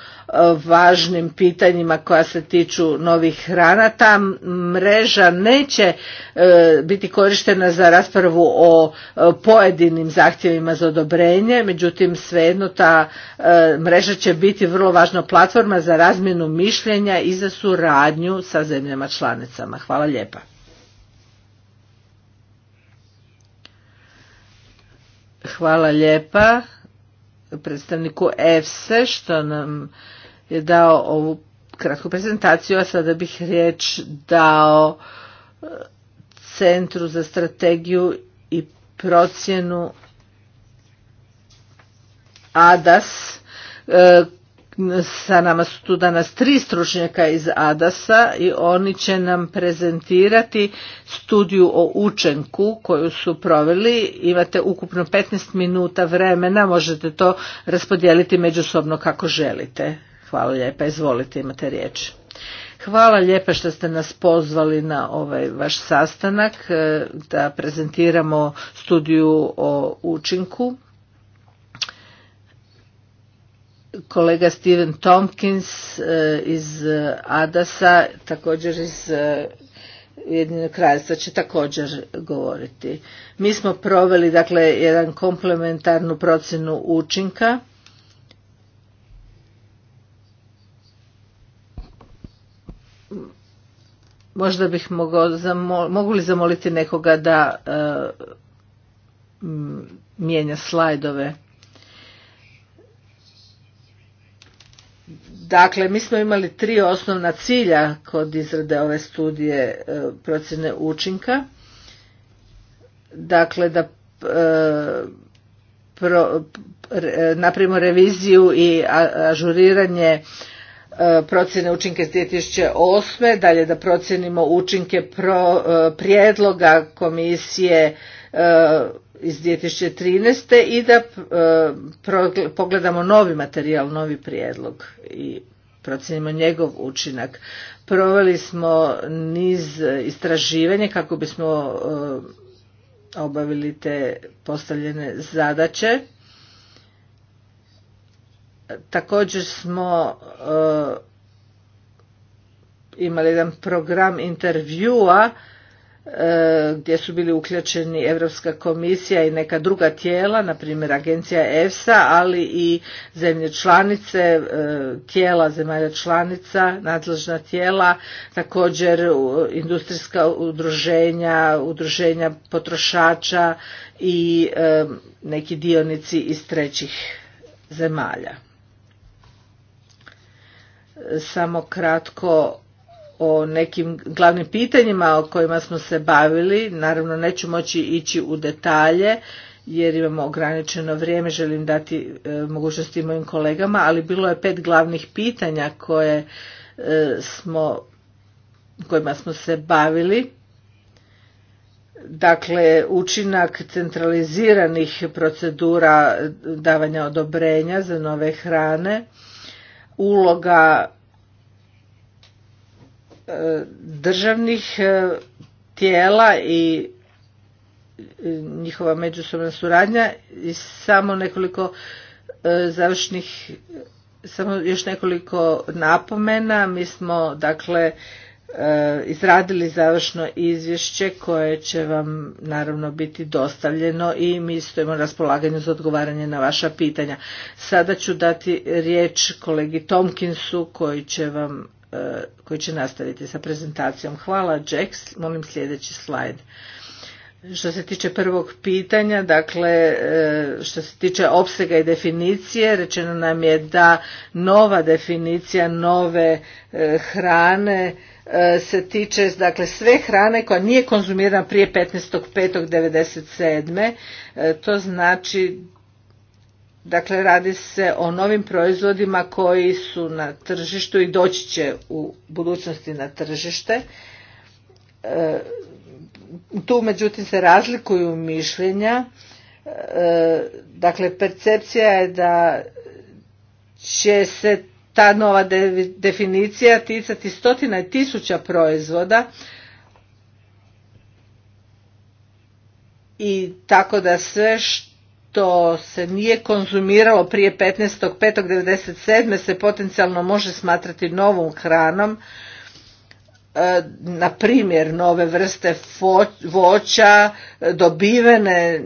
važnim pitanjima koja se tiču novih hrana. Ta mreža neće e, biti korištena za raspravu o e, pojedinim zahtjevima za odobrenje, međutim svejedno ta e, mreža će biti vrlo važna platforma za razmjenu mišljenja i za suradnju sa zemljama članicama. Hvala lijepa. Hvala lijepa predstavniku EFSE što nam je dao ovu kratku prezentaciju, a sada bih riječ dao e, Centru za strategiju i procjenu ADAS. E, sa nama su tu danas tri stručnjaka iz ADAS-a i oni će nam prezentirati studiju o učenku koju su proveli. Imate ukupno 15 minuta vremena, možete to raspodijeliti međusobno kako želite. Hvala lijepa, izvolite, imate riječ. Hvala lijepa što ste nas pozvali na ovaj vaš sastanak e, da prezentiramo studiju o učinku. Kolega Steven Tompkins e, iz Adasa, također iz e, Jedinog kraljstva će također govoriti. Mi smo proveli dakle jedan komplementarnu procjenu učinka Možda bih mogao, mogu li zamoliti nekoga da e, mijenja slajdove. Dakle, mi smo imali tri osnovna cilja kod izrade ove studije e, procjene učinka. Dakle, da e, napravimo reviziju i ažuriranje E, procjene učinke iz 2008. Dalje da procjenimo učinke e, prijedloga komisije e, iz 2013. i da pogledamo novi materijal, novi prijedlog i procijenimo njegov učinak. Proveli smo niz istraživanja kako bismo obavili te postavljene zadaće također smo e, imali jedan program intervjua e, gdje su bili uključeni Europska komisija i neka druga tijela, na primjer agencija EFSA, ali i zemlje članice, e, tijela zemalja članica, nadležna tijela, također industrijska udruženja, udruženja potrošača i neki dionici iz trećih zemalja samo kratko o nekim glavnim pitanjima o kojima smo se bavili. Naravno neću moći ići u detalje jer imamo ograničeno vrijeme, želim dati e, mogućnosti mojim kolegama, ali bilo je pet glavnih pitanja koje e, smo, kojima smo se bavili. Dakle, učinak centraliziranih procedura davanja odobrenja za nove hrane, uloga e, državnih e, tijela i e, njihova međusobna suradnja i samo nekoliko završnih samo još nekoliko napomena mi smo dakle E, izradili završno izvješće koje će vam naravno biti dostavljeno i mi stojimo na raspolaganju za odgovaranje na vaša pitanja. Sada ću dati riječ kolegi Tomkinsu koji će vam e, koji će nastaviti sa prezentacijom. Hvala, Jacks. Molim sljedeći slajd. Što se tiče prvog pitanja, dakle, e, što se tiče opsega i definicije, rečeno nam je da nova definicija nove hrane E, se tiče dakle sve hrane koja nije konzumirana prije 15.5.1997. E, to znači dakle radi se o novim proizvodima koji su na tržištu i doći će u budućnosti na tržište. E, tu međutim se razlikuju mišljenja. Dakle percepcija je da će se ta nova definicija ticati stotina i tisuća proizvoda i tako da sve što se nije konzumiralo prije 15.5.1997. se potencijalno može smatrati novom hranom E, na primjer nove vrste voća e, dobivene e,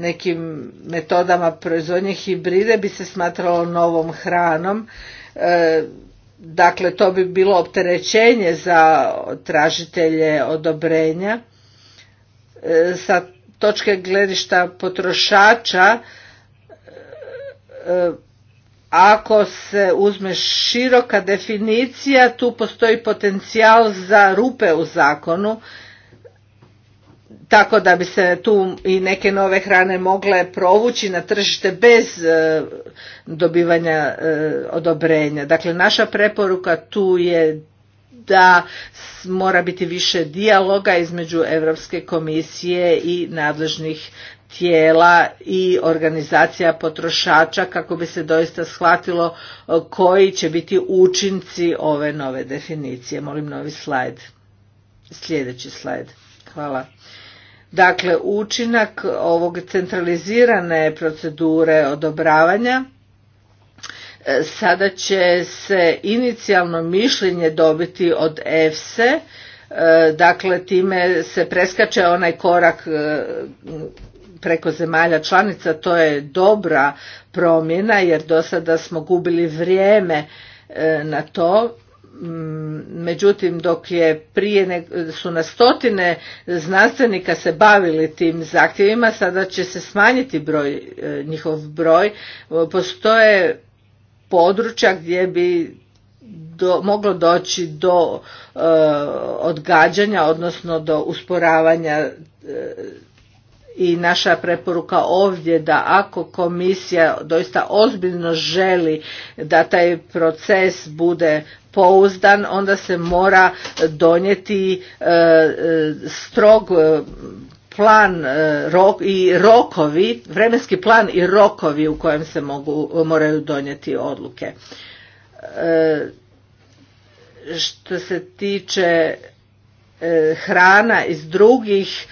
nekim metodama proizvodnje hibride bi se smatralo novom hranom dakle to bi bilo opterećenje za tražitelje odobrenja sa točke gledišta potrošača ako se uzme široka definicija, tu postoji potencijal za rupe u zakonu, tako da bi se tu i neke nove hrane mogle provući na tržište bez e, dobivanja e, odobrenja. Dakle, naša preporuka tu je da mora biti više dijaloga između Europske komisije i nadležnih tijela i organizacija potrošača kako bi se doista shvatilo e, koji će biti učinci ove nove definicije. Molim novi slajd. Sljedeći slajd. Hvala. Dakle, učinak ovog centralizirane procedure odobravanja e, sada će se inicijalno mišljenje dobiti od EFSE, e, dakle time se preskače onaj korak preko zemalja članica to je dobra promjena jer do sada smo gubili vrijeme e, na to mm, međutim dok je prije su na stotine znanstvenika se bavili tim zahtjevima sada će se smanjiti broj e, njihov broj e, postoje područja gdje bi do, moglo doći do odgađanja odnosno do usporavanja i naša preporuka ovdje da ako komisija doista ozbiljno želi da taj proces bude pouzdan onda se mora donijeti e, e, strog e, plan rok i rokovi vremenski plan i rokovi u kojem se mogu moraju donijeti odluke što se tiče E, hrana iz drugih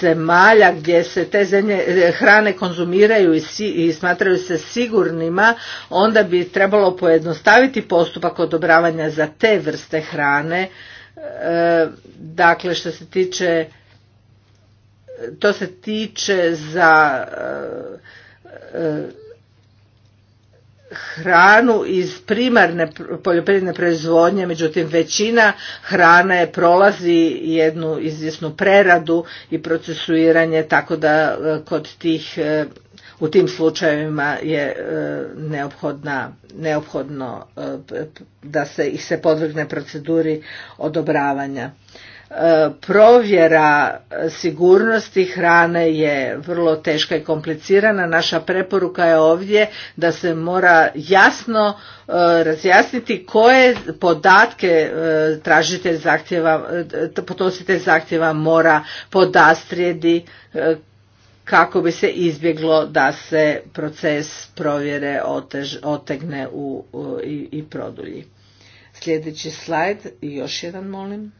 zemalja gdje se te zemlje e, hrane konzumiraju i smatraju se sigurnima, onda bi trebalo pojednostaviti postupak odobravanja za te vrste hrane. E, dakle, što se tiče, to se tiče za hranu iz primarne poljoprivredne proizvodnje, međutim većina hrane prolazi jednu izvjesnu preradu i procesuiranje tako da e, kod tih e, u tim slučajevima je e, neophodno da se ih se podvrgne proceduri odobravanja provjera sigurnosti hrane je vrlo teška i komplicirana. Naša preporuka je ovdje da se mora jasno e, razjasniti koje podatke e, tražitelj zahtjeva, e, potositelj zahtjeva mora podastrijedi kako bi se izbjeglo da se proces provjere otež, otegne u, i, i produlji. Sljedeći slajd, i još jedan molim.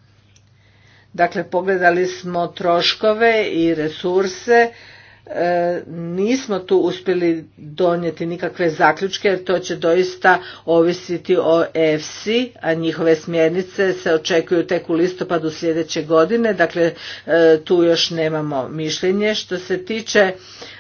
Dakle, pogledali smo troškove i resurse, e, nismo tu uspjeli donijeti nikakve zaključke jer to će doista ovisiti o EFSI, a njihove smjernice se očekuju tek u listopadu sljedeće godine, dakle e, tu još nemamo mišljenje. Što se tiče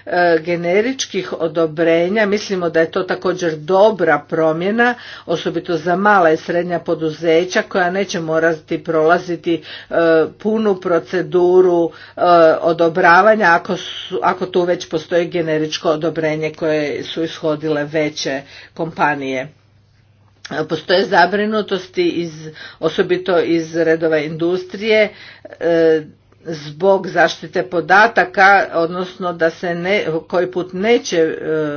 E, generičkih odobrenja mislimo da je to također dobra promjena osobito za mala i srednja poduzeća koja neće morati prolaziti e, punu proceduru e, odobravanja ako, tu već postoji generičko odobrenje koje su ishodile veće kompanije postoje zabrinutosti iz osobito iz redova industrije zbog zaštite podataka, odnosno da se ne, koji put neće e,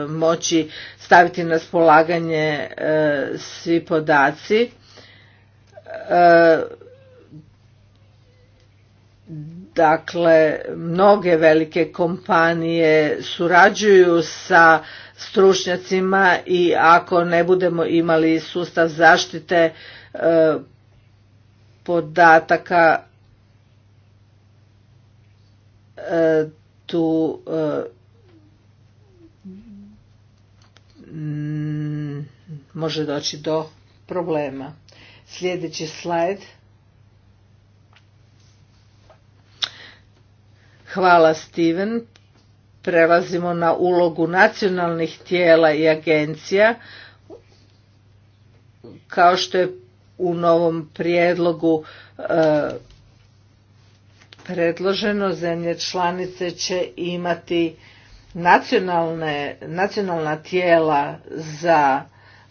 moći staviti na spolaganje e, svi podaci. E, dakle, mnoge velike kompanije surađuju sa stručnjacima i ako ne budemo imali sustav zaštite podataka tu e, može doći do problema. Sljedeći slajd. Hvala Steven. Prelazimo na ulogu nacionalnih tijela i agencija. Kao što je u novom prijedlogu e, predloženo zemlje članice će imati nacionalna tijela za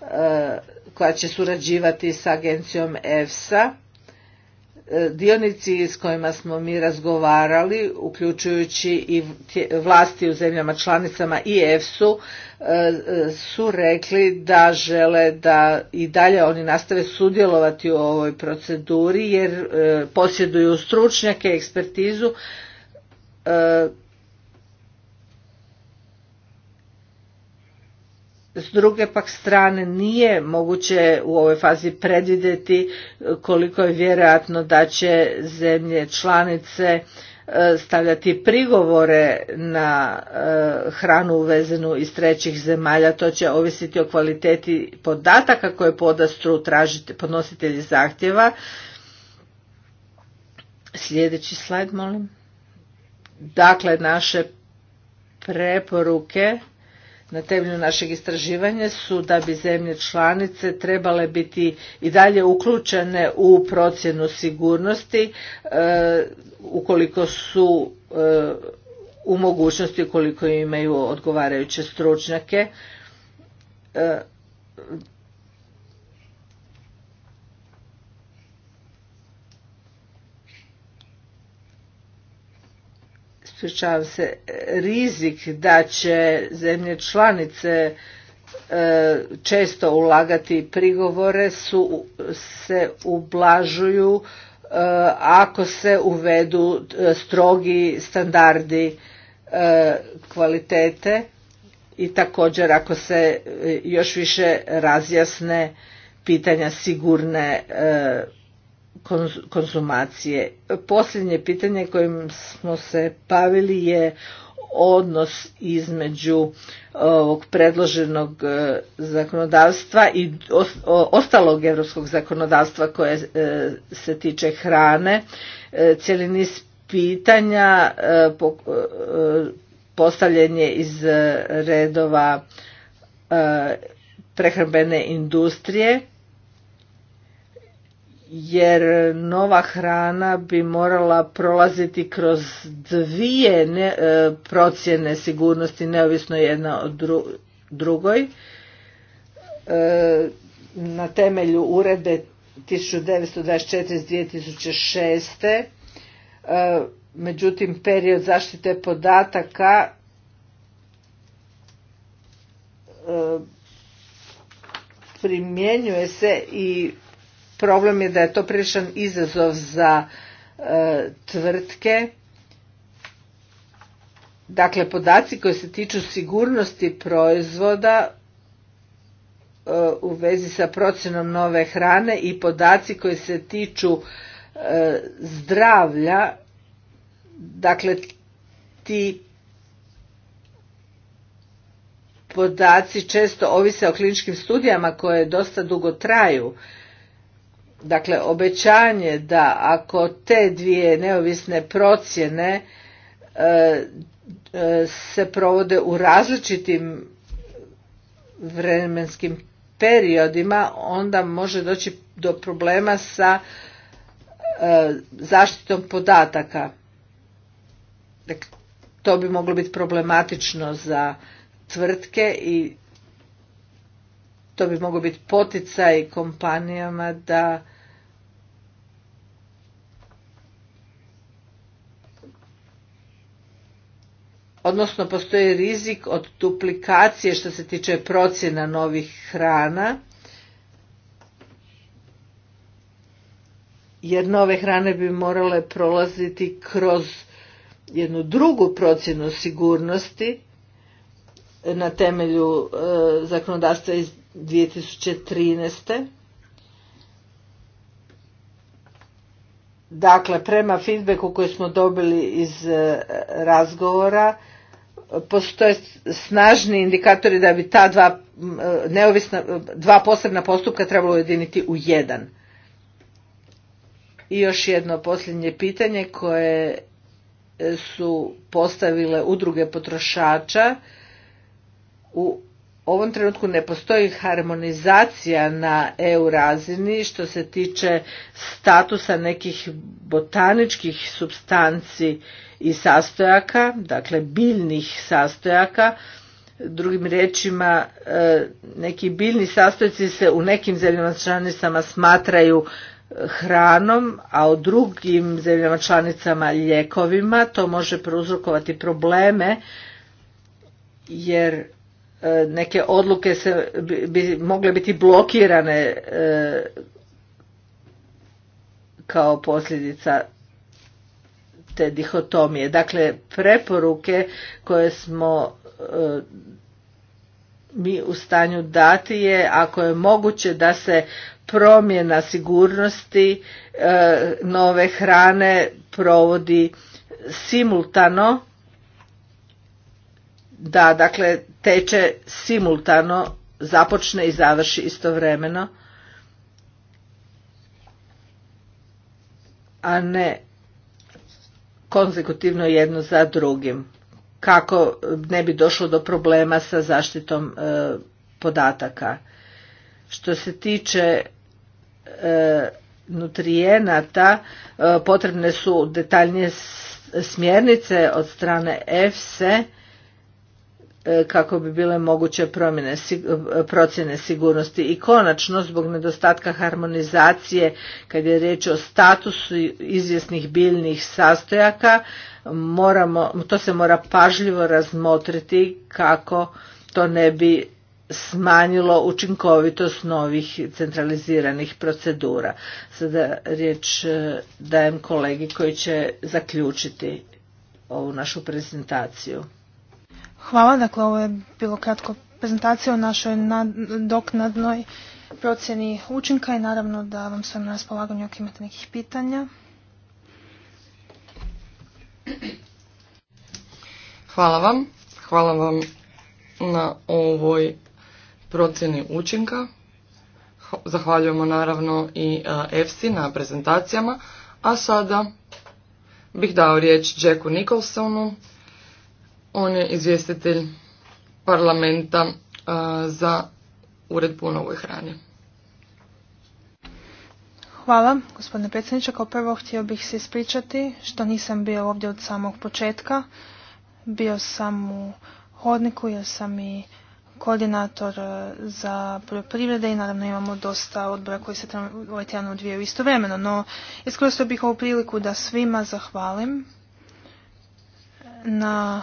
e, koja će surađivati sa agencijom EFSA E, dionici s kojima smo mi razgovarali, uključujući i vlasti u zemljama članicama i EFSU, e, su rekli da žele da i dalje oni nastave sudjelovati u ovoj proceduri jer e, posjeduju stručnjake, ekspertizu S druge pak strane nije moguće u ovoj fazi predvidjeti koliko je vjerojatno da će zemlje članice e, stavljati prigovore na e, hranu uvezenu iz trećih zemalja. To će ovisiti o kvaliteti podataka koje podastru tražite, podnositelji zahtjeva. Sljedeći slajd, molim. Dakle, naše preporuke na temelju našeg istraživanja su da bi zemlje članice trebale biti i dalje uključene u procjenu sigurnosti e, ukoliko su e, u mogućnosti ukoliko imaju odgovarajuće stručnjake. E, ispričavam se, rizik da će zemlje članice e, često ulagati prigovore su se ublažuju e, ako se uvedu e, strogi standardi kvalitete i također ako se još više razjasne pitanja sigurne konzumacije. Posljednje pitanje kojim smo se bavili je odnos između e, ovog predloženog e, zakonodavstva i ostalog europskog zakonodavstva koje e, se tiče hrane. Cijeli niz pitanja postavljen je iz redova prehrambene industrije jer nova hrana bi morala prolaziti kroz dvije e, procjene sigurnosti neovisno jedna od drugoj e, na temelju uredbe 1924 2006. E, međutim period zaštite podataka primjenjuje se i problem je da je to priličan izazov za e, tvrtke dakle podaci koji se tiču sigurnosti proizvoda e, u vezi sa procjenom nove hrane i podaci koji se tiču e, zdravlja dakle ti podaci često ovise o kliničkim studijama koje dosta dugo traju dakle obećanje da ako te dvije neovisne procjene e, e, se provode u različitim vremenskim periodima onda može doći do problema sa e, zaštitom podataka. Dakle, to bi moglo biti problematično za tvrtke i to bi mogao biti poticaj kompanijama da odnosno postoji rizik od duplikacije što se tiče procjena novih hrana jer nove hrane bi morale prolaziti kroz jednu drugu procjenu sigurnosti na temelju e, zakonodavstva iz 2013. Dakle, prema feedbacku koji smo dobili iz e, razgovora, postoje snažni indikatori da bi ta dva, e, neovisna, dva posebna postupka trebalo ujediniti u jedan. I još jedno posljednje pitanje koje e, su postavile udruge potrošača u ovom trenutku ne postoji harmonizacija na EU razini što se tiče statusa nekih botaničkih substanci i sastojaka, dakle biljnih sastojaka. Drugim riječima, e, neki biljni sastojci se u nekim zemljama članicama smatraju e, hranom, a u drugim zemljama članicama ljekovima. To može prouzrokovati probleme jer E, neke odluke se bi, mogle biti blokirane e, kao posljedica te dihotomije. Dakle, preporuke koje smo e, mi u stanju dati je ako je moguće da se promjena sigurnosti nove hrane provodi simultano da dakle teče simultano započne i završi istovremeno a ne konzekutivno jedno za drugim kako ne bi došlo do problema sa zaštitom e, podataka što se tiče e, nutrijenata e, potrebne su detaljnije smjernice od strane EFSE E, kako bi bile moguće promjene, e, procjene sigurnosti. I konačno, zbog nedostatka harmonizacije, kad je riječ o statusu izvjesnih biljnih sastojaka, moramo, to se mora pažljivo razmotriti kako to ne bi smanjilo učinkovitost novih centraliziranih procedura. Sada riječ e, dajem kolegi koji će zaključiti ovu našu prezentaciju. Hvala, dakle ovo je bilo kratko prezentacija o našoj doknadnoj procjeni učinka i naravno da vam sam na raspolaganju ako imate nekih pitanja. Hvala vam. Hvala vam na ovoj procjeni učinka. Zahvaljujemo naravno i EFSI na prezentacijama. A sada bih dao riječ Jacku Nicholsonu, on je izvjestitelj parlamenta za uredbu o novoj hrani. Hvala, gospodine predsjedniče. Kao prvo htio bih se ispričati što nisam bio ovdje od samog početka. Bio sam u hodniku jer sam i koordinator e, za poljoprivrede i naravno imamo dosta odbora koji se ovaj tjedan odvijaju istovremeno. No, iskoristio bih ovu priliku da svima zahvalim na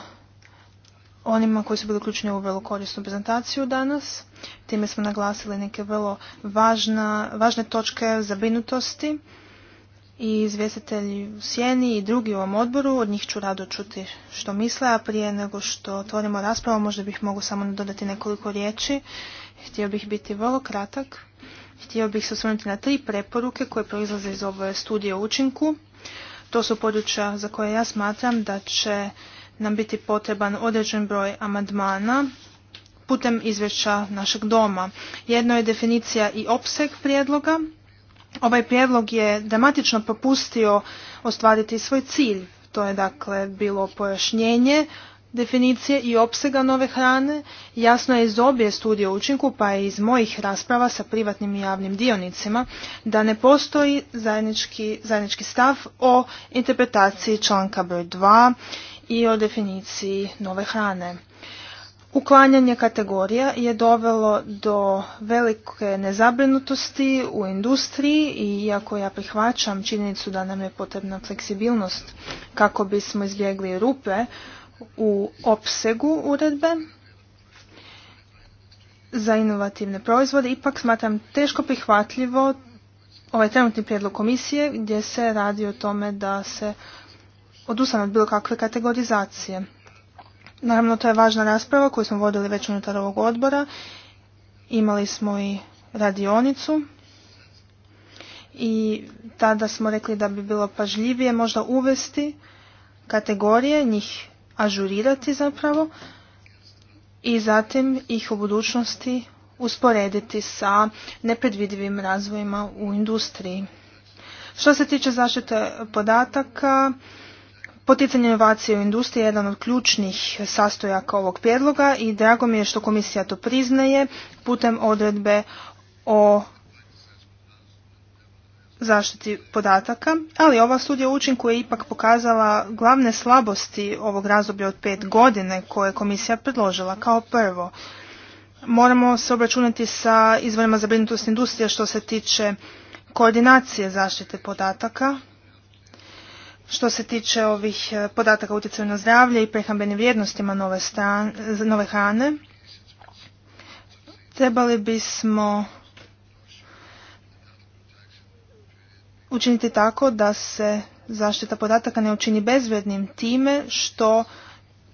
onima koji su bili uključeni u vrlo korisnu prezentaciju danas. Time smo naglasili neke vrlo važna, važne točke zabrinutosti i izvjestitelji u Sjeni i drugi u ovom odboru, od njih ću rado čuti što misle, a prije nego što otvorimo raspravu možda bih mogu samo dodati nekoliko riječi. Htio bih biti vrlo kratak. Htio bih se osvrnuti na tri preporuke koje proizlaze iz ove studije učinku. To su područja za koje ja smatram da će nam biti potreban određen broj amandmana putem izvješća našeg doma. Jedno je definicija i opseg prijedloga. Ovaj prijedlog je dramatično popustio ostvariti svoj cilj. To je dakle bilo pojašnjenje definicije i opsega nove hrane. Jasno je iz obje studije učinku pa i iz mojih rasprava sa privatnim i javnim dionicima da ne postoji zajednički, zajednički stav o interpretaciji članka broj 2 i o definiciji nove hrane. Uklanjanje kategorija je dovelo do velike nezabrinutosti u industriji i iako ja prihvaćam činjenicu da nam je potrebna fleksibilnost kako bismo izbjegli rupe u opsegu uredbe za inovativne proizvode, ipak smatram teško prihvatljivo ovaj trenutni prijedlog komisije gdje se radi o tome da se odustane od bilo kakve kategorizacije. Naravno, to je važna rasprava koju smo vodili već unutar ovog odbora. Imali smo i radionicu i tada smo rekli da bi bilo pažljivije možda uvesti kategorije, njih ažurirati zapravo i zatim ih u budućnosti usporediti sa nepredvidivim razvojima u industriji. Što se tiče zaštite podataka, Poticanje inovacije u industriji je jedan od ključnih sastojaka ovog prijedloga i drago mi je što komisija to priznaje putem odredbe o zaštiti podataka, ali ova studija učinku je ipak pokazala glavne slabosti ovog razdoblja od pet godine koje je komisija predložila kao prvo. Moramo se obračunati sa izvorima zabrinutosti industrije što se tiče koordinacije zaštite podataka što se tiče ovih e, podataka utjecaju na zdravlje i prehrambenim vrijednostima nove, nove hrane, trebali bismo učiniti tako da se zaštita podataka ne učini bezvrednim time što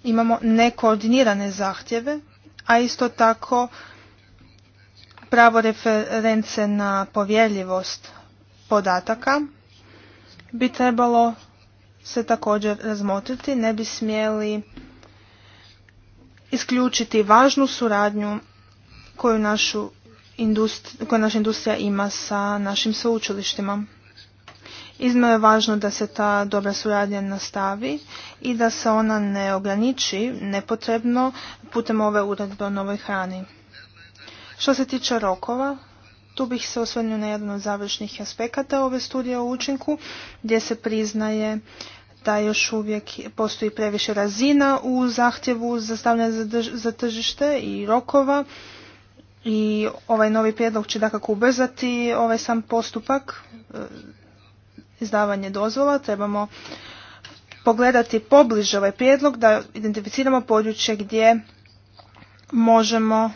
imamo nekoordinirane zahtjeve, a isto tako pravo reference na povjerljivost podataka bi trebalo se također razmotriti, ne bi smjeli isključiti važnu suradnju koju, našu naša industrija ima sa našim sveučilištima. Iznimno je važno da se ta dobra suradnja nastavi i da se ona ne ograniči nepotrebno putem ove uredbe o novoj hrani. Što se tiče rokova, tu bih se osvrnuo na jedan od završnih aspekata ove studije o učinku, gdje se priznaje da još uvijek postoji previše razina u zahtjevu za stavljanje za tržište i rokova. I ovaj novi prijedlog će dakako ubrzati ovaj sam postupak e, izdavanje dozvola. Trebamo pogledati pobliže ovaj prijedlog da identificiramo područje gdje možemo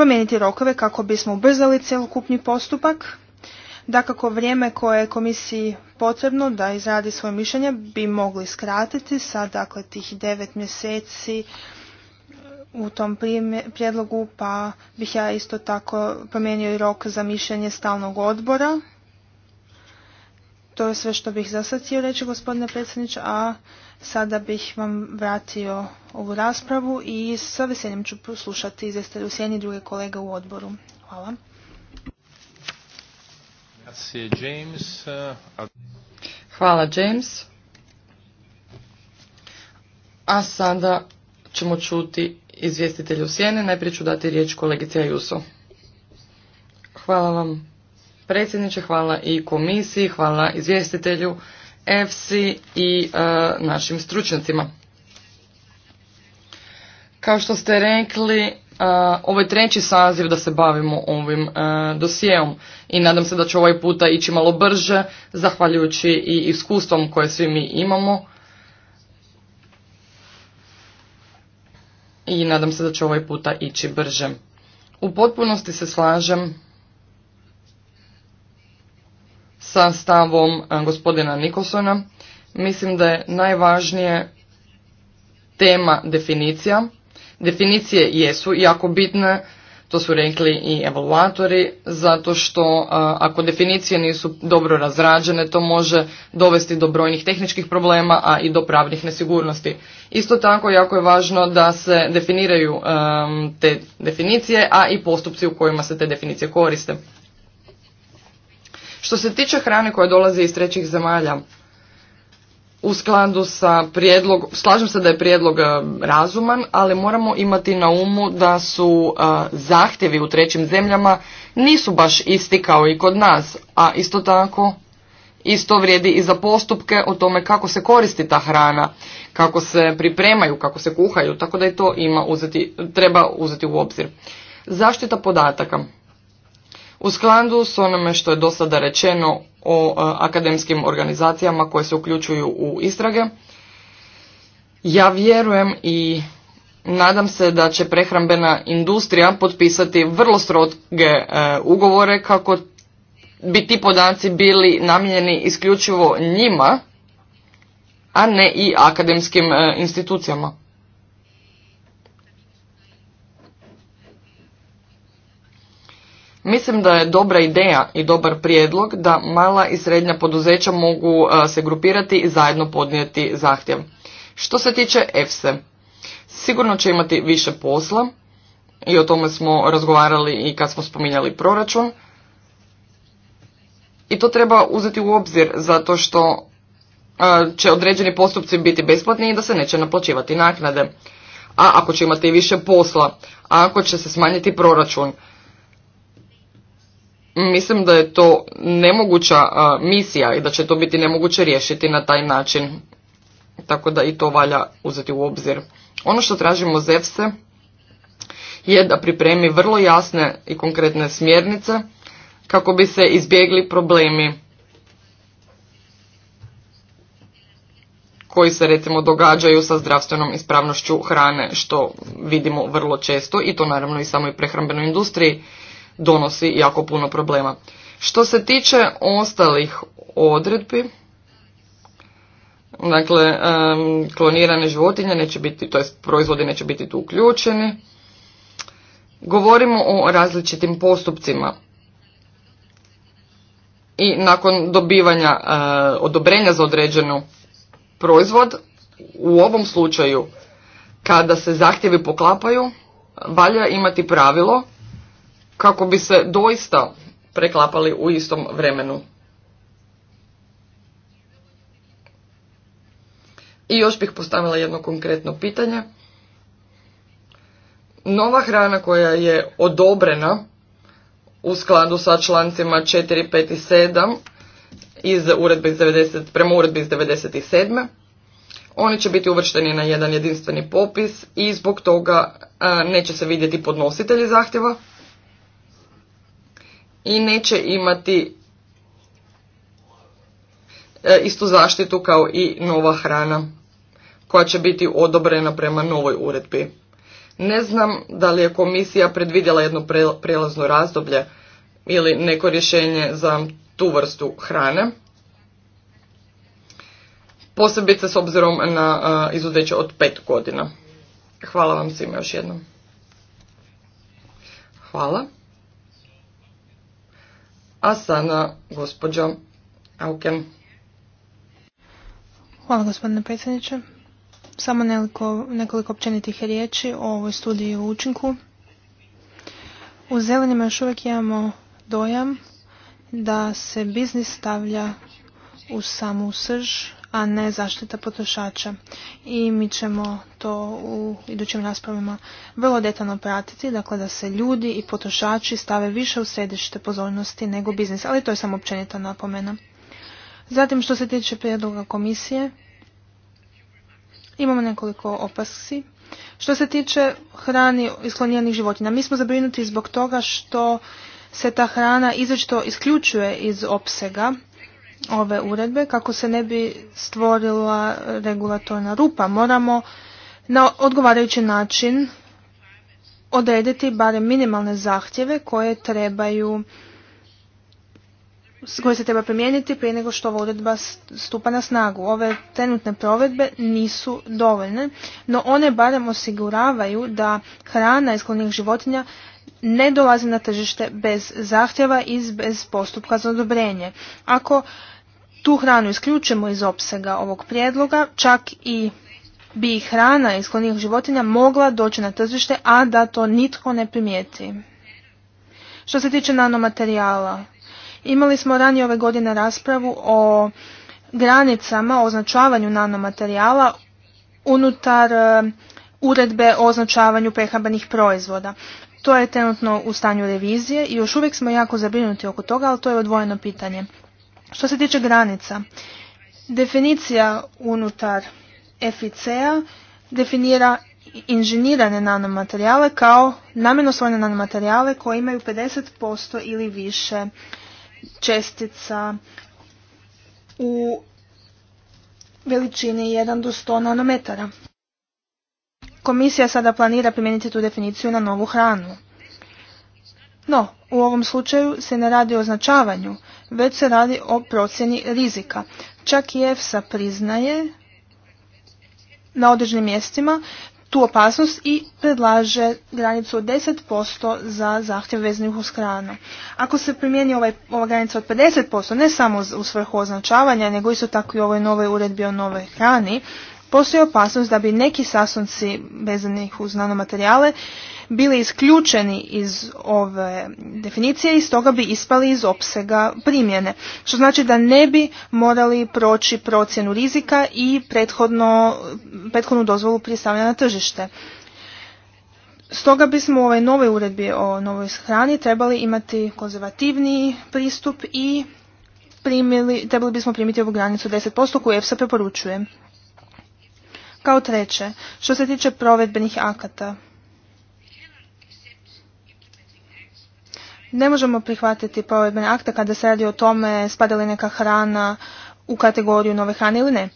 promijeniti rokove kako bismo ubrzali cjelokupni postupak. Dakako vrijeme koje je komisiji potrebno da izradi svoje mišljenje bi mogli skratiti sa dakle tih devet mjeseci e, u tom prijedlogu pa bih ja isto tako promijenio i rok za mišljenje stalnog odbora to je sve što bih za sad htio reći, gospodine predsjedniče, a sada bih vam vratio ovu raspravu i sa veseljem ću poslušati u sjeni druge kolega u odboru. Hvala. Hvala, James. A sada ćemo čuti izvjestitelju sjene. Najprije ću dati riječ kolegici Ajuso. Hvala vam predsjedniče, hvala i komisiji, hvala izvjestitelju EFSI i e, našim stručnjacima. Kao što ste rekli, e, ovo je treći saziv da se bavimo ovim e, i nadam se da će ovaj puta ići malo brže, zahvaljujući i iskustvom koje svi mi imamo. I nadam se da će ovaj puta ići brže. U potpunosti se slažem sa stavom e, gospodina Nikosona. Mislim da je najvažnije tema definicija. Definicije jesu jako bitne, to su rekli i evaluatori, zato što e, ako definicije nisu dobro razrađene, to može dovesti do brojnih tehničkih problema, a i do pravnih nesigurnosti. Isto tako jako je važno da se definiraju e, te definicije, a i postupci u kojima se te definicije koriste. Što se tiče hrane koja dolazi iz trećih zemalja, u skladu sa prijedlog, slažem se da je prijedlog e, razuman, ali moramo imati na umu da su e, zahtjevi u trećim zemljama nisu baš isti kao i kod nas, a isto tako isto vrijedi i za postupke o tome kako se koristi ta hrana, kako se pripremaju, kako se kuhaju, tako da i to ima uzeti, treba uzeti u obzir. Zaštita podataka u skladu s onome što je do sada rečeno o e, akademskim organizacijama koje se uključuju u istrage. Ja vjerujem i nadam se da će prehrambena industrija potpisati vrlo stroge e, ugovore kako bi ti podaci bili namijenjeni isključivo njima, a ne i akademskim e, institucijama. Mislim da je dobra ideja i dobar prijedlog da mala i srednja poduzeća mogu e, se grupirati i zajedno podnijeti zahtjev. Što se tiče EFSE, sigurno će imati više posla i o tome smo razgovarali i kad smo spominjali proračun. I to treba uzeti u obzir zato što e, će određeni postupci biti besplatni i da se neće naplaćivati naknade. A ako će imati više posla, a ako će se smanjiti proračun, mislim da je to nemoguća misija i da će to biti nemoguće riješiti na taj način. Tako da i to valja uzeti u obzir. Ono što tražimo zevse je da pripremi vrlo jasne i konkretne smjernice kako bi se izbjegli problemi koji se recimo događaju sa zdravstvenom ispravnošću hrane što vidimo vrlo često i to naravno i samo i prehrambenoj industriji donosi jako puno problema. Što se tiče ostalih odredbi, dakle, klonirane životinje neće biti, to proizvodi neće biti tu uključeni. Govorimo o različitim postupcima i nakon dobivanja eh, odobrenja za određenu proizvod, u ovom slučaju kada se zahtjevi poklapaju, valja imati pravilo kako bi se doista preklapali u istom vremenu. I još bih postavila jedno konkretno pitanje. Nova hrana koja je odobrena u skladu sa člancima 4, 5 i 7 iz uredbe 90, prema uredbi iz 97. Oni će biti uvršteni na jedan jedinstveni popis i zbog toga neće se vidjeti podnositelji zahtjeva i neće imati e, istu zaštitu kao i nova hrana koja će biti odobrena prema novoj uredbi. Ne znam da li je komisija predvidjela jedno prelazno razdoblje ili neko rješenje za tu vrstu hrane. Posebice s obzirom na e, izuzeće od pet godina. Hvala vam svima još jednom. Hvala. A sada gospođa Auken. Hvala gospodine predsjedniče. Samo nekoliko, nekoliko općenitih riječi o ovoj studiji u učinku. U zelenima još uvijek imamo dojam da se biznis stavlja u samu srž a ne zaštita potrošača. I mi ćemo to u idućim raspravama vrlo detaljno pratiti, dakle da se ljudi i potrošači stave više u središte pozornosti nego biznis, ali to je samo općenita napomena. Zatim što se tiče prijedloga komisije, imamo nekoliko opaski. Što se tiče hrani isklonjenih životinja, mi smo zabrinuti zbog toga što se ta hrana izrečito isključuje iz opsega ove uredbe kako se ne bi stvorila regulatorna rupa. Moramo na odgovarajući način odrediti barem minimalne zahtjeve koje trebaju koje se treba primijeniti prije nego što ova uredba stupa na snagu. Ove trenutne provedbe nisu dovoljne, no one barem osiguravaju da hrana iz životinja ne dolazi na tržište bez zahtjeva i bez postupka za odobrenje. Ako tu hranu isključimo iz opsega ovog prijedloga, čak i bi hrana iz životinja mogla doći na tržište, a da to nitko ne primijeti. Što se tiče nanomaterijala, imali smo ranije ove godine raspravu o granicama, o označavanju nanomaterijala unutar e, uredbe o označavanju prehrambenih proizvoda. To je trenutno u stanju revizije i još uvijek smo jako zabrinuti oko toga, ali to je odvojeno pitanje. Što se tiče granica, definicija unutar FIC-a definira inženirane nanomaterijale kao namjerno svojene nanomaterijale koji imaju 50% ili više čestica u veličini 1 do 100 nanometara komisija sada planira primijeniti tu definiciju na novu hranu. No, u ovom slučaju se ne radi o označavanju, već se radi o procjeni rizika. Čak i EFSA priznaje na određenim mjestima tu opasnost i predlaže granicu od 10% za zahtjev veznih uz hranu. Ako se primijeni ovaj, ova granica od 50%, ne samo u svrhu označavanja, nego isto tako i u ovoj novoj uredbi o nove hrani, Postoji opasnost da bi neki sasunci vezanih uz materijale bili isključeni iz ove definicije i stoga bi ispali iz opsega primjene, što znači da ne bi morali proći procjenu rizika i prethodno, prethodnu dozvolu pristavljanja na tržište. Stoga bismo u ovoj novoj uredbi o novoj hrani trebali imati konzervativni pristup i primili, trebali bismo primiti ovu granicu 10% koju EFSA preporučuje. Kao treće, što se tiče provedbenih akata. Ne možemo prihvatiti provedbene akte kada se radi o tome spada li neka hrana u kategoriju nove hrane ili ne.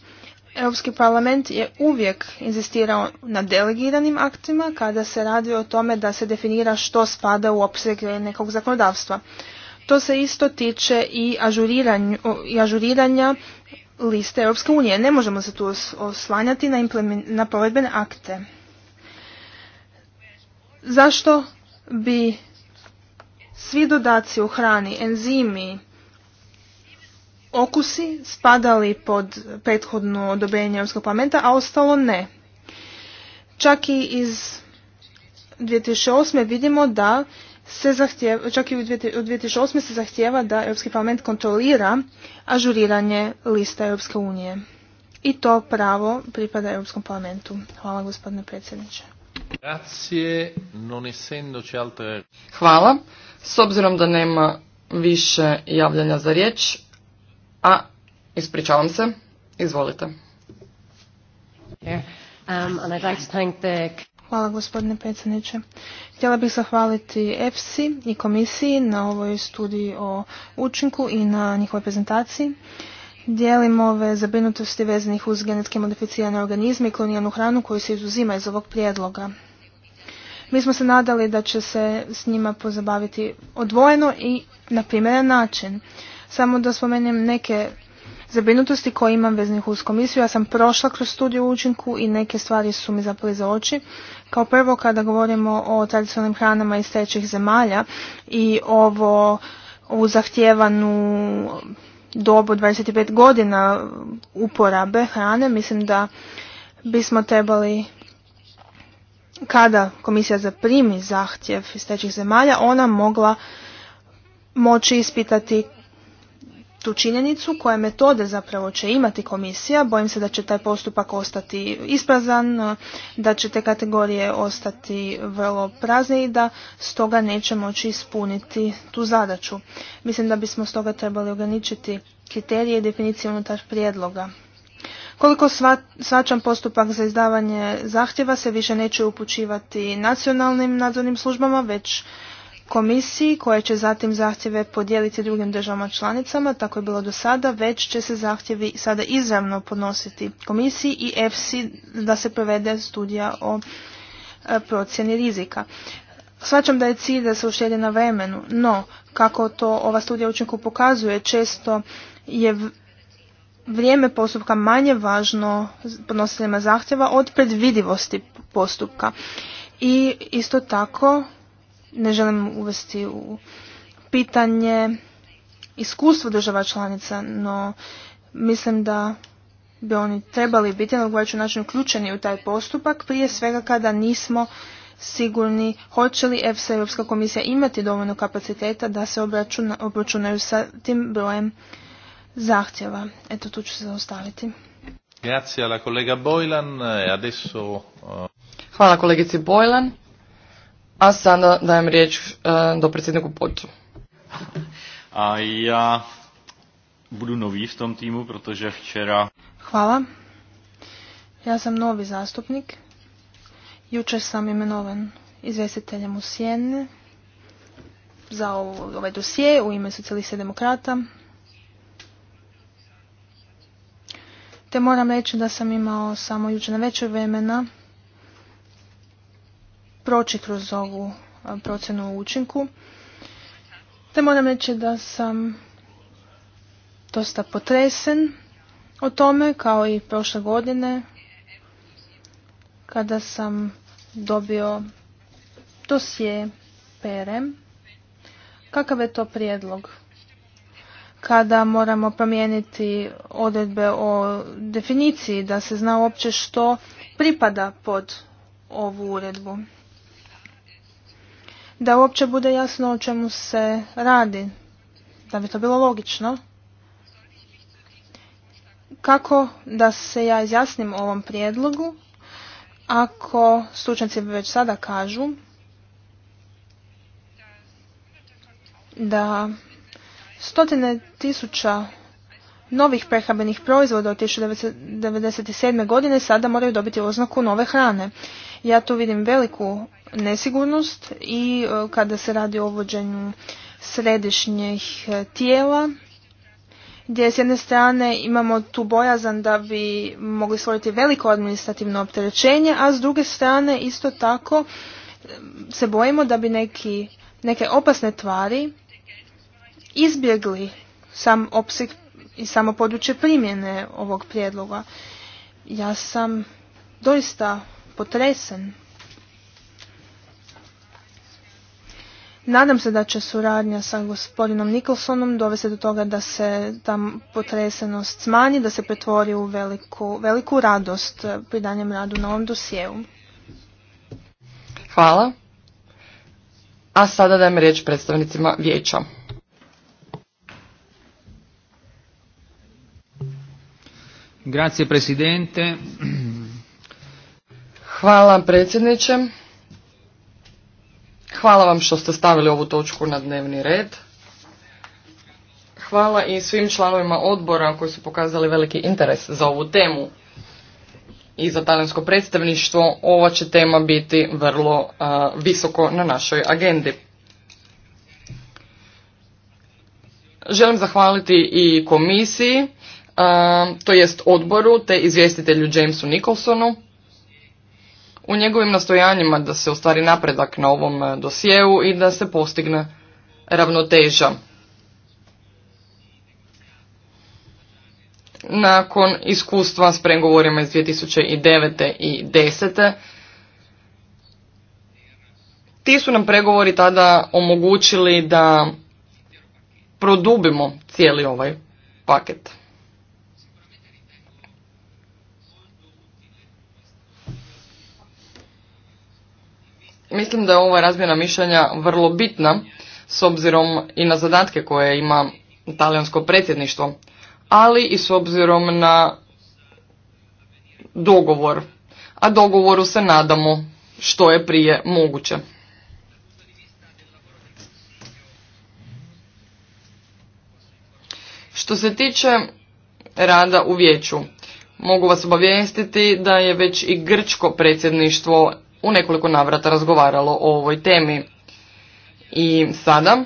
Europski parlament je uvijek inzistirao na delegiranim aktima kada se radi o tome da se definira što spada u opseg nekog zakonodavstva. To se isto tiče i ažuriranja liste Europske unije. Ne možemo se tu oslanjati na, na provedbene akte. Zašto bi svi dodaci u hrani, enzimi, okusi spadali pod prethodno odobrenje Europskog parlamenta, a ostalo ne. Čak i iz 2008. vidimo da se zahtjeva, čak i u 2008. se zahtjeva da Europski parlament kontrolira ažuriranje lista Europske unije. I to pravo pripada Europskom parlamentu. Hvala gospodine predsjedniče. Hvala. S obzirom da nema više javljanja za riječ, a ispričavam se, izvolite. Um, and I'd like to thank the... Hvala gospodine predsjedniče. Htjela bih zahvaliti EFSI i komisiji na ovoj studiji o učinku i na njihovoj prezentaciji. Dijelim ove zabrinutosti vezanih uz genetski modificirane organizme i klonijanu hranu koju se izuzima iz ovog prijedloga. Mi smo se nadali da će se s njima pozabaviti odvojeno i na primjeren način. Samo da spomenem neke zabrinutosti koje imam veznih uz komisiju. Ja sam prošla kroz studiju u učinku i neke stvari su mi zapali za oči. Kao prvo kada govorimo o tradicionalnim hranama iz trećih zemalja i ovo u zahtjevanu dobu 25 godina uporabe hrane, mislim da bismo trebali kada komisija zaprimi zahtjev iz trećih zemalja, ona mogla moći ispitati tu činjenicu koje metode zapravo će imati komisija. Bojim se da će taj postupak ostati isprazan, da će te kategorije ostati vrlo prazne i da stoga neće moći ispuniti tu zadaću. Mislim da bismo stoga trebali ograničiti kriterije i definicije unutar prijedloga. Koliko svačan postupak za izdavanje zahtjeva se više neće upućivati nacionalnim nadzornim službama, već komisiji koje će zatim zahtjeve podijeliti drugim državama članicama, tako je bilo do sada, već će se zahtjevi sada izravno podnositi komisiji i EFSI da se provede studija o e, procjeni rizika. Svačam da je cilj da se uštedi na vremenu, no kako to ova studija učinku pokazuje, često je vrijeme postupka manje važno podnositeljima zahtjeva od predvidivosti postupka. I isto tako ne želim uvesti u pitanje iskustvo država članica, no mislim da bi oni trebali biti na odgovarajući način uključeni u taj postupak, prije svega kada nismo sigurni hoće li EFSA i Europska komisija imati dovoljno kapaciteta da se obračunaju sa tim brojem zahtjeva. Eto, tu ću se zaustaviti. E eh, Hvala kolegici Bojlan. A sada dajem riječ e, do predsjedniku Poču. A ja budu novi v tom timu protože včera... Hvala. Ja sam novi zastupnik. Jučer sam imenovan izvjestiteljem u Sjene za ovaj dosije u ime socijalista demokrata. Te moram reći da sam imao samo jučer na večer vremena proći kroz ovu procjenu o učinku. Te moram reći da sam dosta potresen o tome, kao i prošle godine, kada sam dobio dosje PRM. Kakav je to prijedlog? Kada moramo promijeniti odredbe o definiciji da se zna uopće što pripada pod ovu uredbu da uopće bude jasno o čemu se radi, da bi to bilo logično. Kako da se ja izjasnim o ovom prijedlogu, ako stručnjaci već sada kažu da stotine tisuća novih prehrambenih proizvoda od 1997. godine sada moraju dobiti oznaku nove hrane. Ja tu vidim veliku nesigurnost i e, kada se radi o uvođenju središnjih e, tijela, gdje s jedne strane imamo tu bojazan da bi mogli stvoriti veliko administrativno opterećenje, a s druge strane isto tako e, se bojimo da bi neki, neke opasne tvari izbjegli sam opseg i samo područje primjene ovog prijedloga. Ja sam doista potresen. Nadam se da će suradnja sa gospodinom Nicholsonom dovesti do toga da se ta potresenost smanji, da se pretvori u veliku, veliku radost pri danjem radu na ovom dosjeu. Hvala. A sada dajem riječ predstavnicima vijeća. Grazie Presidente, Hvala predsjedniče. Hvala vam što ste stavili ovu točku na dnevni red. Hvala i svim članovima odbora koji su pokazali veliki interes za ovu temu. I za talijansko predstavništvo ova će tema biti vrlo visoko na našoj agendi. Želim zahvaliti i komisiji, uh, to jest odboru, te izvjestitelju Jamesu Nicholsonu u njegovim nastojanjima da se ostvari napredak na ovom e, dosjeu i da se postigne ravnoteža. Nakon iskustva s pregovorima iz 2009. i 2010. Ti su nam pregovori tada omogućili da produbimo cijeli ovaj paket. Mislim da je ova razmjena mišljenja vrlo bitna s obzirom i na zadatke koje ima talijansko predsjedništvo, ali i s obzirom na dogovor. A dogovoru se nadamo što je prije moguće. Što se tiče rada u vijeću, mogu vas obavijestiti da je već i grčko predsjedništvo u nekoliko navrata razgovaralo o ovoj temi. I sada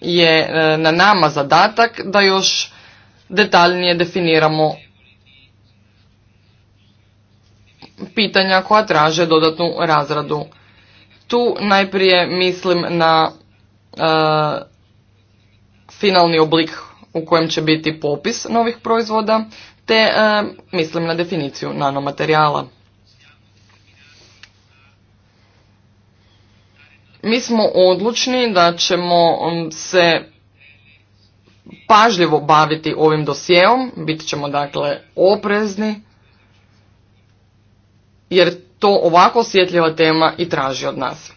je e, na nama zadatak da još detaljnije definiramo pitanja koja traže dodatnu razradu. Tu najprije mislim na e, finalni oblik u kojem će biti popis novih proizvoda, te e, mislim na definiciju nanomaterijala. mi smo odlučni da ćemo um, se pažljivo baviti ovim dosijeom, bit ćemo dakle oprezni, jer to ovako osjetljiva tema i traži od nas.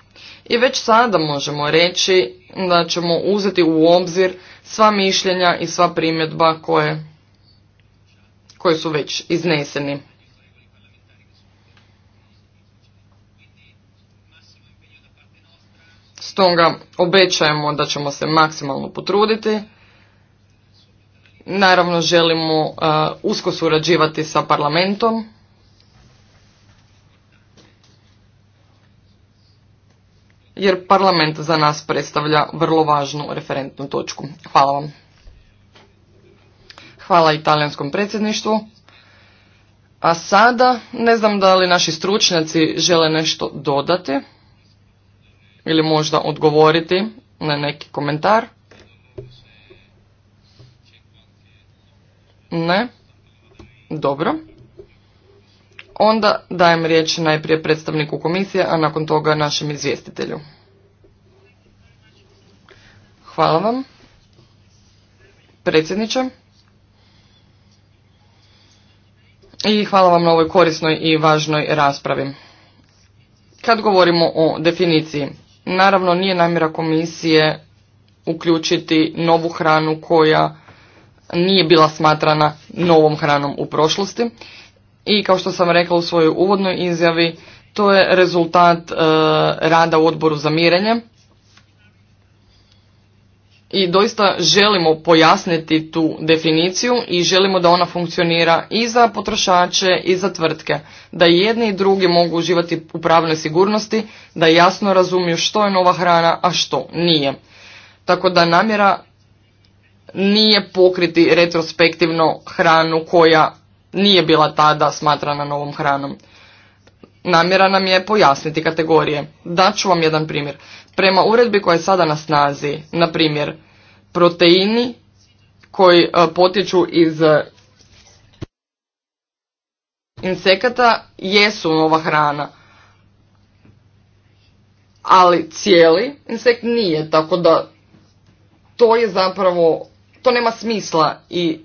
I već sada možemo reći da ćemo uzeti u obzir sva mišljenja i sva primjedba koje, koje su već izneseni. Stoga obećajemo da ćemo se maksimalno potruditi. Naravno želimo uh, usko surađivati sa parlamentom. Jer parlament za nas predstavlja vrlo važnu referentnu točku. Hvala vam. Hvala italijanskom predsjedništvu. A sada ne znam da li naši stručnjaci žele nešto dodati ili možda odgovoriti na neki komentar? Ne? Dobro. Onda dajem riječ najprije predstavniku komisije, a nakon toga našem izvjestitelju. Hvala vam. Predsjedniče. I hvala vam na ovoj korisnoj i važnoj raspravi. Kad govorimo o definiciji Naravno, nije namjera komisije uključiti novu hranu koja nije bila smatrana novom hranom u prošlosti. I kao što sam rekla u svojoj uvodnoj izjavi, to je rezultat e, rada u odboru za mirenje i doista želimo pojasniti tu definiciju i želimo da ona funkcionira i za potrošače i za tvrtke, da jedni i drugi mogu uživati u pravnoj sigurnosti, da jasno razumiju što je nova hrana, a što nije. Tako da namjera nije pokriti retrospektivno hranu koja nije bila tada smatrana novom hranom. Namjera nam je pojasniti kategorije. Daću vam jedan primjer. Prema uredbi koja je sada na snazi, na primjer, proteini koji e, potječu iz insekata jesu nova hrana. Ali cijeli insekt nije, tako da to je zapravo, to nema smisla i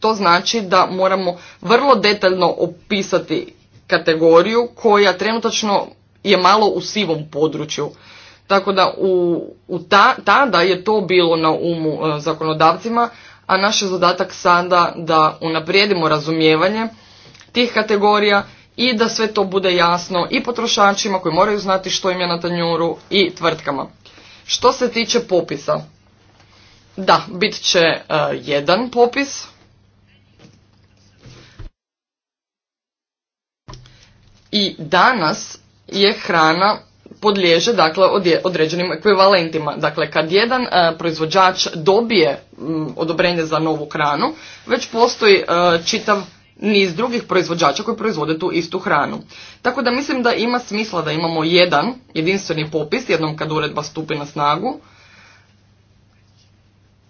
to znači da moramo vrlo detaljno opisati kategoriju koja trenutačno je malo u sivom području. Tako da u, ta, tada je to bilo na umu e, zakonodavcima, a naš je zadatak sada da unaprijedimo razumijevanje tih kategorija i da sve to bude jasno i potrošačima koji moraju znati što im je na tanjuru i tvrtkama. Što se tiče popisa, da, bit će e, jedan popis. I danas je hrana podliježe dakle određenim ekvivalentima. Dakle, kad jedan e, proizvođač dobije odobrenje za novu hranu, već postoji e, čitav niz drugih proizvođača koji proizvode tu istu hranu. Tako da mislim da ima smisla da imamo jedan jedinstveni popis jednom kad uredba stupi na snagu,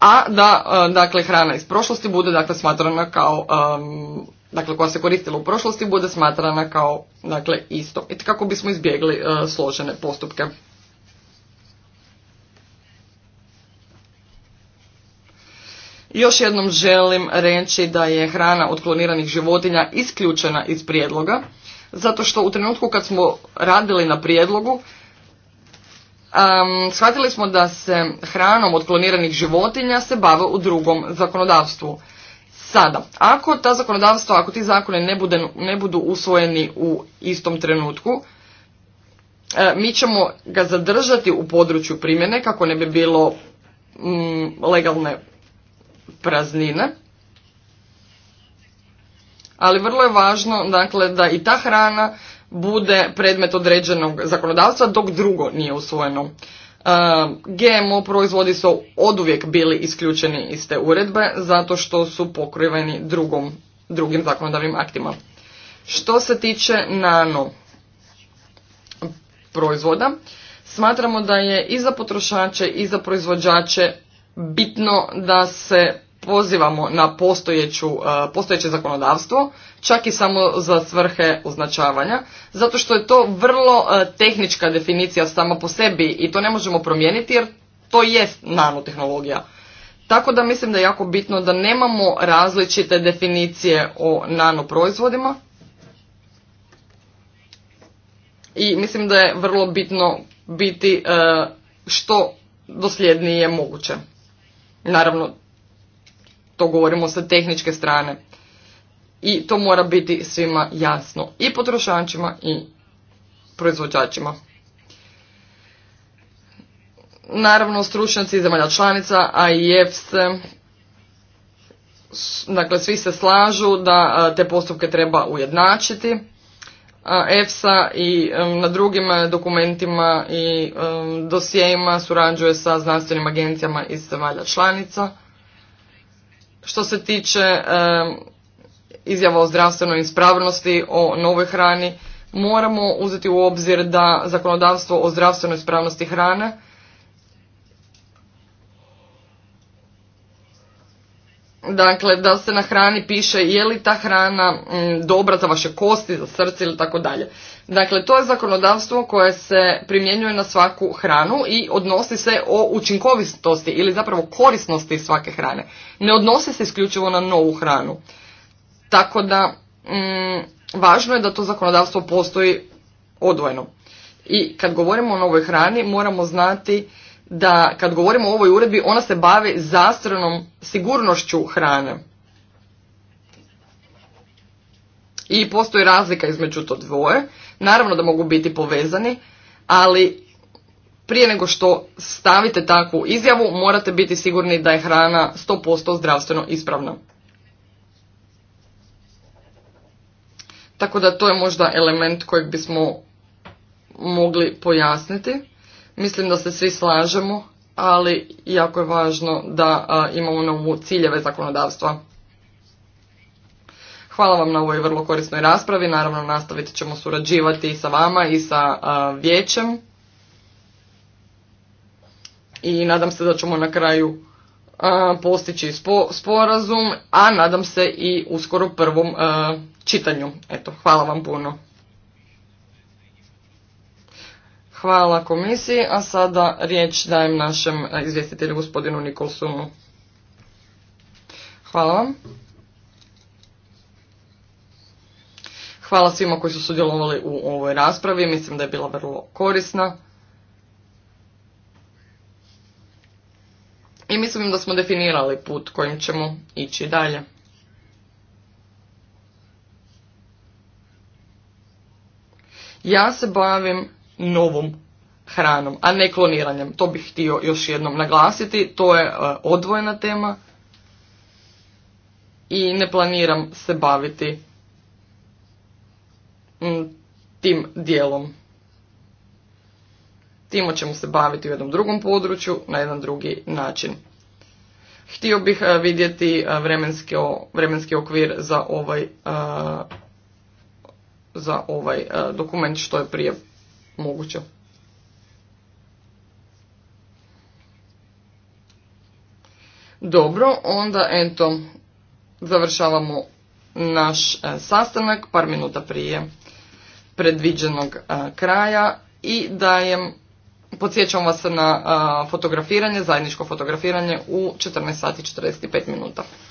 a da e, dakle hrana iz prošlosti bude dakle smatrana kao dakle koja se koristila u prošlosti bude smatrana kao dakle isto i kako bismo izbjegli e, složene postupke. Još jednom želim reći da je hrana od kloniranih životinja isključena iz prijedloga, zato što u trenutku kad smo radili na prijedlogu, shvatili smo da se hranom od kloniranih životinja se bave u drugom zakonodavstvu. Sada, ako ta zakonodavstva, ako ti zakone ne, ne budu usvojeni u istom trenutku, e, mi ćemo ga zadržati u području primjene kako ne bi bilo mm, legalne praznine. Ali vrlo je važno dakle, da i ta hrana bude predmet određenog zakonodavstva dok drugo nije usvojeno. GMO proizvodi su oduvijek bili isključeni iz te uredbe zato što su pokriveni drugom, drugim zakonodavnim aktima. Što se tiče nano proizvoda, smatramo da je i za potrošače i za proizvođače bitno da se pozivamo na postojeću, e, postojeće zakonodavstvo, čak i samo za svrhe označavanja, zato što je to vrlo e, tehnička definicija sama po sebi i to ne možemo promijeniti jer to je nanotehnologija. Tako da mislim da je jako bitno da nemamo različite definicije o nanoproizvodima i mislim da je vrlo bitno biti e, što dosljednije moguće. Naravno, to govorimo sa tehničke strane. I to mora biti svima jasno, i potrošačima i proizvođačima. Naravno, stručnjaci zemalja članica, a i EFSE, dakle svi se slažu da te postupke treba ujednačiti. EFSA i na drugim e, dokumentima i dosijejima surađuje sa znanstvenim agencijama iz zemalja članica što se tiče izjava o zdravstvenoj ispravnosti, o novoj hrani, moramo uzeti u obzir da zakonodavstvo o zdravstvenoj ispravnosti hrane Dakle, da se na hrani piše je li ta hrana mm, dobra za vaše kosti, za srce ili tako dalje. Dakle, to je zakonodavstvo koje se primjenjuje na svaku hranu i odnosi se o učinkovitosti ili zapravo korisnosti svake hrane. Ne odnosi se isključivo na novu hranu. Tako da, mm, važno je da to zakonodavstvo postoji odvojeno. I kad govorimo o novoj hrani, moramo znati da kad govorimo o ovoj uredbi ona se bavi zastranom sigurnošću hrane. I postoji razlika između to dvoje. Naravno da mogu biti povezani, ali prije nego što stavite takvu izjavu morate biti sigurni da je hrana 100% zdravstveno ispravna. Tako da to je možda element kojeg bismo mogli pojasniti. Mislim da se svi slažemo, ali jako je važno da imamo na ciljeve zakonodavstva. Hvala vam na ovoj vrlo korisnoj raspravi. Naravno, nastaviti ćemo surađivati i sa vama i sa vijećem. I nadam se da ćemo na kraju postići sporazum, a nadam se i uskoro prvom čitanju. Eto, hvala vam puno. Hvala komisiji, a sada riječ dajem našem izvjestitelju gospodinu Nikolsonu. Hvala vam. Hvala svima koji su sudjelovali u ovoj raspravi, mislim da je bila vrlo korisna. I mislim da smo definirali put kojim ćemo ići dalje. Ja se bavim novom hranom, a ne kloniranjem. To bih htio još jednom naglasiti, to je e, odvojena tema i ne planiram se baviti mm, tim dijelom. Timo ćemo se baviti u jednom drugom području na jedan drugi način. Htio bih e, vidjeti e, vremenski, vremenski okvir za ovaj, za ovaj dokument što je prije moguće. Dobro, onda ento završavamo naš e, sastanak par minuta prije predviđenog e, kraja i dajem, podsjećam vas na e, fotografiranje, zajedničko fotografiranje u 14 sati minuta.